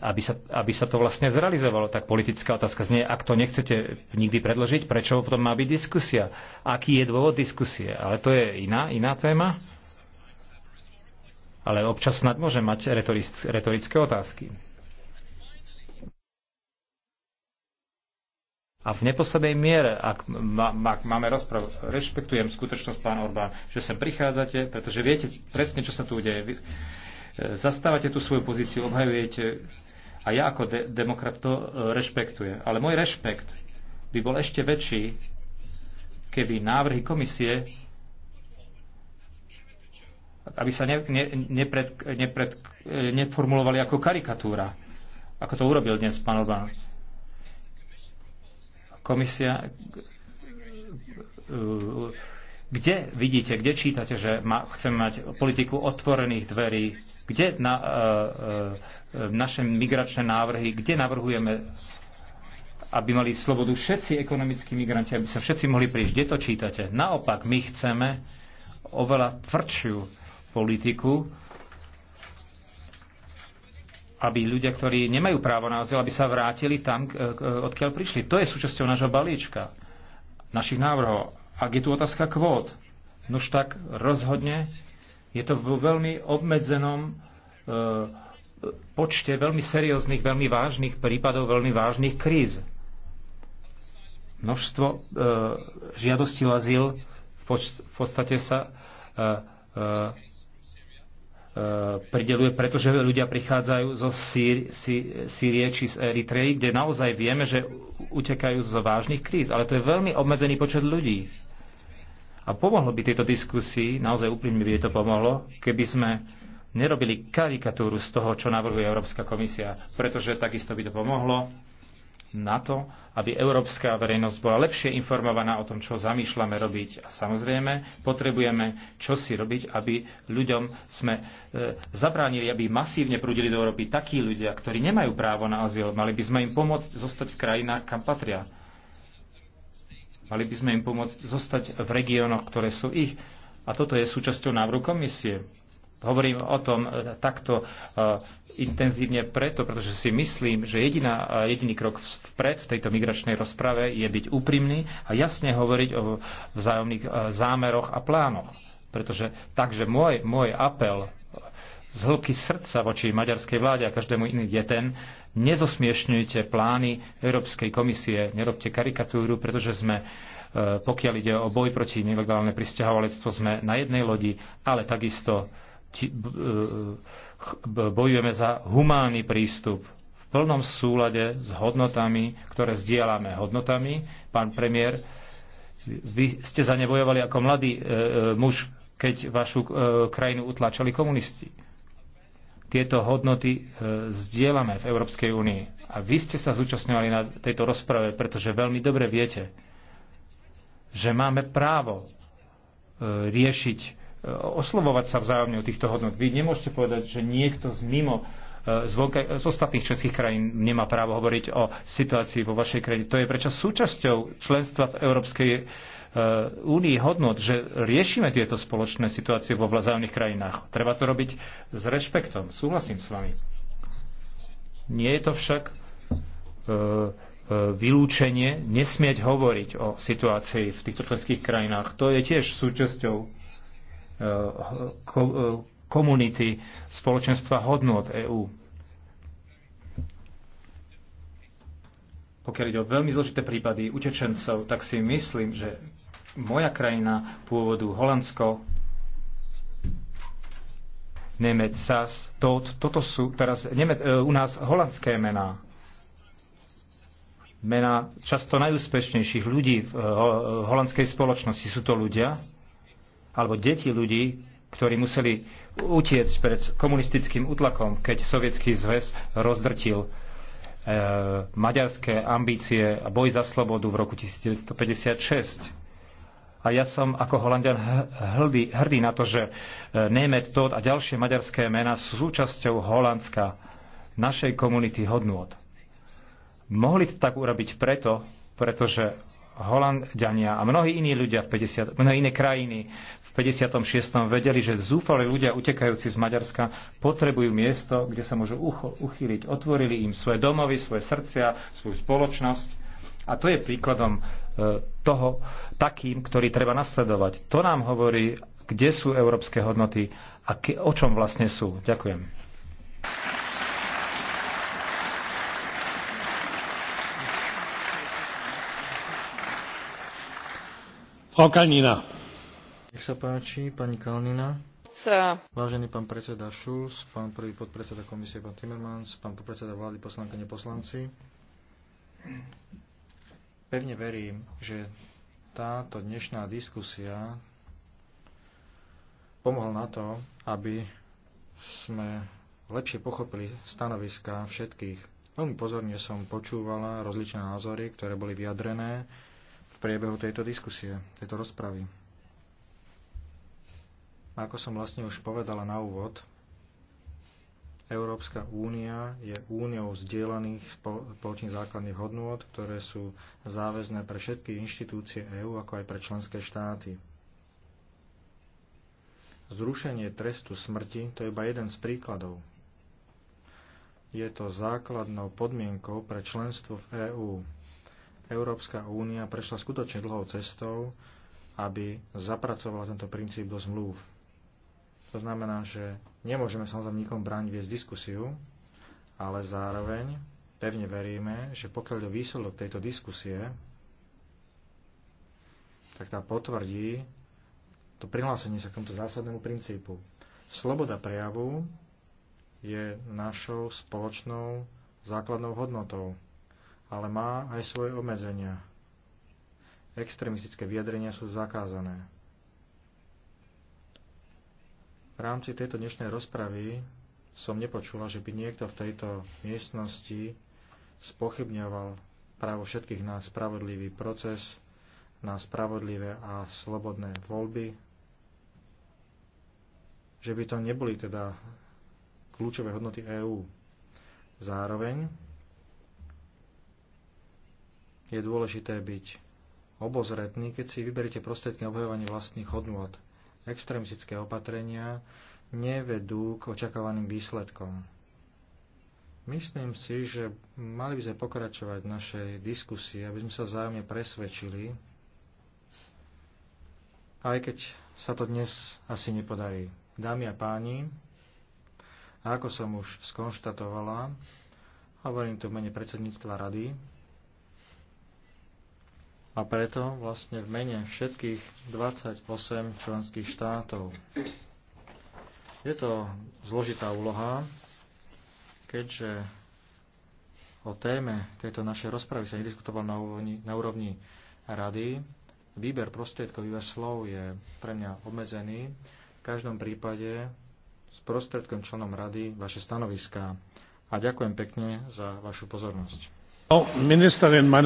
aby sa, aby sa to vlastne zrealizovalo. Tak politická otázka znie, ak to nechcete nikdy predložiť, prečo potom má byť diskusia? Aký je dôvod diskusie? Ale to je iná, iná téma ale občas snad môže mať retorické otázky. A v neposlednej miere, ak, ma, máme rozprávu, rešpektujem skutočnosť, pán Orbán, že sem prichádzate, pretože viete presne, čo sa tu deje. Vy e, zastávate tú svoju pozíciu, obhajujete a ja ako de- demokrat to e, rešpektujem. Ale môj rešpekt by bol ešte väčší, keby návrhy komisie aby sa ne, ne, nepred, nepred, neformulovali ako karikatúra, ako to urobil dnes pán Orbán. Komisia, kde vidíte, kde čítate, že ma, chceme mať politiku otvorených dverí, kde na, uh, uh, naše migračné návrhy, kde navrhujeme, aby mali slobodu všetci ekonomickí migranti, aby sa všetci mohli prísť, kde to čítate. Naopak, my chceme oveľa tvrdšiu politiku, aby ľudia, ktorí nemajú právo na azyl, aby sa vrátili tam, odkiaľ prišli. To je súčasťou nášho balíčka, našich návrhov. Ak je tu otázka kvót, nož tak rozhodne je to vo veľmi obmedzenom e, počte veľmi serióznych, veľmi vážnych prípadov, veľmi vážnych kríz. Množstvo e, žiadostí o azyl v, podstate sa e, E, prideluje, pretože ľudia prichádzajú zo Sýrie či z Eritreji, kde naozaj vieme, že utekajú zo vážnych kríz. Ale to je veľmi obmedzený počet ľudí. A pomohlo by tejto diskusii, naozaj úprimne by to pomohlo, keby sme nerobili karikatúru z toho, čo navrhuje Európska komisia, pretože takisto by to pomohlo na to, aby európska verejnosť bola lepšie informovaná o tom, čo zamýšľame robiť. A samozrejme, potrebujeme čo si robiť, aby ľuďom sme e, zabránili, aby masívne prúdili do Európy takí ľudia, ktorí nemajú právo na azyl. Mali by sme im pomôcť zostať v krajinách, kam patria. Mali by sme im pomôcť zostať v regiónoch, ktoré sú ich. A toto je súčasťou návrhu komisie. Hovorím o tom e, takto e, intenzívne preto, pretože si myslím, že jediná, jediný krok vpred v tejto migračnej rozprave je byť úprimný a jasne hovoriť o vzájomných e, zámeroch a plánoch. Pretože, takže môj, môj apel z hĺbky srdca voči maďarskej vláde a každému iný je ten, nezosmiešňujte plány Európskej komisie, nerobte karikatúru, pretože sme, e, pokiaľ ide o boj proti nelegálne pristahovalectvo, sme na jednej lodi, ale takisto ti, e, bojujeme za humánny prístup v plnom súlade s hodnotami, ktoré zdieľame hodnotami. Pán premiér, vy ste za ne bojovali ako mladý e, e muž, keď vašu e, krajinu utlačali komunisti. Tieto hodnoty e, zdieľame v Európskej únii. A vy ste sa zúčastňovali na tejto rozprave, pretože veľmi dobre viete, že máme právo e, riešiť oslovovať sa vzájomne o týchto hodnot. Vy nemôžete povedať, že niekto z mimo eh, z, vonka, eh, z ostatných českých krajín nemá právo hovoriť o situácii vo vašej krajine. To je prečo súčasťou členstva v Európskej eh, únii hodnot, že riešime tieto spoločné situácie vo vzájomných krajinách. Treba to robiť s rešpektom. Súhlasím s vami. Nie je to však vylúčenie nesmieť hovoriť o situácii v týchto členských krajinách. To je tiež súčasťou komunity, spoločenstva hodnot EÚ. Pokiaľ ide o veľmi zložité prípady utečencov, tak si myslím, že moja krajina pôvodu Holandsko, Nemec, Sas, Tóth, toto sú teraz Nemec, e, u nás holandské mená. Mená často najúspešnejších ľudí v e, e, holandskej spoločnosti sú to ľudia, alebo deti ľudí, ktorí museli utiecť pred komunistickým útlakom, keď Sovietský zväz rozdrtil e, maďarské ambície a boj za slobodu v roku 1956. A ja som ako Holandian hrdý, hrdý na to, že e, Nemet Todd a ďalšie maďarské mená sú súčasťou Holandska, našej komunity hodnôt. Mohli to tak urobiť preto, pretože Holandiania a mnohí iní ľudia, v 50, mnohé iné krajiny v 56. vedeli, že zúfali ľudia utekajúci z Maďarska potrebujú miesto, kde sa môžu uchýliť. Otvorili im svoje domovy, svoje srdcia, svoju spoločnosť. A to je príkladom e, toho, takým, ktorý treba nasledovať. To nám hovorí, kde sú európske hodnoty a o čom vlastne sú. Ďakujem. Frau Kalnina. Nech sa páči, pani Kalnina. Vážený pán predseda Šulz, pán prvý podpredseda komisie, pán Timmermans, pán podpredseda vlády, poslanka, neposlanci. Pevne verím, že táto dnešná diskusia pomohla na to, aby sme lepšie pochopili stanoviska všetkých. Veľmi pozorne som počúvala rozličné názory, ktoré boli vyjadrené priebehu tejto diskusie, tejto rozpravy. Ako som vlastne už povedala na úvod, Európska únia je úniou vzdielaných spoločných základných hodnôt, ktoré sú záväzné pre všetky inštitúcie EÚ, ako aj pre členské štáty. Zrušenie trestu smrti to je iba jeden z príkladov. Je to základnou podmienkou pre členstvo v EÚ. Európska únia prešla skutočne dlhou cestou, aby zapracovala tento princíp do zmluv. To znamená, že nemôžeme samozrejme nikom brániť viesť diskusiu, ale zároveň pevne veríme, že pokiaľ je výsledok tejto diskusie, tak tá potvrdí to prihlásenie sa k tomuto zásadnému princípu. Sloboda prejavu je našou spoločnou základnou hodnotou ale má aj svoje obmedzenia. Extremistické vyjadrenia sú zakázané. V rámci tejto dnešnej rozpravy som nepočula, že by niekto v tejto miestnosti spochybňoval právo všetkých na spravodlivý proces, na spravodlivé a slobodné voľby, že by to neboli teda kľúčové hodnoty EÚ. Zároveň je dôležité byť obozretný, keď si vyberiete prostriedky na obhajovanie vlastných hodnôt. Extremistické opatrenia nevedú k očakávaným výsledkom. Myslím si, že mali by sme pokračovať v našej diskusii, aby sme sa vzájomne presvedčili, aj keď sa to dnes asi nepodarí. Dámy a páni, ako som už skonštatovala, hovorím tu v mene predsedníctva rady, a preto vlastne v mene všetkých 28 členských štátov. Je to zložitá úloha, keďže o téme tejto našej rozpravy sa nediskutoval na úrovni, na úrovni rady. Výber prostriedkov výber slov je pre mňa obmedzený. V každom prípade s prostriedkom členom rady vaše stanoviská a ďakujem pekne za vašu pozornosť. Oh,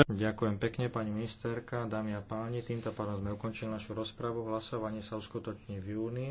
Ďakujem pekne, pani ministerka, dámy a páni. Týmto pádom sme ukončili našu rozpravu. Hlasovanie sa uskutoční v júni.